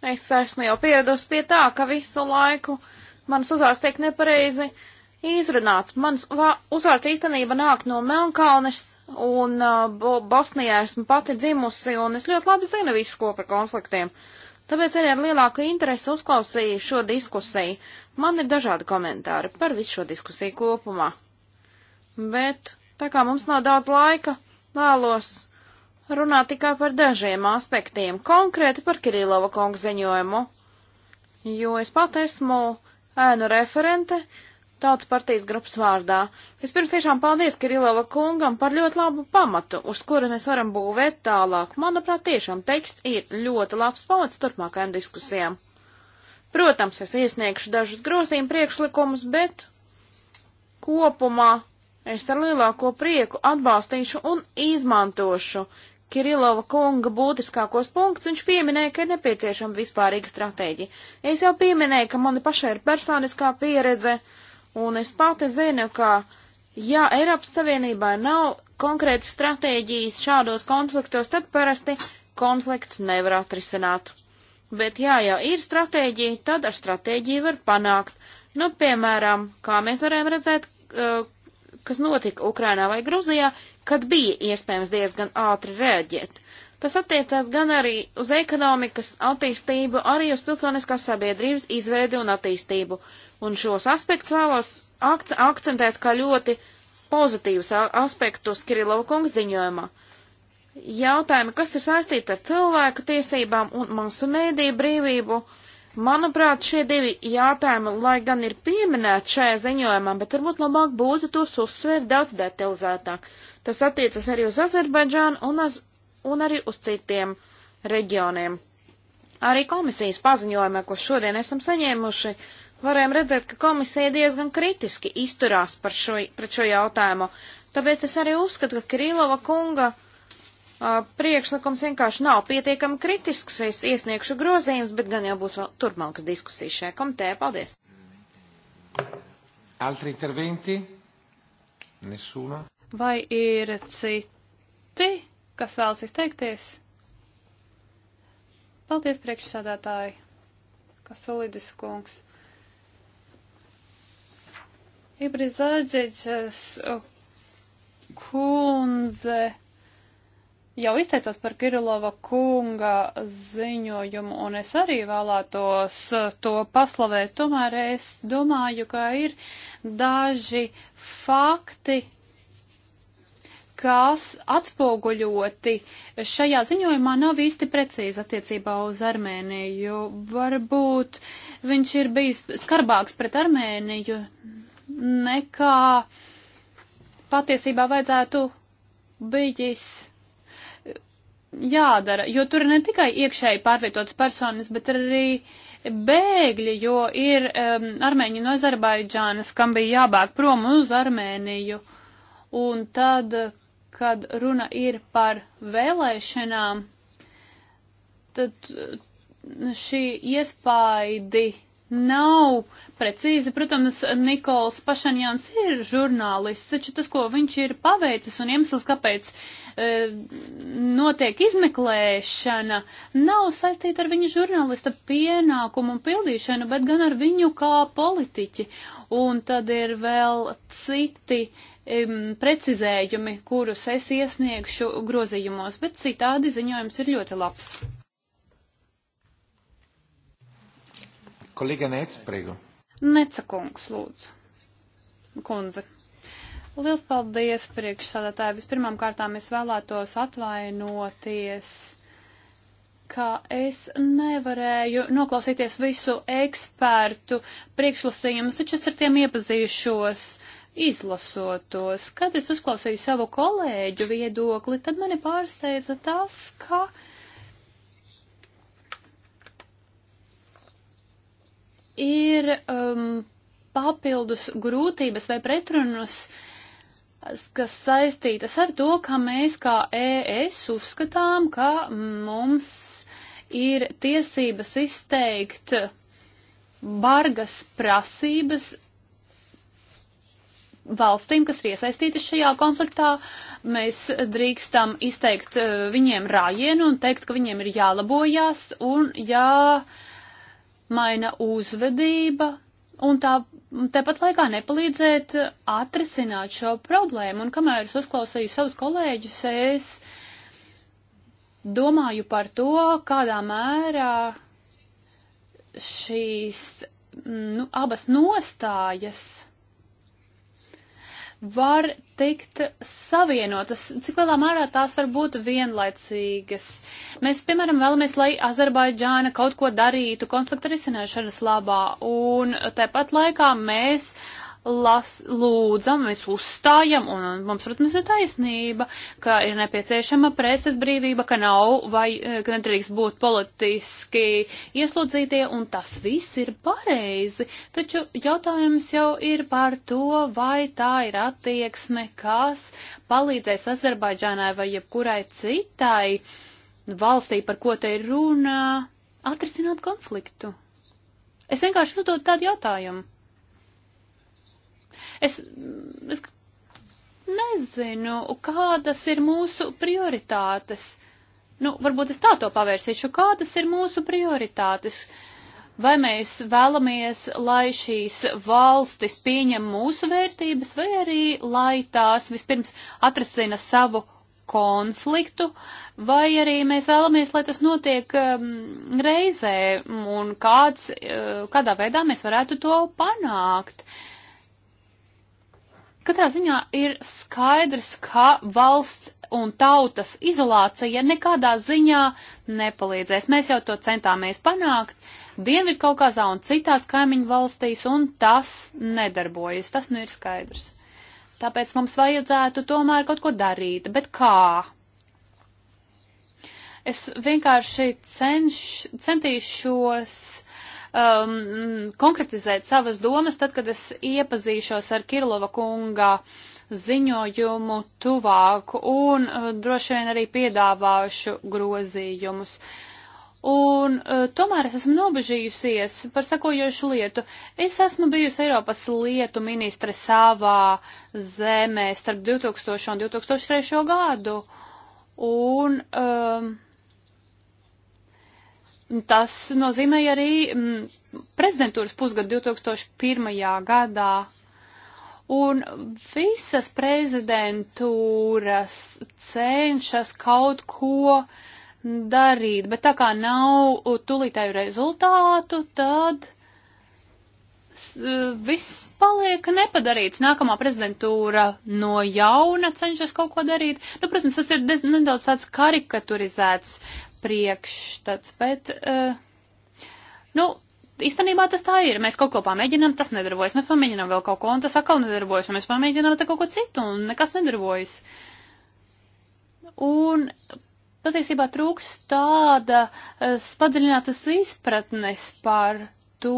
Es esmu jau pieradusi pie tā, ka visu laiku mans uzvārds tiek nepareizi izrunāts. Mans uzvārds īstenība nāk no Melnkalnes, un bo Bosnijā esmu pati dzimusi, un es ļoti labi zinu visu ko par konfliktiem. Tāpēc arī ar lielāku interesi uzklausīju šo diskusiju. Man ir dažādi komentāri par visu šo diskusiju kopumā. Bet, tā kā mums nav daudz laika, vēlos runā tikai par dažiem aspektiem, konkrēti par Kirilova kungu ziņojumu, jo es pat esmu ēnu referente tautas partijas grupas vārdā. Vispirms tiešām paldies Kirilova kungam par ļoti labu pamatu, uz kura mēs varam būvēt tālāk. Manuprāt, tiešām teksts ir ļoti labs pamats turpmākajām diskusijām. Protams, es iesniegšu dažus grozījumu priekšlikumus, bet kopumā es ar lielāko prieku atbalstīšu un izmantošu Kirilova kunga būtiskākos punktus viņš pieminēja, ka ir nepieciešama vispārīga stratēģija. Es jau pieminēju, ka man pašai ir personiskā pieredze, uh, Un es pati zinu, ka ja Eiropas Savienībā nav konkrētas stratēģijas šādos konfliktos, tad parasti konflikts nevar atrisināt. Bet jā, ja ir stratēģija, tad ar stratēģiju var panākt. Nu, piemēram, kā mēs varējām redzēt, eh, kas notika Ukrainā vai Gruzijā, kad bija iespējams diezgan ātri rēģēt. Tas attiecās gan arī uz ekonomikas attīstību, arī uz pilsoniskās sabiedrības izveidi un attīstību. Uh, Un šos aspektus vēlos akc akcentēt kā ļoti pozitīvus aspektus Kirilova kungs ziņojumā. Jautājumi, kas ir saistīti ar cilvēku tiesībām un masu mēdīju brīvību, manuprāt, šie divi jautājumi, lai gan ir pieminēti šajā ziņojumā, bet varbūt labāk būtu tos uzsvērt daudz detalizētāk. Tas attiecas arī uz Azerbaidžānu un, az, un arī uz citiem reģioniem. Arī komisijas paziņojumā, ko šodien esam saņēmuši, uh, varējām redzēt, ka komisija diezgan kritiski izturās par šo, pret šo jautājumu. Tāpēc es arī uzskatu, ka Kirilova kunga uh, priekšlikums vienkārši nav pietiekami kritisks. Es iesniegšu grozījumus, bet gan jau būs vēl turpmākas diskusijas šajā komitē. Paldies! Altri interventi? Nessuno? Vai ir citi, kas vēlas izteikties? Paldies, priekšsādātāji, kas solidis kungs. Ibrizaģeģes uh, kundze jau izteicās par Kirilova kunga ziņojumu, un es arī vēlētos uh, to paslavēt. Tomēr es domāju, ka ir daži fakti, kas atspoguļoti šajā ziņojumā nav īsti precīzi attiecībā uz Armēniju. Varbūt viņš ir bijis skarbāks pret Armēniju nekā patiesībā vajadzētu bijis jādara, jo tur ir ne tikai iekšēji pārvietotas personas, bet arī bēgļi, jo ir um, armēņi no Azerbaidžānas, kam bija jābāk prom uz Armēniju. Un tad, kad runa ir par vēlēšanām, tad uh, šī iespaidi nav precīzi. Protams, Nikols Pašanjans ir žurnālists, taču tas, ko viņš ir paveicis un iemesls, kāpēc e, notiek izmeklēšana, nav saistīta ar viņa žurnālista pienākumu un pildīšanu, bet gan ar viņu kā politiķi. Un tad ir vēl citi um, precizējumi, kurus es iesniegšu grozījumos, bet citādi ziņojums ir ļoti labs. Kolīga Nēc, priegu. Necakungs, lūdzu. Kundze. Liels paldies priekšsādātāji. Vispirmām kārtām es vēlētos atvainoties, ka es nevarēju noklausīties visu ekspertu priekšlasījumus, taču es ar tiem iepazīšos izlasotos. Kad es uzklausīju savu kolēģu viedokli, tad mani pārsteidza tas, ka uh, ir um, papildus grūtības vai pretrunas, kas saistītas ar to, ka mēs kā ES uzskatām, ka mums ir tiesības izteikt bargas prasības valstīm, kas ir iesaistītas šajā konfliktā, mēs drīkstam izteikt uh, viņiem rājienu un teikt, ka viņiem ir jālabojās un jā. Ja maina uzvedība un tā tepat laikā nepalīdzēt atrisināt šo problēmu. Un kamēr es uzklausīju savus kolēģus, es domāju par to, kādā mērā šīs nu, abas nostājas var tikt savienotas, cik lielā mērā tās var būt vienlaicīgas. Mēs, piemēram, vēlamies, lai Azerbaidžāna kaut ko darītu konflikta risināšanas labā, un tāpat laikā mēs las, lūdzam, mēs uzstājam, un, un mums, protams, ir taisnība, ka ir nepieciešama preses brīvība, ka nav vai e, ka nedrīkst būt politiski ieslodzītie, un tas viss ir pareizi. Taču jautājums jau ir par to, vai tā ir attieksme, kas palīdzēs Azerbaidžānai vai jebkurai citai valstī, par ko te ir runā, atrisināt konfliktu. Es vienkārši uzdodu tādu jautājumu. Es, es nezinu, kādas ir mūsu prioritātes. Nu, varbūt es tā to pavērsīšu. Kādas ir mūsu prioritātes? Vai mēs vēlamies, lai šīs valstis pieņem mūsu vērtības, vai arī lai tās vispirms atrasina savu konfliktu, vai arī mēs vēlamies, lai tas notiek um, reizē, un kāds, uh, kādā veidā mēs varētu to panākt. Katrā ziņā ir skaidrs, ka valsts un tautas izolācija nekādā ziņā nepalīdzēs. Mēs jau to centāmies panākt Dienvidkaukazā un citās kaimiņu valstīs, un tas nedarbojas. Tas nu ir skaidrs. Tāpēc mums vajadzētu tomēr kaut ko darīt, bet kā? Es vienkārši cenš, centīšos um, konkretizēt savas domas, tad, kad es iepazīšos ar Kirlova kungā ziņojumu tuvāk un uh, droši vien arī piedāvāšu grozījumus. Un uh, tomēr es esmu nobežījusies par sakojošu lietu. Es esmu bijusi Eiropas lietu ministre savā zemē starp 2000 un 2003 gadu. Un um, Tas nozīmēja arī mm, prezidentūras pusgadu 2001. gadā. Un visas prezidentūras cenšas kaut ko darīt, bet tā kā nav tulītēju rezultātu, tad viss paliek nepadarīts. Nākamā prezidentūra no jauna cenšas kaut ko darīt. Nu, protams, tas ir nedaudz tāds karikaturizēts priekšstats, bet, uh, nu, īstenībā tas tā ir. Mēs kaut ko pamēģinām, tas nedarbojas. Mēs pamēģinām vēl kaut ko, un tas atkal nedarbojas. Un mēs pamēģinām te kaut ko citu, un nekas nedarbojas. Un patiesībā trūks tāda uh, eh, padziļinātas izpratnes par to,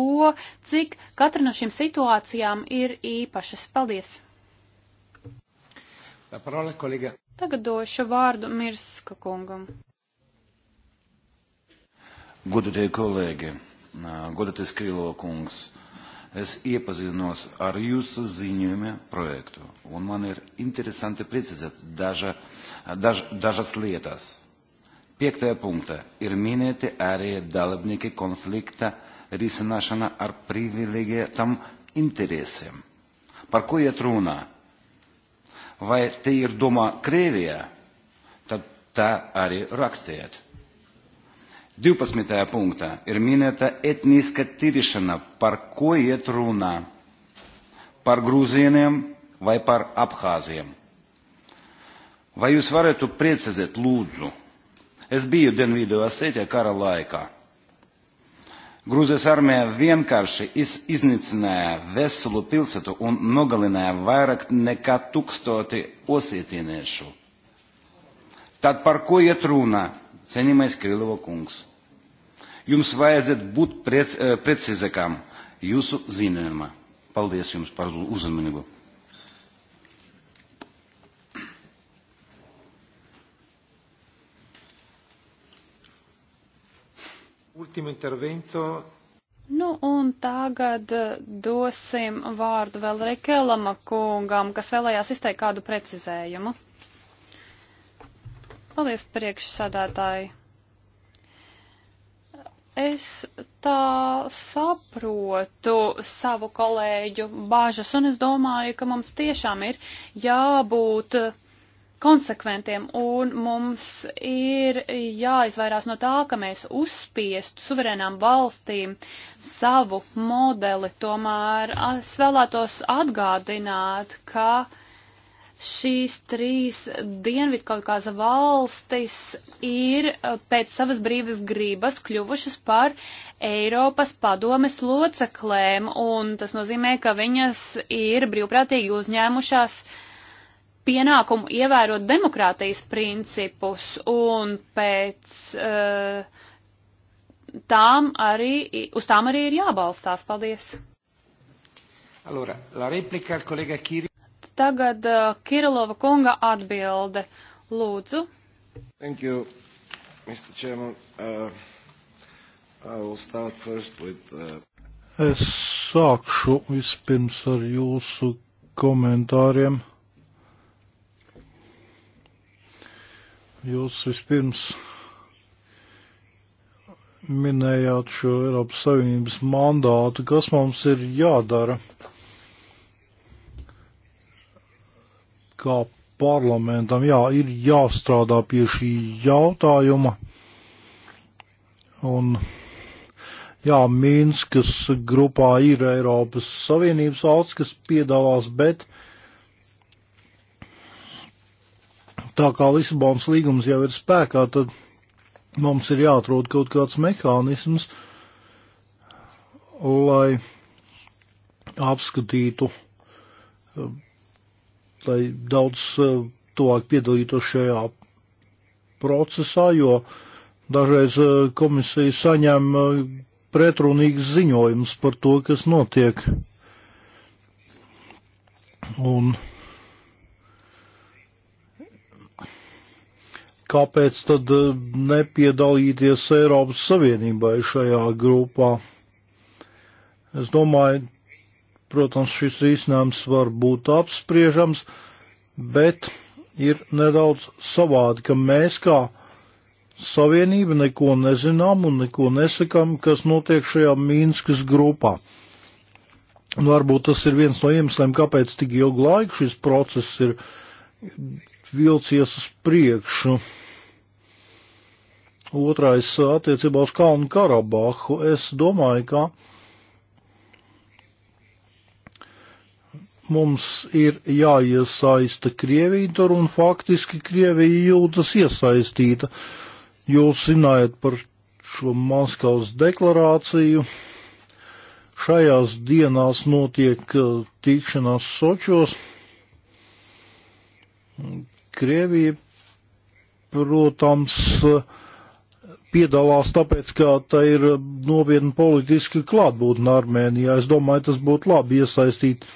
cik katra no šīm situācijām ir īpašas. Paldies! Parola, Tagad došu vārdu Mirska kungam. Godatie kolēģi, godaties Krilo kungs, es iepazinos ar jūsu ziņojuma projektu, un man ir interesanti precizēt daža, daž, dažas lietas. Piektajā punktā ir minēti arī dalībnieki konflikta risināšana ar privilegētam interesiem. Par ko iet runā? Vai te ir doma Krievijā? Tad tā arī rakstiet. 12. punktā ir minēta etniska tīrišana, par ko iet runā, par grūzieniem vai par apkāziem. Vai jūs varētu precizēt, lūdzu? Es biju Dienvidu Asetijā kara laikā. Grūzijas armija vienkārši iz, iznīcināja veselu pilsētu un nogalināja vairāk nekā tūkstoti osietīniešu. Tad par ko iet runa, cienījamais Krilovo kungs? Jums vajadzētu būt pret, eh, precīzākam jūsu ziņojumā. Paldies jums par uzmanību. Ultimo intervento. Nu, un tagad eh, dosim vārdu vēl Rikelama kungam, kas vēlējās izteikt kādu precizējumu. Paldies, priekšsādātāji es tā saprotu savu kolēģu bāžas, un es domāju, ka mums tiešām ir jābūt konsekventiem, un mums ir jāizvairās no tā, ka mēs uzspiestu suverēnām valstīm savu modeli. Tomēr es vēlētos atgādināt, ka uh, šīs trīs Dienvidkaukāza valstis ir eh, pēc savas brīvas gribas kļuvušas par Eiropas padomes loceklēm, un tas nozīmē, ka viņas ir brīvprātīgi uzņēmušās pienākumu ievērot demokrātijas principus, un pēc uh, tām arī, uz tām arī ir jābalstās. Paldies! Allora, la replica al collega Kiri tagad uh, Kirilova kunga atbilde. Lūdzu. Thank you, Mr. Chairman. Uh, I will start first with. Uh... Es sākšu vispirms ar jūsu komentāriem. Jūs vispirms minējāt šo Eiropas Savienības mandātu, kas mums ir jādara. Uh, kā parlamentam, jā, ir jāstrādā pie šī jautājuma. Un, jā, Mīnskas grupā ir Eiropas Savienības valsts, kas piedalās, bet tā kā Lisabonas līgums jau ir spēkā, tad mums ir jāatrod kaut kāds mehānisms, lai apskatītu lai daudz eh, tuvāk piedalītos šajā procesā, jo dažreiz eh, komisija saņem eh, pretrunīgas ziņojumus par to, kas notiek. Un kāpēc tad nepiedalīties Eiropas Savienībai šajā grupā? Es domāju, Protams, šis risinājums var būt apspriežams, bet ir nedaudz savādi, ka mēs kā savienība neko nezinām un neko nesakām, kas notiek šajā Mīnskas grupā. Un varbūt tas ir viens no iemesliem, kāpēc tik ilgu laiku šis process ir vilcies uz priekšu. Otrais attiecībā uz Kalnu Karabahu. Es domāju, ka mums ir jāiesaista Krievija tur, un faktiski Krievija jūtas iesaistīta. Jūs zinājat par šo Maskavas deklarāciju. Šajās dienās notiek uh, tikšanās Sočos. Krievija, protams, piedalās tāpēc, ka tā ir nopietna politiska klātbūtne Armēnijā. Es domāju, tas būtu labi iesaistīt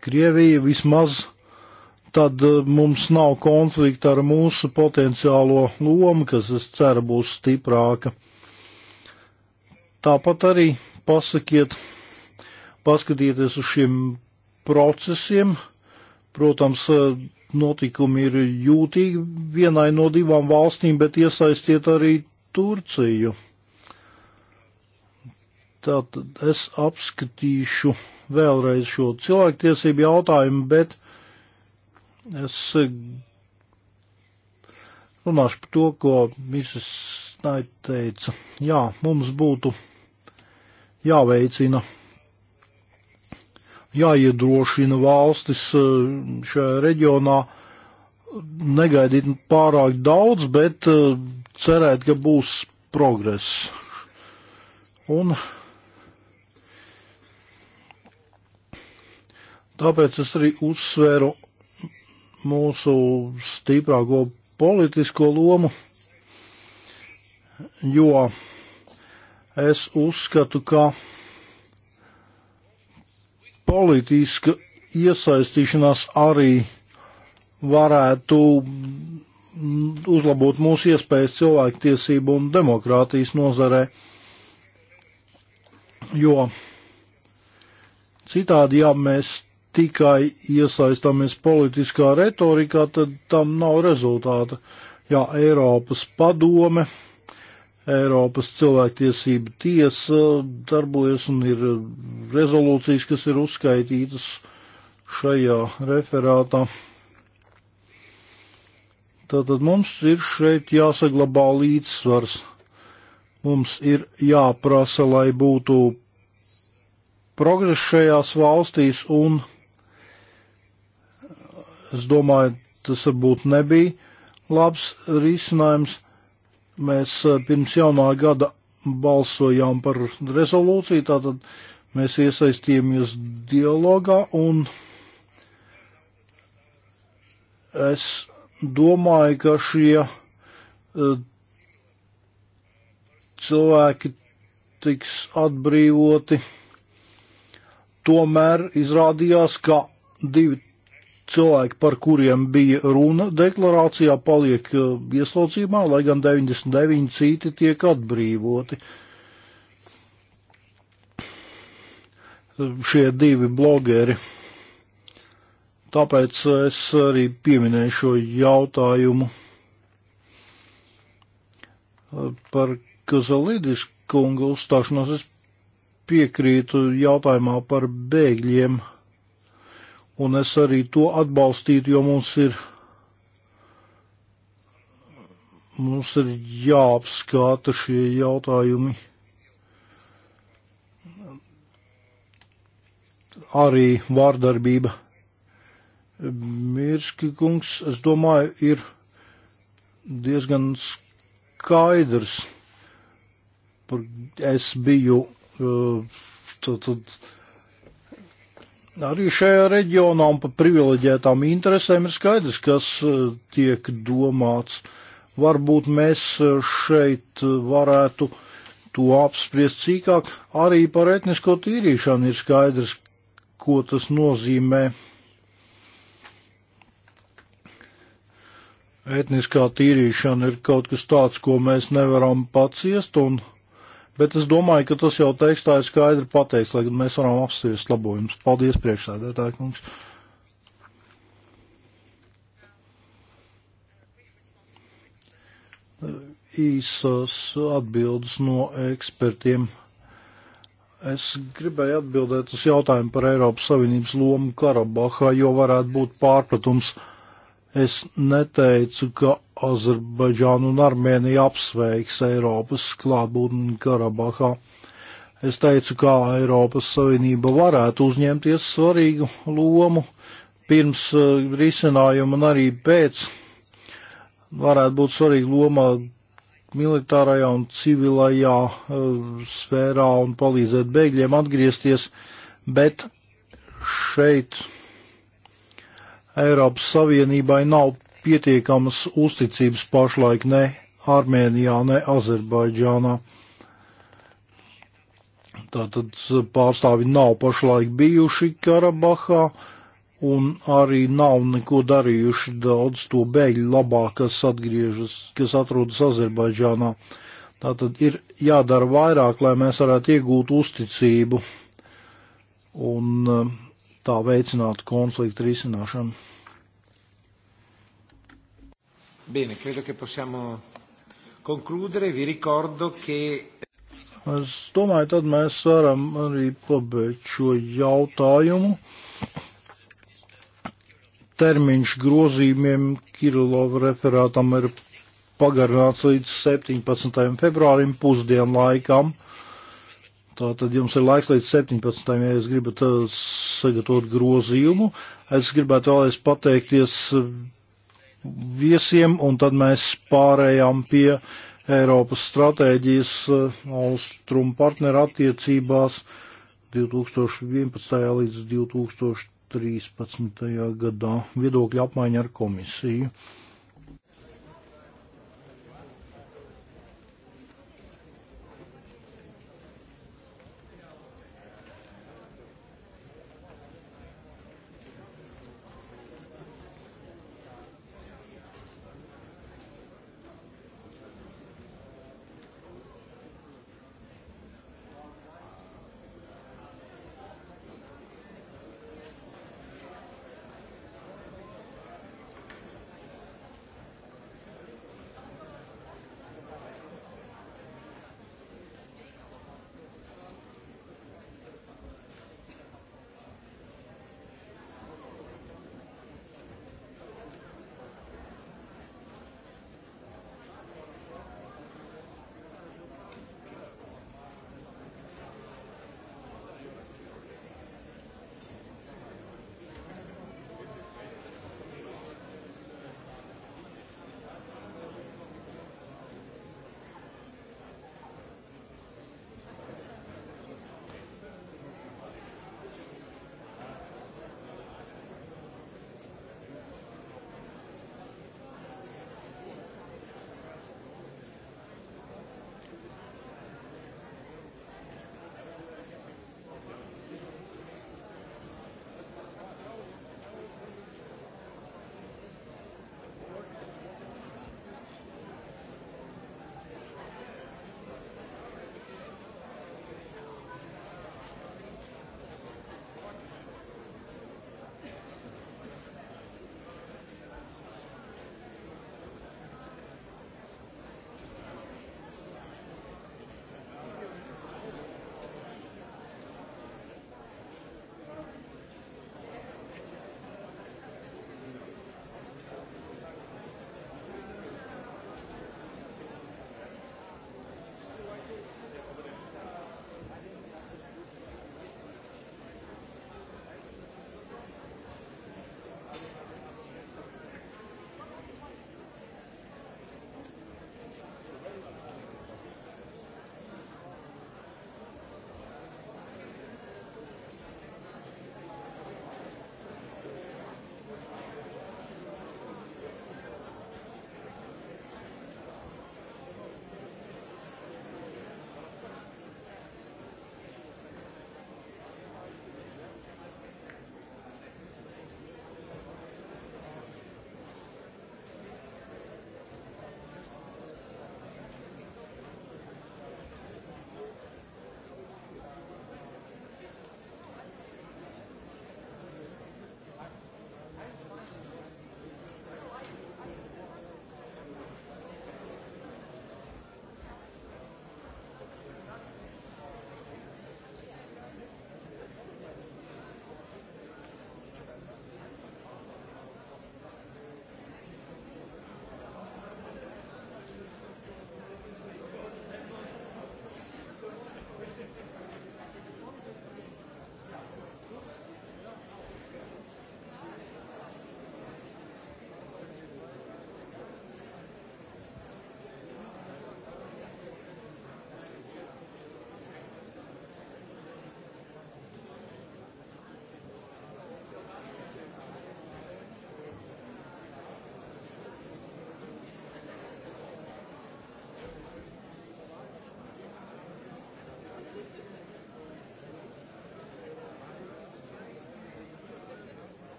Krievija vismaz, tad eh, mums nav konflikta ar mūsu potenciālo lomu, kas, es ceru, būs stiprāka. Tāpat arī pasakiet, paskatieties uz šiem procesiem. Protams, eh, notikumi ir jūtīgi vienai no divām valstīm, bet iesaistiet arī Turciju. Tātad es apskatīšu vēlreiz šo cilvēktiesību jautājumu, bet es eh, runāšu par to, ko Mrs. Snaita teica. Jā, mums būtu jāveicina, jāiedrošina valstis eh, šajā reģionā negaidīt pārāk daudz, bet eh, cerēt, ka būs progress. Un Tāpēc es arī uzsvēru mūsu stīprāko politisko lomu, jo es uzskatu, ka politiska iesaistīšanās arī varētu uzlabot mūsu iespējas cilvēktiesību un demokrātijas nozarē, jo citādi, ja mēs tikai iesaistāmies politiskā retorikā, tad tam nav rezultāta. Jā, Eiropas padome, Eiropas cilvēktiesība tiesa darbojas un ir rezolūcijas, kas ir uzskaitītas šajā referātā. Tātad mums ir šeit jāsaglabā līdzsvars. Mums ir jāprasa, lai būtu progress šajās valstīs un Es domāju, tas varbūt nebija labs risinājums. Mēs eh, pirms jaunā gada balsojām par rezolūciju, tātad mēs iesaistījāmies dialogā un es domāju, ka šie uh, cilvēki tiks atbrīvoti. Tomēr izrādījās, ka divi cilvēki, par kuriem bija runa deklarācijā, paliek eh, ieslodzījumā, lai gan 99 citi tiek atbrīvoti. Šie divi blogeri. Tāpēc es arī pieminēju šo jautājumu par Kazalīdis kungu uzstāšanos. Es piekrītu jautājumā par bēgļiem un es arī to atbalstītu, jo mums ir, mums ir jāapskata šie jautājumi. Arī vārdarbība. Mirski kungs, es domāju, ir diezgan skaidrs. Es biju tad, uh, tad, arī šajā reģionā un pa privileģētām interesēm ir skaidrs, kas e, tiek domāts. Varbūt mēs e, šeit e, varētu to apspriest cīkāk. Arī par etnisko tīrīšanu ir skaidrs, ko tas nozīmē. Etniskā tīrīšana ir kaut kas tāds, ko mēs nevaram paciest, un bet es domāju, ka tas jau tekstā ir skaidri pateikts, lai gan mēs varam apspriest labojumus. Paldies, priekšsēdētāji kungs. Īsas atbildes no ekspertiem. Es gribēju atbildēt uz jautājumu par Eiropas Savienības lomu Karabahā, jo varētu būt pārpratums. Uh, Es neteicu, ka Azerbaidžāna un Armēnija apsveiks Eiropas klātbūtni Karabahā. Es teicu, kā Eiropas Savienība varētu uzņemties svarīgu lomu pirms eh, risinājuma un arī pēc. Varētu būt svarīga loma militārajā un civilajā eh, sfērā un palīdzēt bēgļiem atgriezties, bet šeit Eiropas Savienībai nav pietiekamas uzticības pašlaik ne Armēnijā, ne Azerbaidžānā. Tātad pārstāvi nav pašlaik bijuši Karabahā un arī nav neko darījuši daudz to bēgļu labā, kas atgriežas, kas atrodas Azerbaidžānā. Tātad ir jādara vairāk, lai mēs varētu iegūt uzticību. Un uh, tā veicinātu konfliktu risināšanu. Bene, credo che possiamo concludere. Vi ricordo che. Es domāju, tad mēs varam arī pabeigt šo jautājumu. Termiņš grozījumiem Kirilova referātam ir pagarināts līdz 17. februārim pusdienlaikam. Tā tad jums ir laiks līdz 17. ja jūs gribat uh, sagatavot grozījumu. Es gribētu vēlreiz pateikties uh, viesiem, un tad mēs pārējām pie Eiropas stratēģijas uh, austrumu partneru attiecībās 2011. līdz 2013. gadā viedokļa apmaiņa ar komisiju.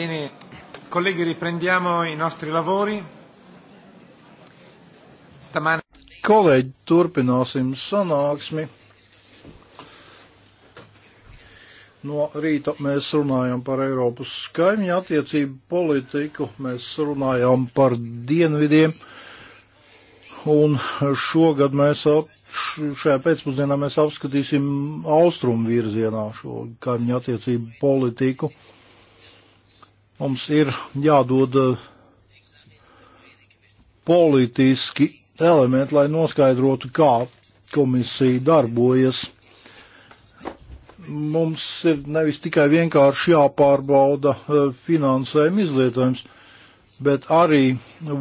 Bene, colleghi, riprendiamo i nostri lavori. Stamane... Kolēģi, turpināsim sanāksmi. No rīta mēs runājam par Eiropas kaimiņu attiecību politiku, mēs runājam par dienvidiem, un šogad mēs ap šajā pēcpusdienā mēs apskatīsim austrumu virzienā šo kaimiņu attiecību politiku. Mums ir jādod eh, politiski elementi, lai noskaidrotu, kā komisija darbojas. Mums ir nevis tikai vienkārši jāpārbauda eh, finansējuma izlietojums, bet arī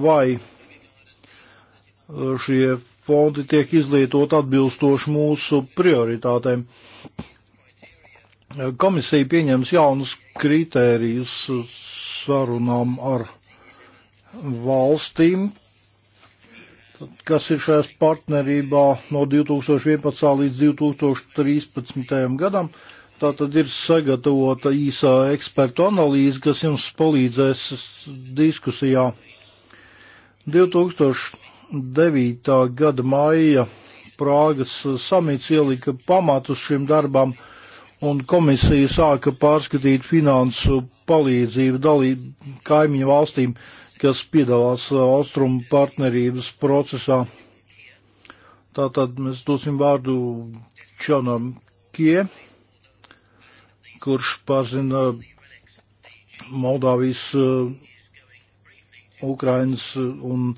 vai eh, šie fondi tiek izlietot atbilstoši mūsu prioritātēm. Komisija pieņems jaunus kritērijus sarunām ar valstīm, kas ir šajās partnerībā no 2011. līdz 2013. gadam. Tā tad ir sagatavota īsā ekspertu analīze, kas jums palīdzēs diskusijā. 2009. gada maija Prāgas samits ielika pamatus šim darbam un komisija sāka pārskatīt finansu palīdzību dalību kaimiņu valstīm, kas piedalās uh, austrumu partnerības procesā. Tātad mēs dosim vārdu Čanam Kie, kurš pārzina Moldāvijas, uh, Ukrainas uh, un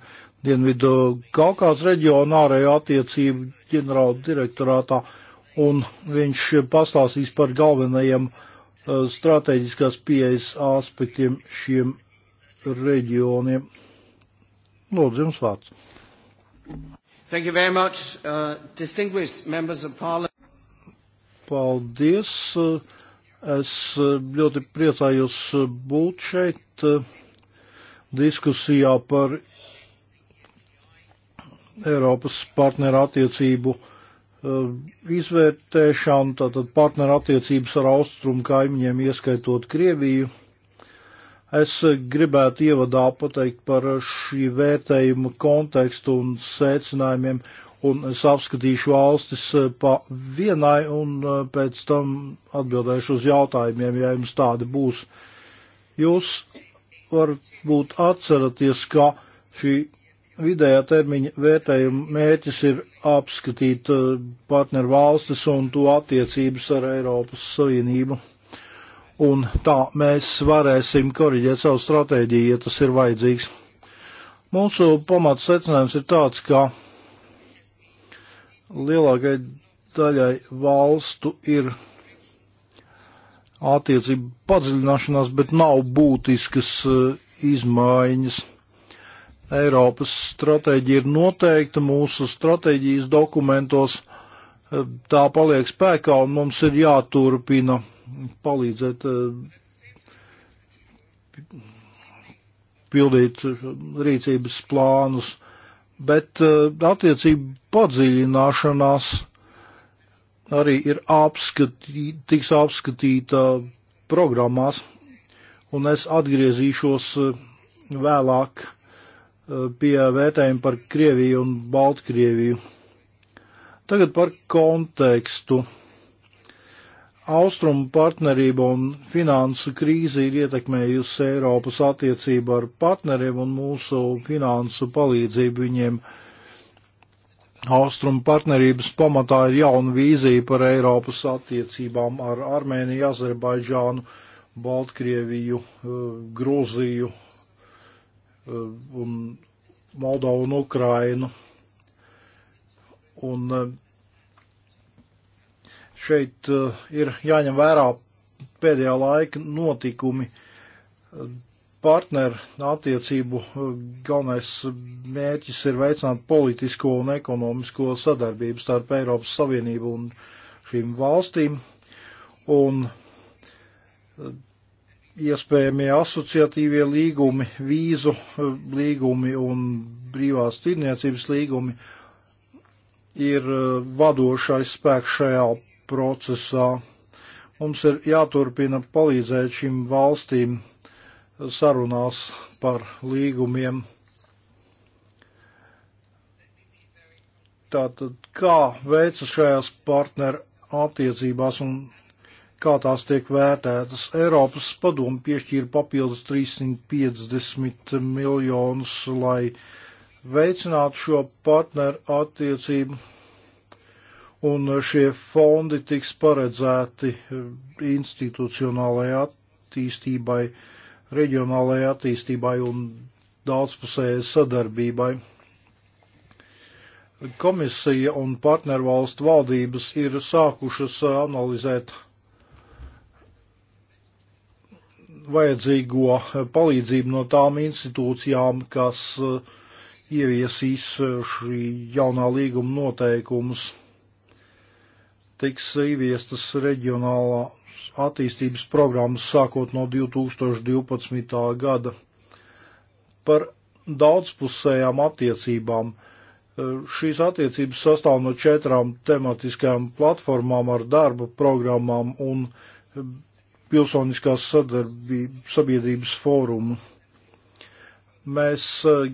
Dienvidu Kaukās reģionu ārējo attiecību ģenerāla direktorātā. Uh, un viņš pastāstīs par galvenajiem eh, stratēģiskās pieejas aspektiem šiem reģioniem. Lūdzu, jums vārds. Thank you very much, uh, distinguished members of parliament. Paldies. Es eh, ļoti priecājos eh, būt šeit diskusijā par Eiropas partneru attiecību uh, Eh, izvērtēšanu, tātad partneru attiecības ar austrumu kaimiņiem, ieskaitot Krieviju. Es gribētu ievadā pateikt par šī vērtējuma kontekstu un secinājumiem, un es apskatīšu valstis eh, pa vienai, un eh, pēc tam atbildēšu uz jautājumiem, ja jums tādi būs. Jūs varbūt atceraties, ka šī Vidējā termiņa vērtējuma mērķis ir apskatīt eh, partneru valstis un to attiecības ar Eiropas Savienību. Un tā mēs varēsim koriģēt savu stratēģiju, ja tas ir vajadzīgs. Mūsu pamats secinājums ir tāds, ka lielākai daļai valstu ir attiecību padziļināšanās, bet nav būtiskas eh, izmaiņas. Uh, Eiropas stratēģija ir noteikta mūsu stratēģijas dokumentos, tā paliek spēkā un mums ir jāturpina palīdzēt eh, pildīt rīcības plānus, bet eh, attiecību padziļināšanās arī ir apskatī, tiks apskatīta programmās, un es atgriezīšos eh, vēlāk Eh, pie vērtējuma par Krieviju un Baltkrieviju. Tagad par kontekstu. Austrumu partnerība un finansu krīze ir ietekmējusi Eiropas attiecību ar partneriem un mūsu finansu palīdzību viņiem. Austrumu partnerības pamatā ir jauna vīzija par Eiropas attiecībām ar Armēniju, Azerbaidžānu, Baltkrieviju, eh, Grūziju un uh, um, Moldovu un Ukrainu. Un uh, šeit uh, ir jāņem vērā pēdējā laika notikumi. Partneru attiecību galvenais mērķis ir veicināt politisko un ekonomisko sadarbību starp Eiropas Savienību un šīm valstīm. Un iespējamie asociatīvie līgumi, vīzu eh, līgumi un brīvās tirniecības līgumi ir eh, vadošais spēks šajā procesā. Mums ir jāturpina palīdzēt šīm valstīm sarunās par līgumiem. Tātad, kā veicas šajās partneru attiecībās un kā tās tiek vērtētas. Eiropas padomu piešķīra papildus 350 miljonus, lai veicinātu šo partneru attiecību, un šie fondi tiks paredzēti institucionālajai attīstībai, reģionālajai attīstībai un daudzpusējai sadarbībai. Komisija un partnervalstu valdības ir sākušas analizēt vajadzīgo eh, palīdzību no tām institūcijām, kas eh, ieviesīs eh, šī jaunā līguma noteikumus. Tiks ieviestas reģionālā attīstības programmas sākot no 2012. gada. Par daudzpusējām attiecībām. Šīs attiecības sastāv no četrām tematiskajām platformām ar darba programmām un pilsoniskās sabiedrības fórumu. Mēs eh,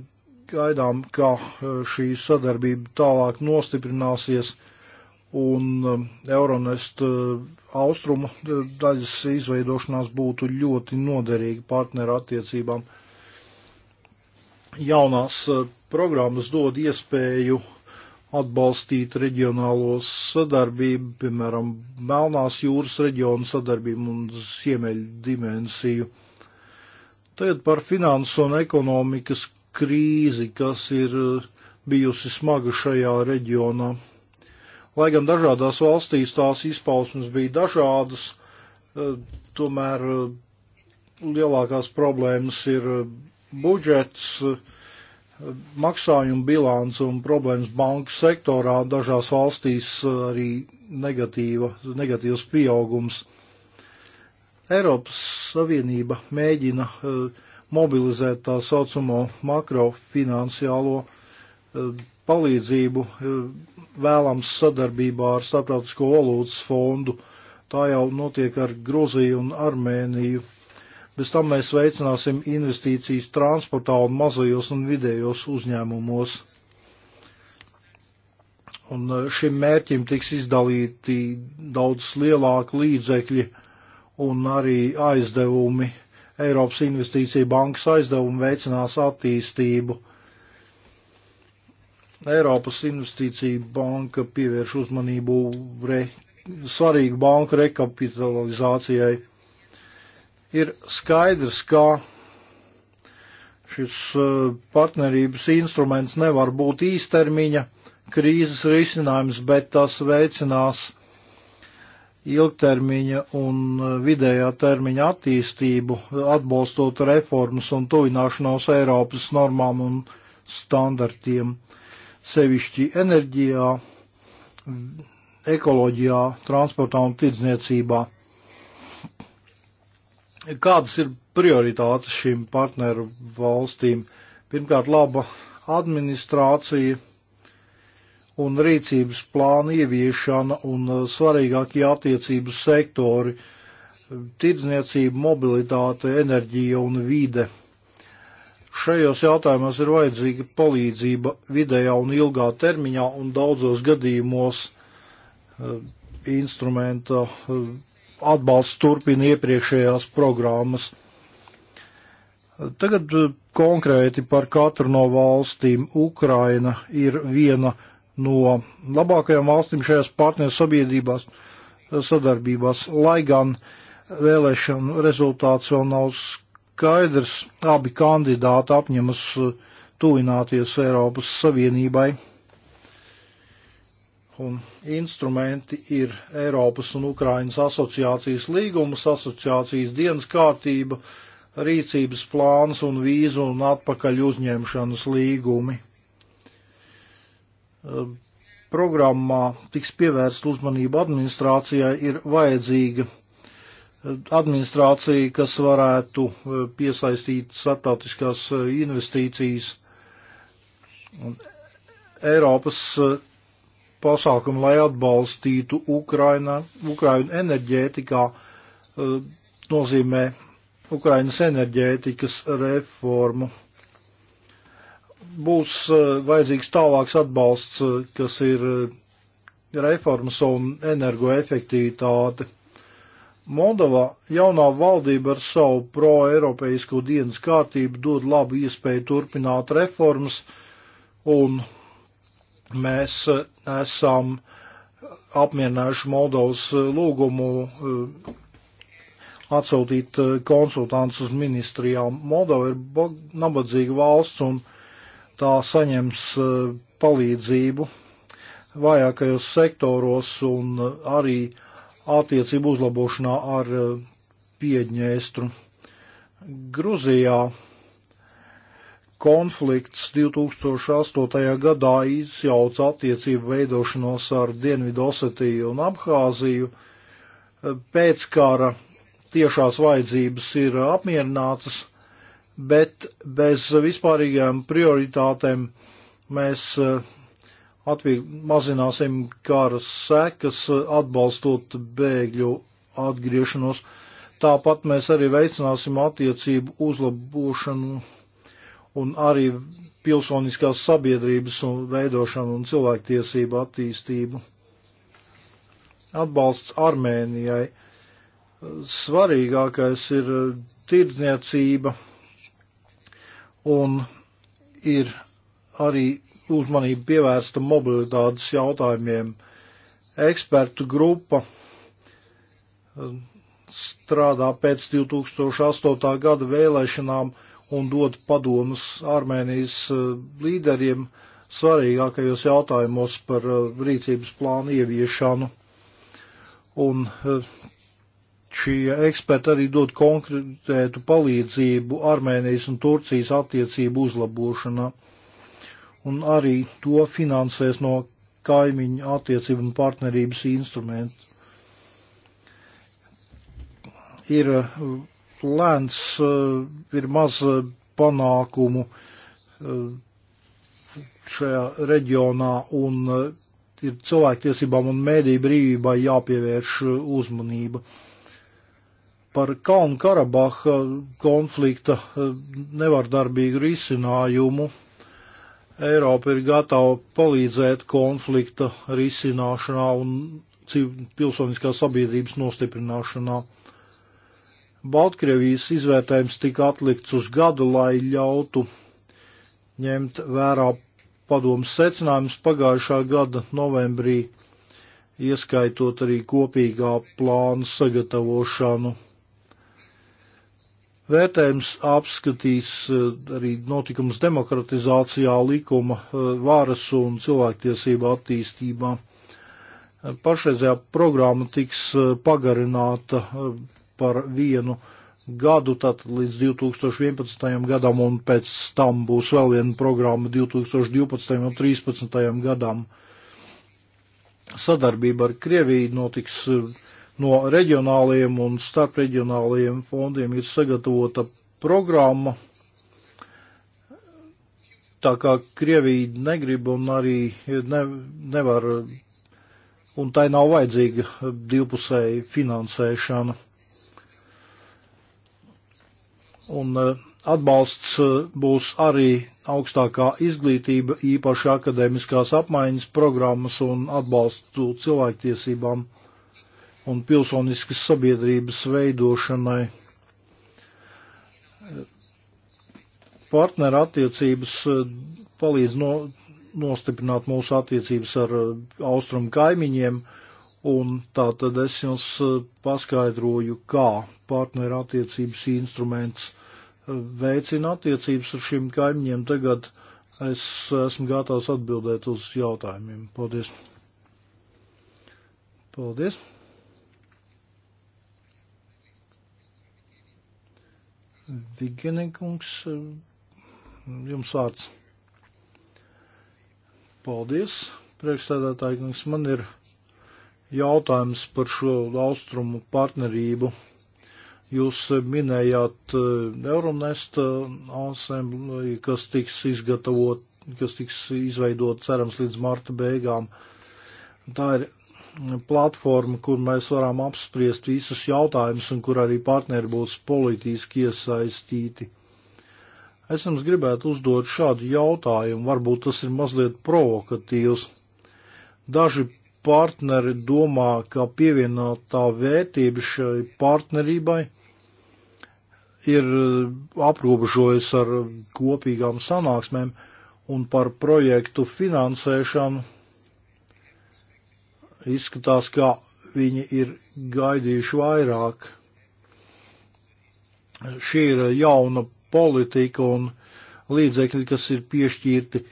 gaidām, ka eh, šī sadarbība tālāk nostiprināsies un eh, Euronest austrumu daļas izveidošanās būtu ļoti noderīga partneru attiecībām. Jaunās programmas dod iespēju uh, atbalstīt reģionālo sadarbību, piemēram, Melnās jūras reģionu sadarbību un ziemeļu dimensiju. Tagad par finansu un ekonomikas krīzi, kas ir eh, bijusi smaga šajā reģionā. Lai gan dažādās valstīs tās izpausmes bija dažādas, eh, tomēr eh, lielākās problēmas ir budžets, uh, maksājumu bilants un problēmas banku sektorā dažās valstīs eh, arī negatīva, negatīvs pieaugums. Eiropas Savienība mēģina eh, mobilizēt tā saucamo makrofinansiālo eh, palīdzību vēlams sadarbībā ar Starptautisko valūtas fondu. Tā jau notiek ar Gruziju un Armēniju Bez tam mēs veicināsim investīcijas transportā un mazajos un vidējos uzņēmumos. Un e, šim mērķim tiks izdalīti daudz lielāki līdzekļi un arī aizdevumi. Eiropas Investīcija bankas aizdevumi veicinās attīstību. Eiropas Investīcija banka pievērš uzmanību re, svarīgu banku rekapitalizācijai Ir skaidrs, ka šis e, partnerības instruments nevar būt īstermiņa krīzes risinājums, bet tas veicinās ilgtermiņa un e, vidējā termiņa attīstību, atbalstot reformas un tuvināšanos Eiropas normām un standartiem, sevišķi enerģijā, ekoloģijā, transportā un tirdzniecībā. Kādas ir prioritātes šīm partneru valstīm? Pirmkārt, laba administrācija un rīcības plāna ieviešana un uh, svarīgākie attiecības sektori - tirdzniecība, mobilitāte, enerģija un vide. Šajos jautājumos ir vajadzīga palīdzība vidējā un ilgā termiņā un daudzos gadījumos uh, instrumenta uh, atbalsts turpina iepriekšējās programmas. Tagad eh, konkrēti par katru no valstīm. Ukraina ir viena no labākajām valstīm šajās partneru sabiedrībās, sadarbībās, lai gan vēlēšanu rezultāts vēl nav skaidrs. Abi kandidāti apņemas eh, tuvināties Eiropas Savienībai. Un instrumenti ir Eiropas un Ukrainas asociācijas līgumas, asociācijas dienas kārtība, rīcības plāns un vīzu un atpakaļ uzņemšanas līgumi. Ehm, programmā tiks pievērst uzmanību administrācijai ir vajadzīga ehm, administrācija, kas varētu ehm, piesaistīt starptautiskās investīcijas. Un Eiropas pasākumu, lai atbalstītu Ukraina, Ukraina enerģētikā, eh, nozīmē Ukrainas enerģētikas reformu. Būs eh, vajadzīgs tālāks atbalsts, eh, kas ir reformas un energoefektivitāte. Moldova jaunā valdība ar savu pro-eiropeisku dienas kārtību dod labu iespēju turpināt reformas, un mēs e, esam apmierinājuši Moldovas e, lūgumu e, atsūtīt konsultants uz ministrijām. Moldova ir nabadzīga valsts un tā saņems palīdzību vājākajos sektoros un arī attiecību uzlabošanā ar Piedņēstru. Gruzijā konflikts 2008. gadā izjauca attiecību veidošanos ar Dienvidu Osetiju un Abhāziju. Pēc kara tiešās vajadzības ir apmierinātas, bet bez vispārīgām prioritātēm mēs eh, mazināsim kara sekas, atbalstot bēgļu atgriešanos. Tāpat mēs arī veicināsim attiecību uzlabošanu un arī pilsoniskās sabiedrības un veidošanu un cilvēktiesību attīstību. Atbalsts Armēnijai. Svarīgākais ir tirdzniecība un ir arī uzmanība pievērsta mobilitātes jautājumiem. Ekspertu grupa um, strādā pēc 2008. gada vēlēšanām un dod padomus Armēnijas eh, līderiem svarīgākajos jautājumos par eh, rīcības plānu ieviešanu. Un eh, šie eksperti arī dod konkrētu palīdzību Armēnijas un Turcijas attiecību uzlabošanā. Un arī to finansēs no kaimiņu attiecību un partnerības instrumentu. Ir lēns eh, ir maz eh, panākumu eh, šajā reģionā un ir cilvēktiesībām un mēdī brīvībai jāpievērš uzmanība. Par Kalnu Karabaha konflikta nevardarbīgu risinājumu Eiropa ir gatava palīdzēt konflikta risināšanā un pilsoniskās sabiedrības nostiprināšanā. Uh, Baltkrievijas izvērtējums tika atlikts uz gadu, lai ļautu ņemt vērā padomus secinājumus pagājušā gada novembrī, ieskaitot arī kopīgā plāna sagatavošanu. Vērtējums apskatīs eh, arī notikums demokratizācijā, likuma eh, varas un cilvēktiesība attīstībā. Pašreizējā programma tiks eh, pagarināta par vienu gadu, tātad līdz 2011. gadam, un pēc tam būs vēl viena programma 2012. un 2013. gadam. Sadarbība ar Krieviju notiks eh, no reģionāliem un starpreģionāliem fondiem ir sagatavota programma, tā kā Krievija negrib un arī ne, nevar, un tai nav vajadzīga divpusēja finansēšana. Un eh, atbalsts eh, būs arī augstākā izglītība, īpaši akadēmiskās apmaiņas programmas un atbalstu cilvēktiesībām un pilsoniskas sabiedrības veidošanai. Partneru attiecības eh, palīdz no, nostiprināt mūsu attiecības ar austrumu kaimiņiem. Uh, Un tā tad es jums eh, paskaidroju, kā partneru attiecības instruments eh, veicina attiecības ar šiem kaimiņiem. Tagad es esmu gatavs atbildēt uz jautājumiem. Paldies! Paldies! Vigenekungs, eh, jums vārds. Paldies, priekšstādātāji, kungs, man ir jautājums par šo austrumu partnerību. Jūs minējāt eh, Euronesta eh, ansambli, kas tiks izgatavot, kas tiks izveidot cerams līdz marta beigām. Tā ir platforma, kur mēs varam apspriest visus jautājumus un kur arī partneri būs politiski iesaistīti. Es jums gribētu uzdot šādu jautājumu, varbūt tas ir mazliet provokatīvs. Daži partneri domā, ka pievienotā vērtība šai partnerībai ir uh, aprobežojas ar kopīgām sanāksmēm un par projektu finansēšanu. Izskatās, ka viņi ir gaidījuši vairāk. Šī ir jauna politika un līdzekļi, kas ir piešķirti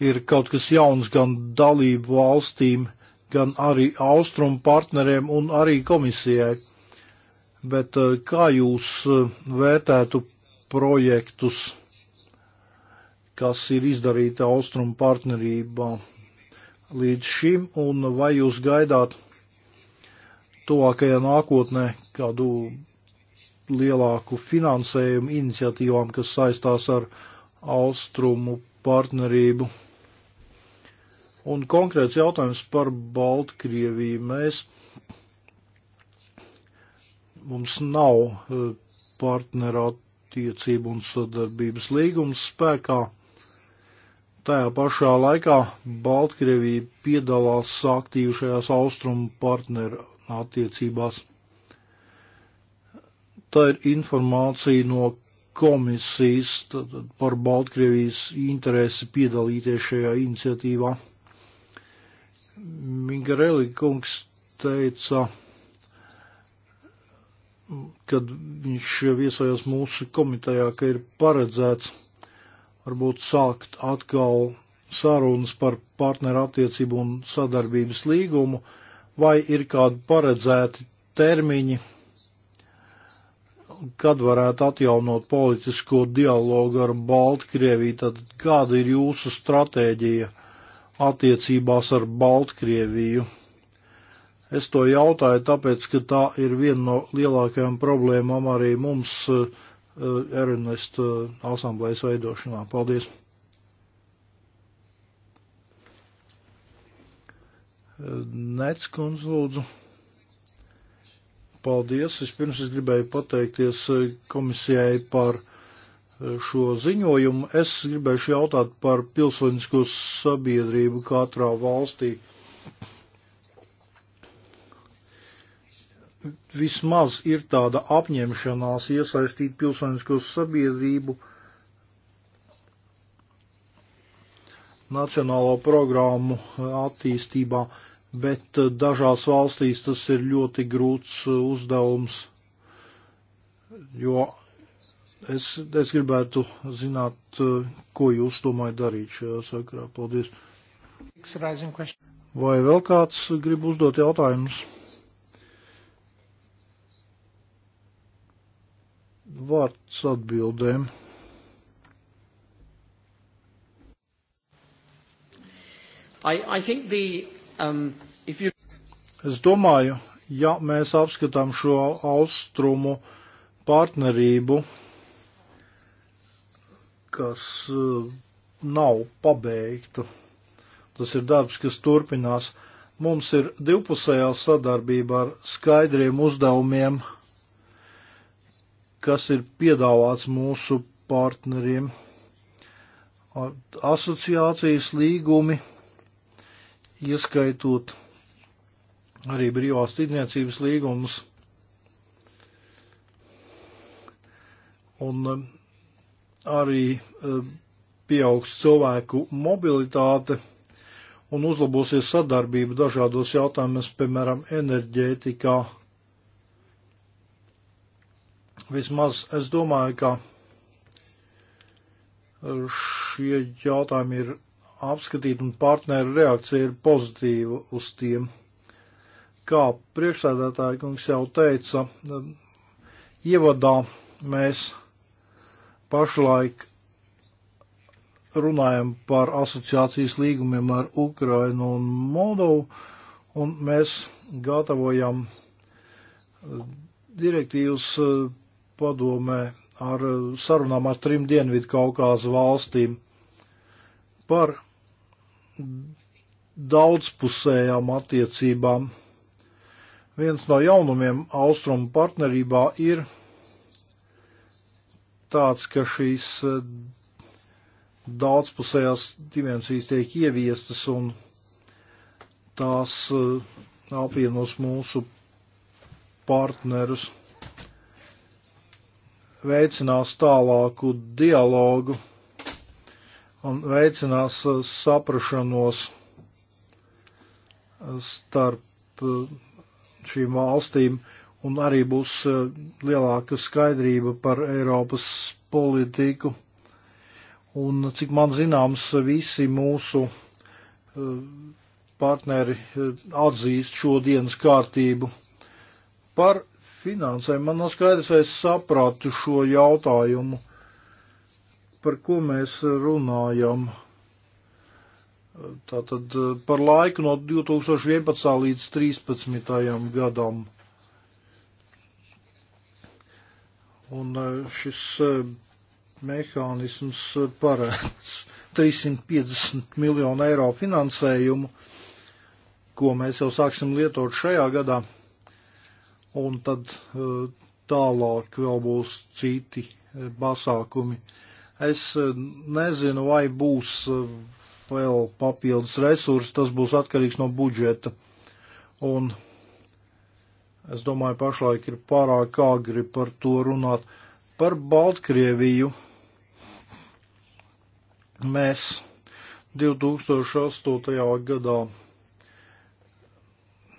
ir kaut kas jauns gan dalību valstīm, gan arī austrumu partneriem un arī komisijai. Bet eh, kā jūs eh, vērtētu projektus, kas ir izdarīti austrumu partnerībā līdz šim, un vai jūs gaidāt tuvākajā nākotnē kādu lielāku finansējumu iniciatīvām, kas saistās ar austrumu partnerību. Un konkrēts jautājums par Baltkrieviju. Mēs, mums nav e, partnerā tiecību un sadarbības līgums spēkā. Tajā pašā laikā Baltkrievija piedalās aktīvi šajās austrumu partneru attiecībās. Tā ir informācija no komisijas par Baltkrievijas interesi piedalīties šajā iniciatīvā. Mingareli kungs teica, kad viņš viesojās mūsu komitejā, ka ir paredzēts varbūt sākt atkal sarunas par partneru attiecību un sadarbības līgumu, vai ir kādi paredzēti termiņi kad varētu atjaunot politisko dialogu ar Baltkrieviju, tad kāda ir jūsu stratēģija attiecībās ar Baltkrieviju? Es to jautāju, tāpēc, ka tā ir viena no lielākajām problēmām arī mums uh, Ernest uh, eh, asamblējas veidošanā. Paldies! Eh, Nec, kundz, lūdzu. Paldies! Vispirms es gribēju pateikties e, komisijai par e, šo ziņojumu. Es gribēšu jautāt par pilsonisko sabiedrību katrā valstī. Vismaz ir tāda apņemšanās iesaistīt pilsonisko sabiedrību nacionālo programmu e, attīstībā. Uh, bet eh, dažās valstīs tas ir ļoti grūts eh, uzdevums, jo es, es gribētu zināt, eh, ko jūs domājat darīt šajā sakrā. Paldies. Vai vēl kāds grib uzdot jautājumus? Vārds atbildēm. I, I think the Um, you... Es domāju, ja mēs apskatām šo austrumu partnerību, kas uh, nav pabeigta, tas ir darbs, kas turpinās. Mums ir divpusējā sadarbība ar skaidriem uzdevumiem, kas ir piedāvāts mūsu partneriem. Asociācijas līgumi ieskaitot arī brīvās tirdzniecības līgumus. Un um, arī um, pieaugs cilvēku mobilitāte un uzlabosies sadarbība dažādos jautājumos, piemēram, enerģētikā. Vismaz es domāju, ka šie jautājumi ir apskatīt, un partneru reakcija ir pozitīva uz tiem. Kā priekšsēdētāja kungs jau teica, ievadā mēs pašlaik runājam par asociācijas līgumiem ar Ukrainu un Moldovu, un mēs gatavojam eh, direktīvas eh, padomē ar eh, sarunām ar trim Dienvidu Kaukāzu valstīm par daudzpusējām attiecībām. Viens no jaunumiem austrumu partnerībā ir tāds, ka šīs eh, daudzpusējās dimensijas tiek ieviestas un tās eh, apvienos mūsu partnerus, veicinās tālāku dialogu un veicinās uh, saprašanos uh, starp uh, šīm valstīm, un arī būs lielāka skaidrība par Eiropas politiku. Un, cik man zināms, visi mūsu partneri atzīst šo dienas kārtību. Par finansēm man nav skaidrs, vai es sapratu šo jautājumu par ko mēs runājam. Tātad eh, par laiku no 2011. līdz 2013. gadam. Un eh, šis eh, mehānisms paredz 350 miljonu eiro finansējumu, ko mēs jau sāksim lietot šajā gadā. Un tad tālāk vēl būs citi pasākumi. Uh, Es eh, nezinu, vai būs eh, vēl papildus resursi, tas būs atkarīgs no budžeta. Un es domāju, pašlaik ir pārāk agri par to runāt. Par Baltkrieviju mēs 2008. gadā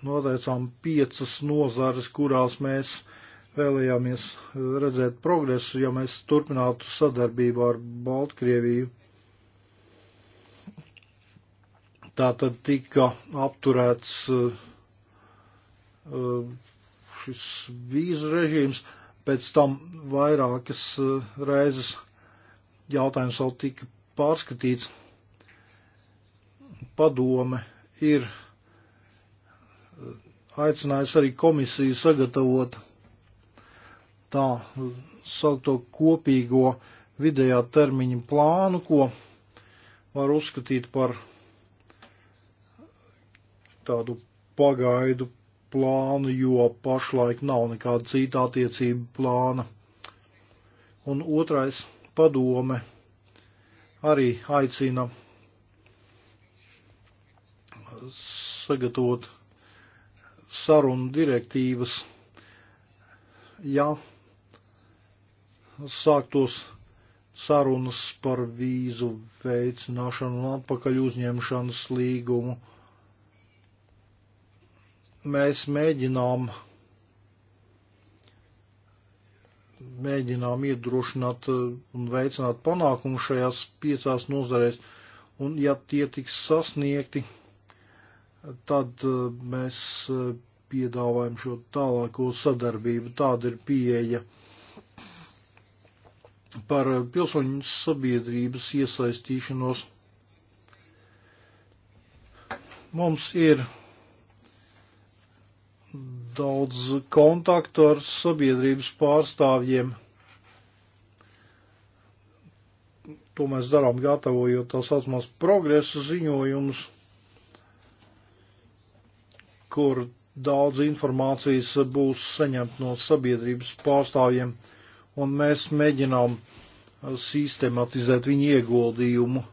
noteicām piecas nozares, kurās mēs vēlējāmies eh, redzēt progresu, ja mēs turpinātu sadarbību ar Baltkrieviju. Tā tad tika apturēts eh, eh, šis vīzu režīms, pēc tam vairākas reizes jautājums vēl tika pārskatīts. Padome ir aicinājusi arī komisiju sagatavot tā saukto kopīgo vidējā termiņa plānu, ko var uzskatīt par tādu pagaidu plānu, jo pašlaik nav nekāda cita attiecība plāna. Un otrais padome arī aicina sagatavot sarunu direktīvas, ja sāktos sarunas par vīzu veicināšanu un atpakaļ uzņemšanas līgumu. Mēs mēģinām, mēģinām iedrošināt un veicināt panākumu šajās piecās nozarēs, un ja tie tiks sasniegti, tad eh, mēs eh, piedāvājam šo tālāko sadarbību. Tāda ir pieeja par pilsoņu sabiedrības iesaistīšanos. Mums ir daudz kontaktu ar sabiedrības pārstāvjiem. To mēs darām gatavojot tās atsmās progresa ziņojumus, kur daudz informācijas būs saņemt no sabiedrības pārstāvjiem un mēs mēģinām uh, sistematizēt viņu ieguldījumu.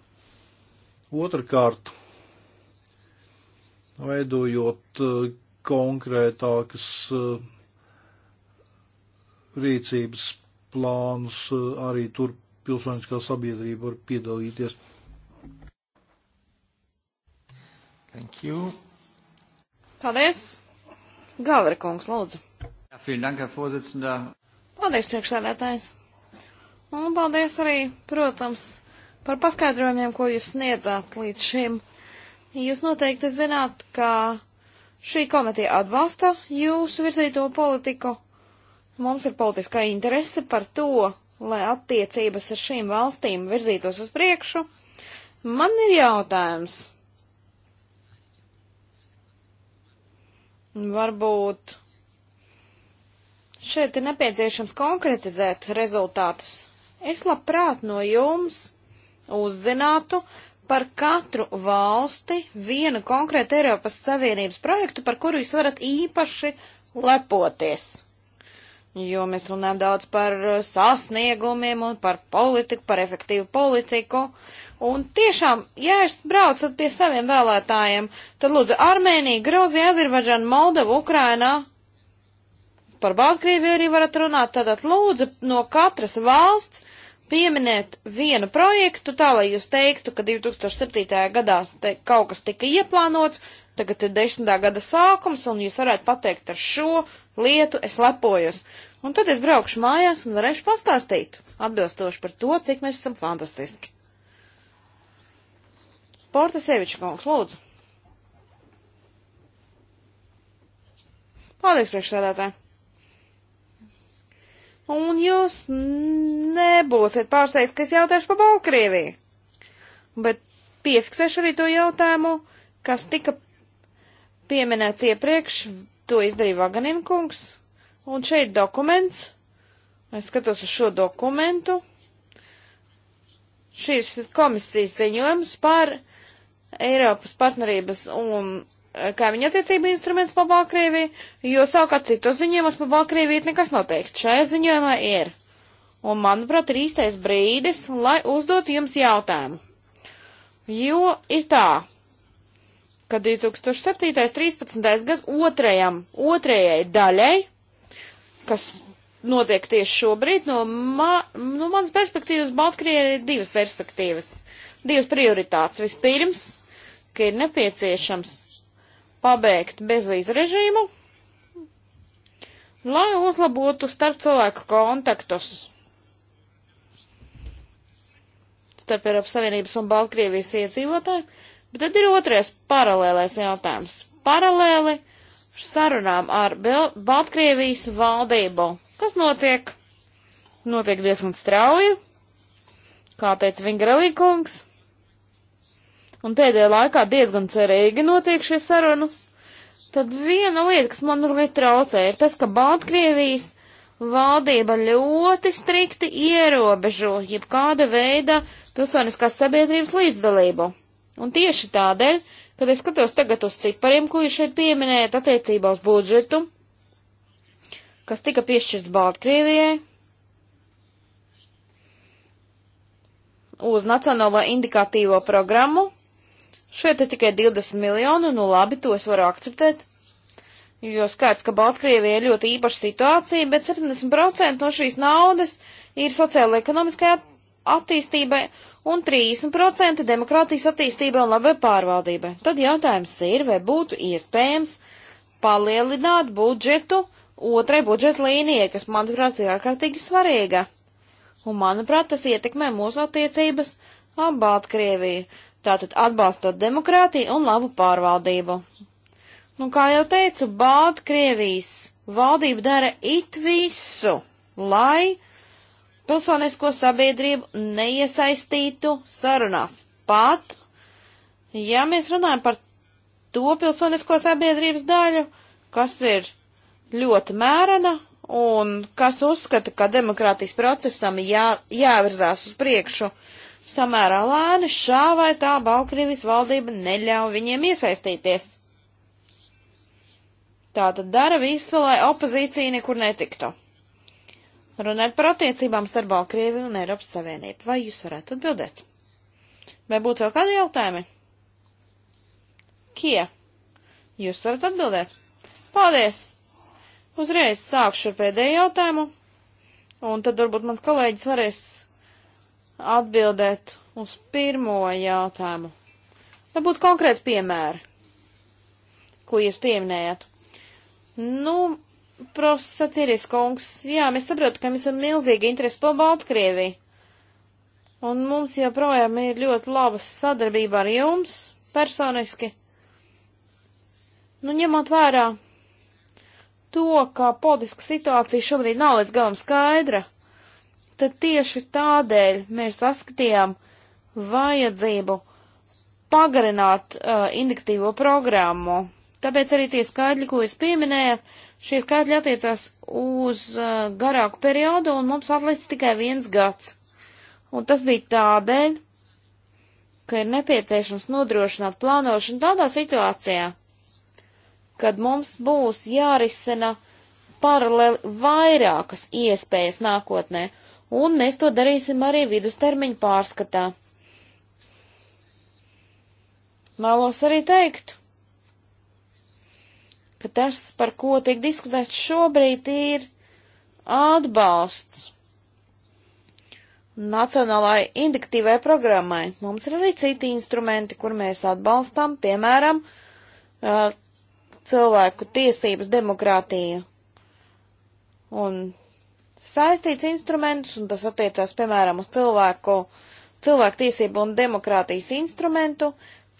Otrakārt, veidojot uh, konkrētākas uh, rīcības plānus, arī tur pilsoniskā sabiedrība var piedalīties. Thank you. Paldies! Galvera kungs, lūdzu. Ja, vielen Dank, Herr Vorsitzender. Paldies, priekšsēdētājs. Un paldies arī, protams, par paskaidrojumiem, ko jūs sniedzāt līdz šim. Jūs noteikti zināt, ka šī komitija atbalsta jūsu virzīto politiku. Mums ir politiskā interese par to, lai attiecības ar šīm valstīm virzītos uz priekšu. Man ir jautājums. Varbūt Šeit ir nepieciešams konkretizēt rezultātus. Es labprāt no jums uzzinātu par katru valsti vienu konkrētu Eiropas Savienības projektu, par kuru jūs varat īpaši lepoties. Jo mēs runājam daudz par sasniegumiem un par politiku, par efektīvu politiku. Un tiešām, ja es braucat pie saviem vēlētājiem, tad lūdzu Armēnija, Grozija, Azerbaidžana, Moldova, Ukrainā, par Baltkrieviju arī varat runāt, tātad lūdzu no katras valsts pieminēt vienu projektu, tā lai jūs teiktu, ka 2007. gadā te kaut kas tika ieplānots, tagad ir desmitā gada sākums, un jūs varētu pateikt ar šo lietu es lepojos. Un tad es braukšu mājās un varēšu pastāstīt atbilstoši par to, cik mēs esam fantastiski. Porta Seviča kungs, lūdzu. Paldies, priekšsēdētāji un jūs nebūsiet pārsteigts, ka es jautāšu par Baltkrieviju. Bet piefiksēšu arī to jautājumu, kas tika pieminēts iepriekš, to izdarīja Vaganinkungs, un šeit dokuments, es skatos uz šo dokumentu, šīs komisijas ziņojums par Eiropas partnerības un kaimiņa attiecību instruments par Baltkrieviju, jo savukārt citos ziņojumos par Baltkrieviju nekas noteikti. Šajā ziņojumā ir. Un, manuprāt, ir īstais brīdis, lai uzdot jums jautājumu. Jo ir tā, ka 2007. 13. gad otrajam, otrajai daļai, kas notiek tieši šobrīd, no, ma, no manas perspektīvas Baltkrievija ir divas perspektīvas, divas prioritātes. Vispirms, ka ir nepieciešams pabeigt bezvīzu režīmu, lai uzlabotu starp cilvēku kontaktus starp Eiropas Savienības un Baltkrievijas iedzīvotāju, bet tad ir otrais paralēlais jautājums. Paralēli sarunām ar Bel Baltkrievijas valdību. Kas notiek? Notiek diezgan strauji, kā teica Vingrelīkungs un pēdējā laikā diezgan cerīgi notiek šie sarunas, tad viena lieta, kas man mazliet traucē, ir tas, ka Baltkrievijas valdība ļoti strikti ierobežo jebkāda veida pilsoniskās sabiedrības līdzdalību. Un tieši tādēļ, kad es skatos tagad uz cipariem, ko jūs šeit pieminējat attiecībā uz budžetu, kas tika piešķirts Baltkrievijai, uz Nacionālo indikatīvo programmu, Šeit ir tikai 20 miljoni, nu labi, to es varu akceptēt. Jo skaidrs, ka Baltkrievija ir ļoti īpaša situācija, bet 70% no šīs naudas ir sociāla-ekonomiskajā attīstībai un 30% demokrātijas attīstībai un labai pārvaldībai. Tad jautājums ir, vai būtu iespējams palielināt budžetu otrai budžeta līnijai, kas, manuprāt, ir ārkārtīgi svarīga. Un, manuprāt, tas ietekmē mūsu attiecības ar Baltkrieviju. Tātad atbalstot demokrātiju un labu pārvaldību. Nu, kā jau teicu, Bāda Krievijas valdība dara it visu, lai pilsonisko sabiedrību neiesaistītu sarunās. Pat, ja mēs runājam par to pilsonisko sabiedrības daļu, kas ir ļoti mērena un kas uzskata, ka demokrātijas procesam jā, jāvirzās uz priekšu, samērā lēni, šā vai tā Balkrievis valdība neļauj viņiem iesaistīties. Tā tad dara visu, lai opozīcija nekur netiktu. Runāt par attiecībām starp Balkrieviju un Eiropas Savienību. Vai jūs varētu atbildēt? Vai būtu vēl kādi jautājumi? Kie? Jūs varat atbildēt? Paldies! Uzreiz sākšu ar pēdējo jautājumu, un tad varbūt mans kolēģis varēs atbildēt uz pirmo jautājumu. Lai būtu konkrēti piemēri, ko jūs pieminējat. Nu, prosacīris kungs, jā, mēs saprotam, ka mums ir milzīga interese par Baltkrieviju. Un mums joprojām ir ļoti laba sadarbība ar jums personiski. Nu, ņemot vērā to, ka politiska situācija šobrīd nav līdz galam skaidra, tad tieši tādēļ mēs saskatījām vajadzību pagarināt uh, indiktīvo programmu. Tāpēc arī tie skaidri, ko jūs pieminējat, šie skaidri attiecās uz uh, garāku periodu, un mums atlicis tikai viens gads. Un tas bija tādēļ, ka ir nepieciešams nodrošināt plānošanu tādā situācijā, kad mums būs jārisina paralēli vairākas iespējas nākotnē, un mēs to darīsim arī vidustermiņu pārskatā. Vēlos arī teikt, ka tas, par ko tiek diskutēts šobrīd, ir atbalsts nacionālajai indiktīvai programmai. Mums ir arī citi instrumenti, kur mēs atbalstam, piemēram, cilvēku tiesības demokrātija. Un saistīts instrumentus, un tas attiecās, piemēram, uz cilvēku, cilvēku tiesību un demokrātijas instrumentu,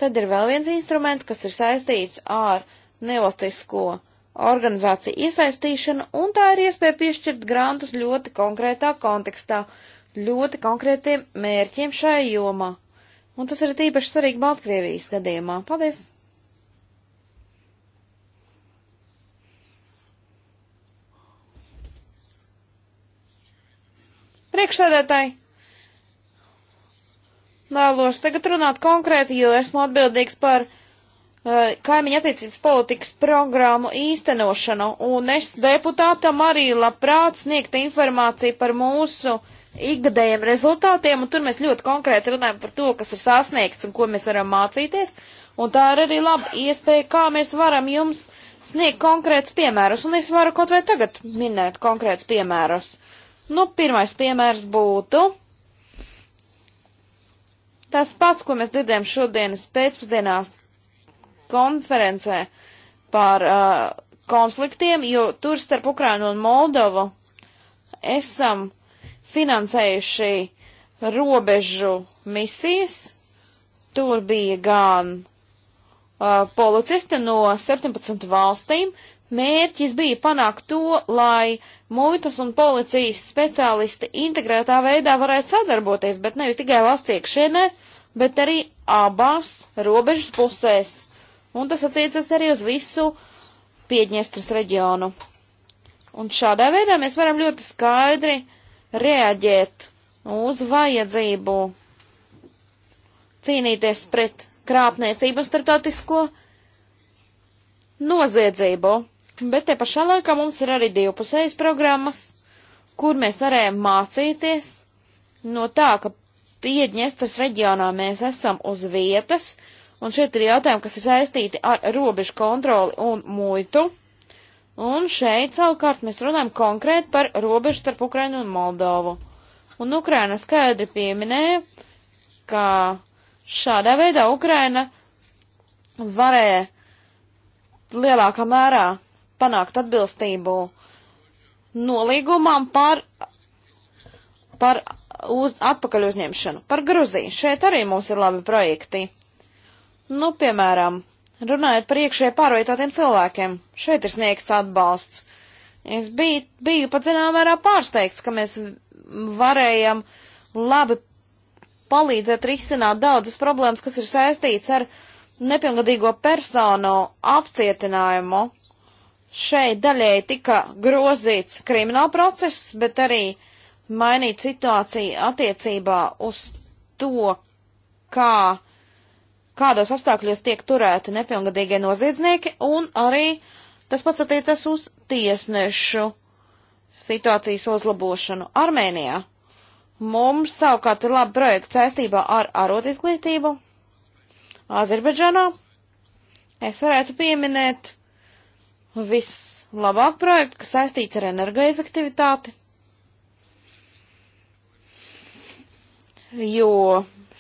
tad ir vēl viens instruments, kas ir saistīts ar nevalstisko organizāciju iesaistīšanu, un tā ir iespēja piešķirt grantus ļoti konkrētā kontekstā, ļoti konkrētiem mērķiem šai jomā. Un tas ir tīpaši svarīgi Baltkrievijas gadījumā. Paldies! Priekšsēdētāji, vēlos tagad runāt konkrēti, jo esmu atbildīgs par uh, kaimiņa attiecības politikas programmu īstenošanu, un es deputātam arī labprāt sniegtu informāciju par mūsu ikgadējiem rezultātiem, un tur mēs ļoti konkrēti runājam par to, kas ir sasniegts un ko mēs varam mācīties, un tā ir arī laba iespēja, kā mēs varam jums sniegt konkrēts piemērus, un es varu kaut vai tagad minēt konkrēts piemērus. Nu, pirmais piemērs būtu tas pats, ko mēs dzirdējam šodienas pēcpusdienās konferencē par uh, konfliktiem, jo tur starp Ukrainu un Moldovu esam finansējuši robežu misijas. Tur bija gan uh, policisti no 17 valstīm, uh, Mērķis bija panākt to, lai muitas un policijas speciālisti integrētā veidā varētu sadarboties, bet nevis tikai valsts iekšienē, bet arī abās robežas pusēs. Un tas attiecas arī uz visu Piedņestras reģionu. Un šādā veidā mēs varam ļoti skaidri reaģēt uz vajadzību cīnīties pret krāpniecību un starptautisko noziedzību bet te pašā laikā mums ir arī divpusējas programmas, kur mēs varējām mācīties no tā, ka Piedņestras reģionā mēs esam uz vietas, un šeit ir jautājumi, kas ir saistīti ar robežu kontroli un muitu. Un šeit savukārt mēs runājam konkrēti par robežu starp Ukrainu un Moldovu. Un Ukraina skaidri pieminēja, ka šādā veidā Ukraina varēja lielākā mērā panākt atbilstību nolīgumam par, par uz, atpakaļ uzņemšanu. Par Gruziju. Šeit arī mums ir labi projekti. Nu, piemēram, runājot par iekšēji pārvietotiem cilvēkiem. Šeit ir sniegts atbalsts. Es biju, biju pat zināmā mērā pārsteigts, ka mēs varējam labi palīdzēt risināt daudzas problēmas, kas ir saistīts ar nepilngadīgo personu apcietinājumu Šeit daļēji tika grozīts krimināla process, bet arī mainīt situāciju attiecībā uz to, kā, kādos apstākļos tiek turēti nepilngadīgie noziedznieki, un arī tas pats attiecas uz tiesnešu situācijas uzlabošanu Armēnijā. Mums savukārt ir labi projekti saistībā ar arot izglītību Azerbaidžanā. Es varētu pieminēt vislabāk projektu, kas saistīts ar energoefektivitāti, jo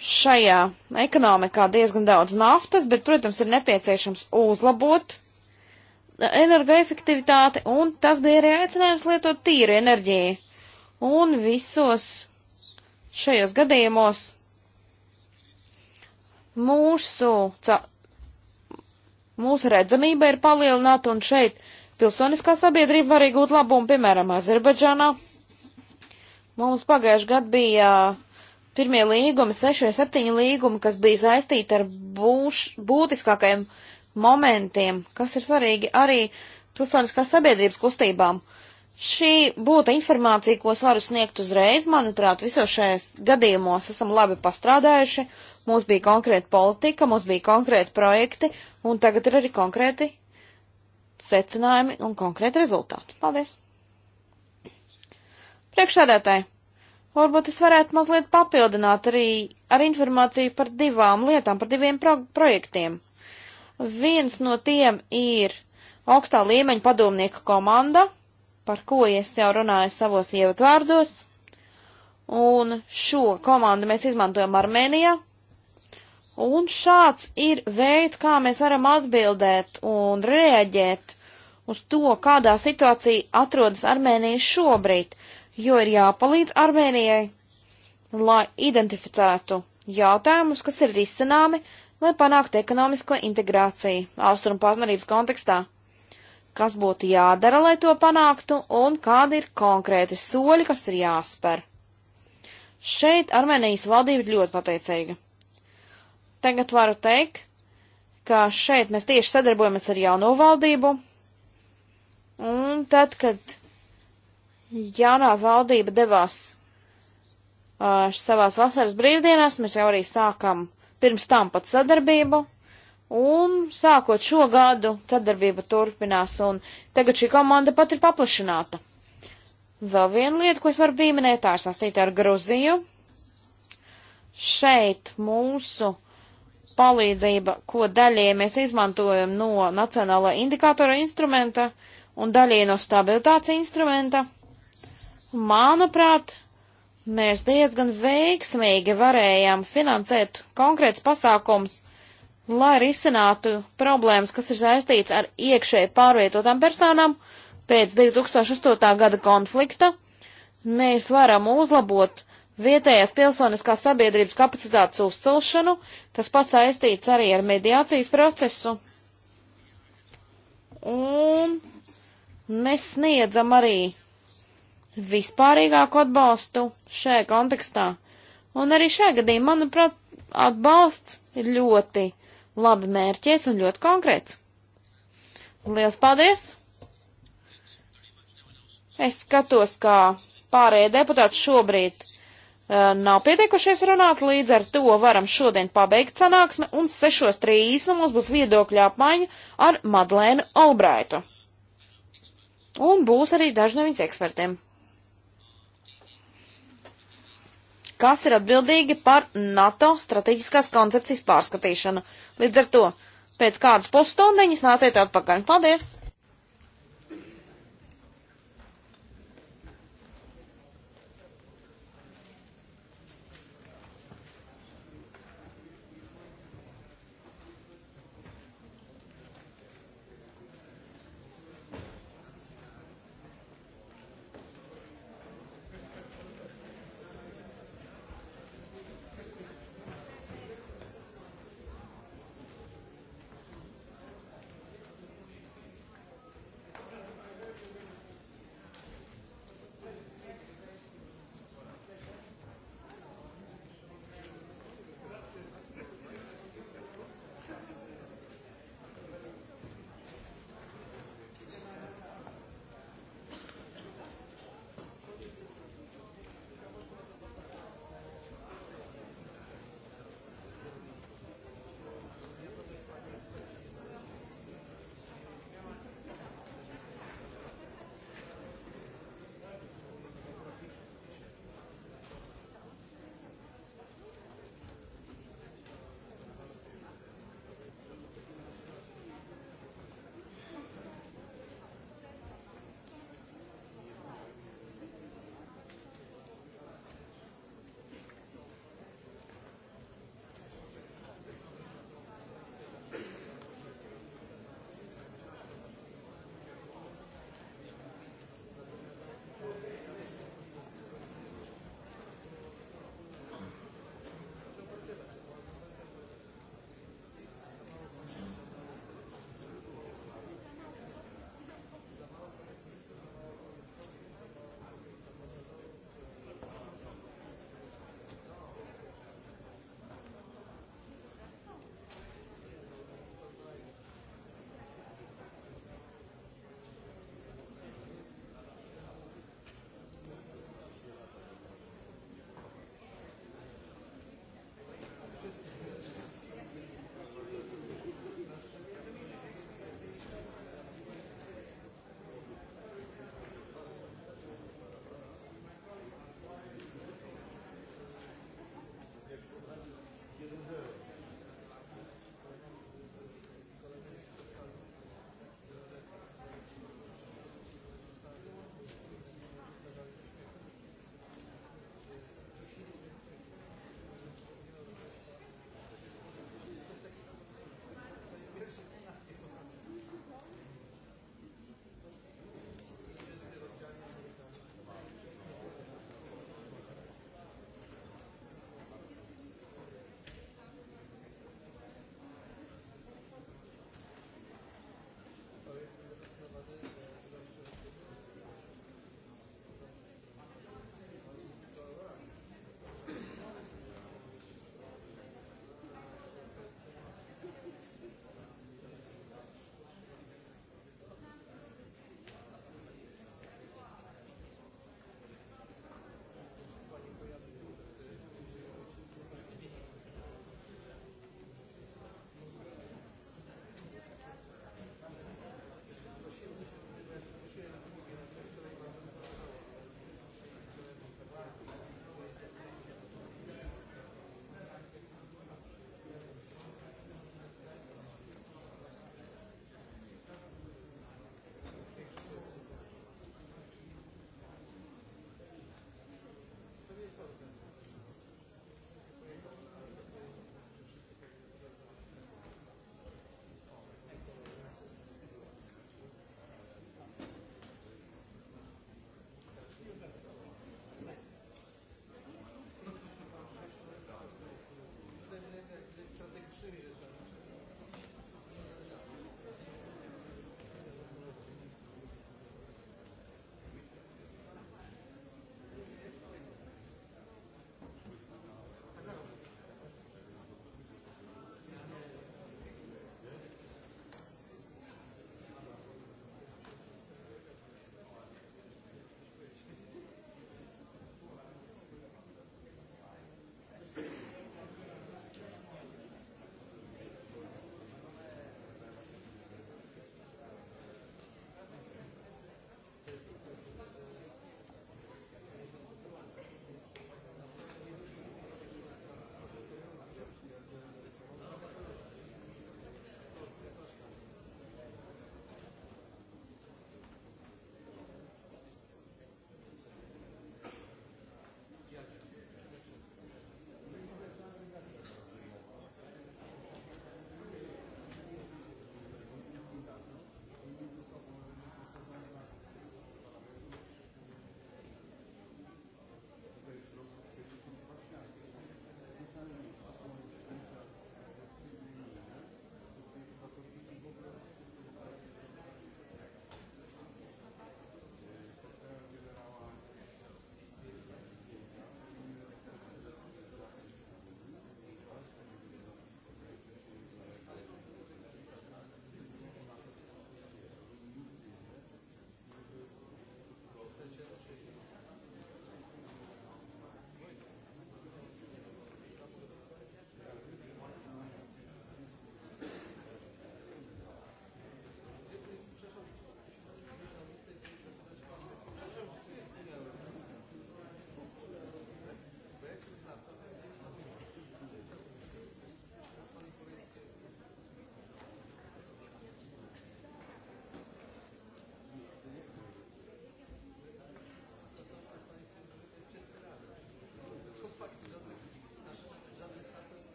šajā ekonomikā diezgan daudz naftas, bet, protams, ir nepieciešams uzlabot energoefektivitāti, un tas bija arī aicinājums lietot tīru enerģiju. Un visos šajos gadījumos mūsu Mūsu redzamība ir palielināta un šeit pilsoniskā sabiedrība var iegūt labumu, piemēram, Azerbaidžānā. Mums pagājuši gadu bija uh, pirmie līgumi, 6 vai 7 līgumi, kas bija saistīti ar būš, būtiskākajiem momentiem, kas ir svarīgi arī pilsoniskās sabiedrības kustībām. Uh, Šī būtu informācija, ko es varu sniegt uzreiz. Manuprāt, visos šajos gadījumos esam labi pastrādājuši. Mums bija konkrēta politika, mums bija konkrēti projekti, un tagad ir arī konkrēti secinājumi un konkrēti rezultāti. Paldies! Priekšsēdētāji, varbūt es varētu mazliet papildināt arī ar informāciju par divām lietām, par diviem pro projektiem. Viens no tiem ir augstā līmeņa padomnieka komanda par ko es jau runāju savos ievadvārdos. Un šo komandu mēs izmantojam Armēnijā. Un šāds ir veids, kā mēs varam atbildēt un rēģēt uz to, kādā situācija atrodas Armēnija šobrīd, jo ir jāpalīdz Armēnijai, lai identificētu jautājumus, kas ir risināmi, lai panāktu ekonomisko integrāciju Austrum partnerības kontekstā kas būtu jādara, lai to panāktu, un kādi ir konkrēti soļi, kas ir jāspēr. Šeit Armēnijas valdība ir ļoti pateicīga. Tagad varu teikt, ka šeit mēs tieši sadarbojamies ar jauno valdību, un tad, kad jaunā valdība devās uh, savās vasaras brīvdienās, mēs jau arī sākam pirms tam pat sadarbību, Un sākot šo gadu, sadarbība turpinās, un tagad šī komanda pat ir paplašināta. Vēl viena lieta, ko es varu pieminēt, tā ir sastīta ar Gruziju. Šeit mūsu palīdzība, ko daļēji mēs izmantojam no Nacionālā indikātora instrumenta un daļēji no stabilitātes instrumenta, manuprāt, mēs diezgan veiksmīgi varējām finansēt konkrēts pasākums lai risinātu problēmas, kas ir saistīts ar iekšēji pārvietotām personām pēc 2008. gada konflikta. Mēs varam uzlabot vietējās pilsoniskās sabiedrības kapacitātes uzcelšanu, tas pats saistīts arī ar mediācijas procesu. Un mēs sniedzam arī vispārīgāku atbalstu šajā kontekstā. Un arī šajā gadījumā, manuprāt, atbalsts ir ļoti labi mērķēts un ļoti konkrēts. Lielas paldies! Es skatos, kā pārējie deputāti šobrīd uh, nav pieteikušies runāt, līdz ar to varam šodien pabeigt sanāksmi un 6.30 nu, mums būs viedokļa apmaiņa ar Madlēnu Albraitu. Un būs arī daži no viņas ekspertiem. Kas ir atbildīgi par NATO strateģiskās koncepcijas pārskatīšanu? Līdz ar to pēc kādas pusstundiņas nāciet atpakaļ. Paldies!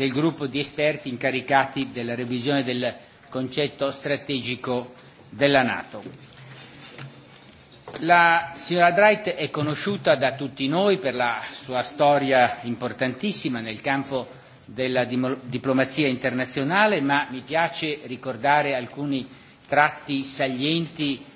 del gruppo di esperti incaricati della revisione del concetto strategico della Nato. La signora Bright è conosciuta da tutti noi per la sua storia importantissima nel campo della diplomazia internazionale, ma mi piace ricordare alcuni tratti salienti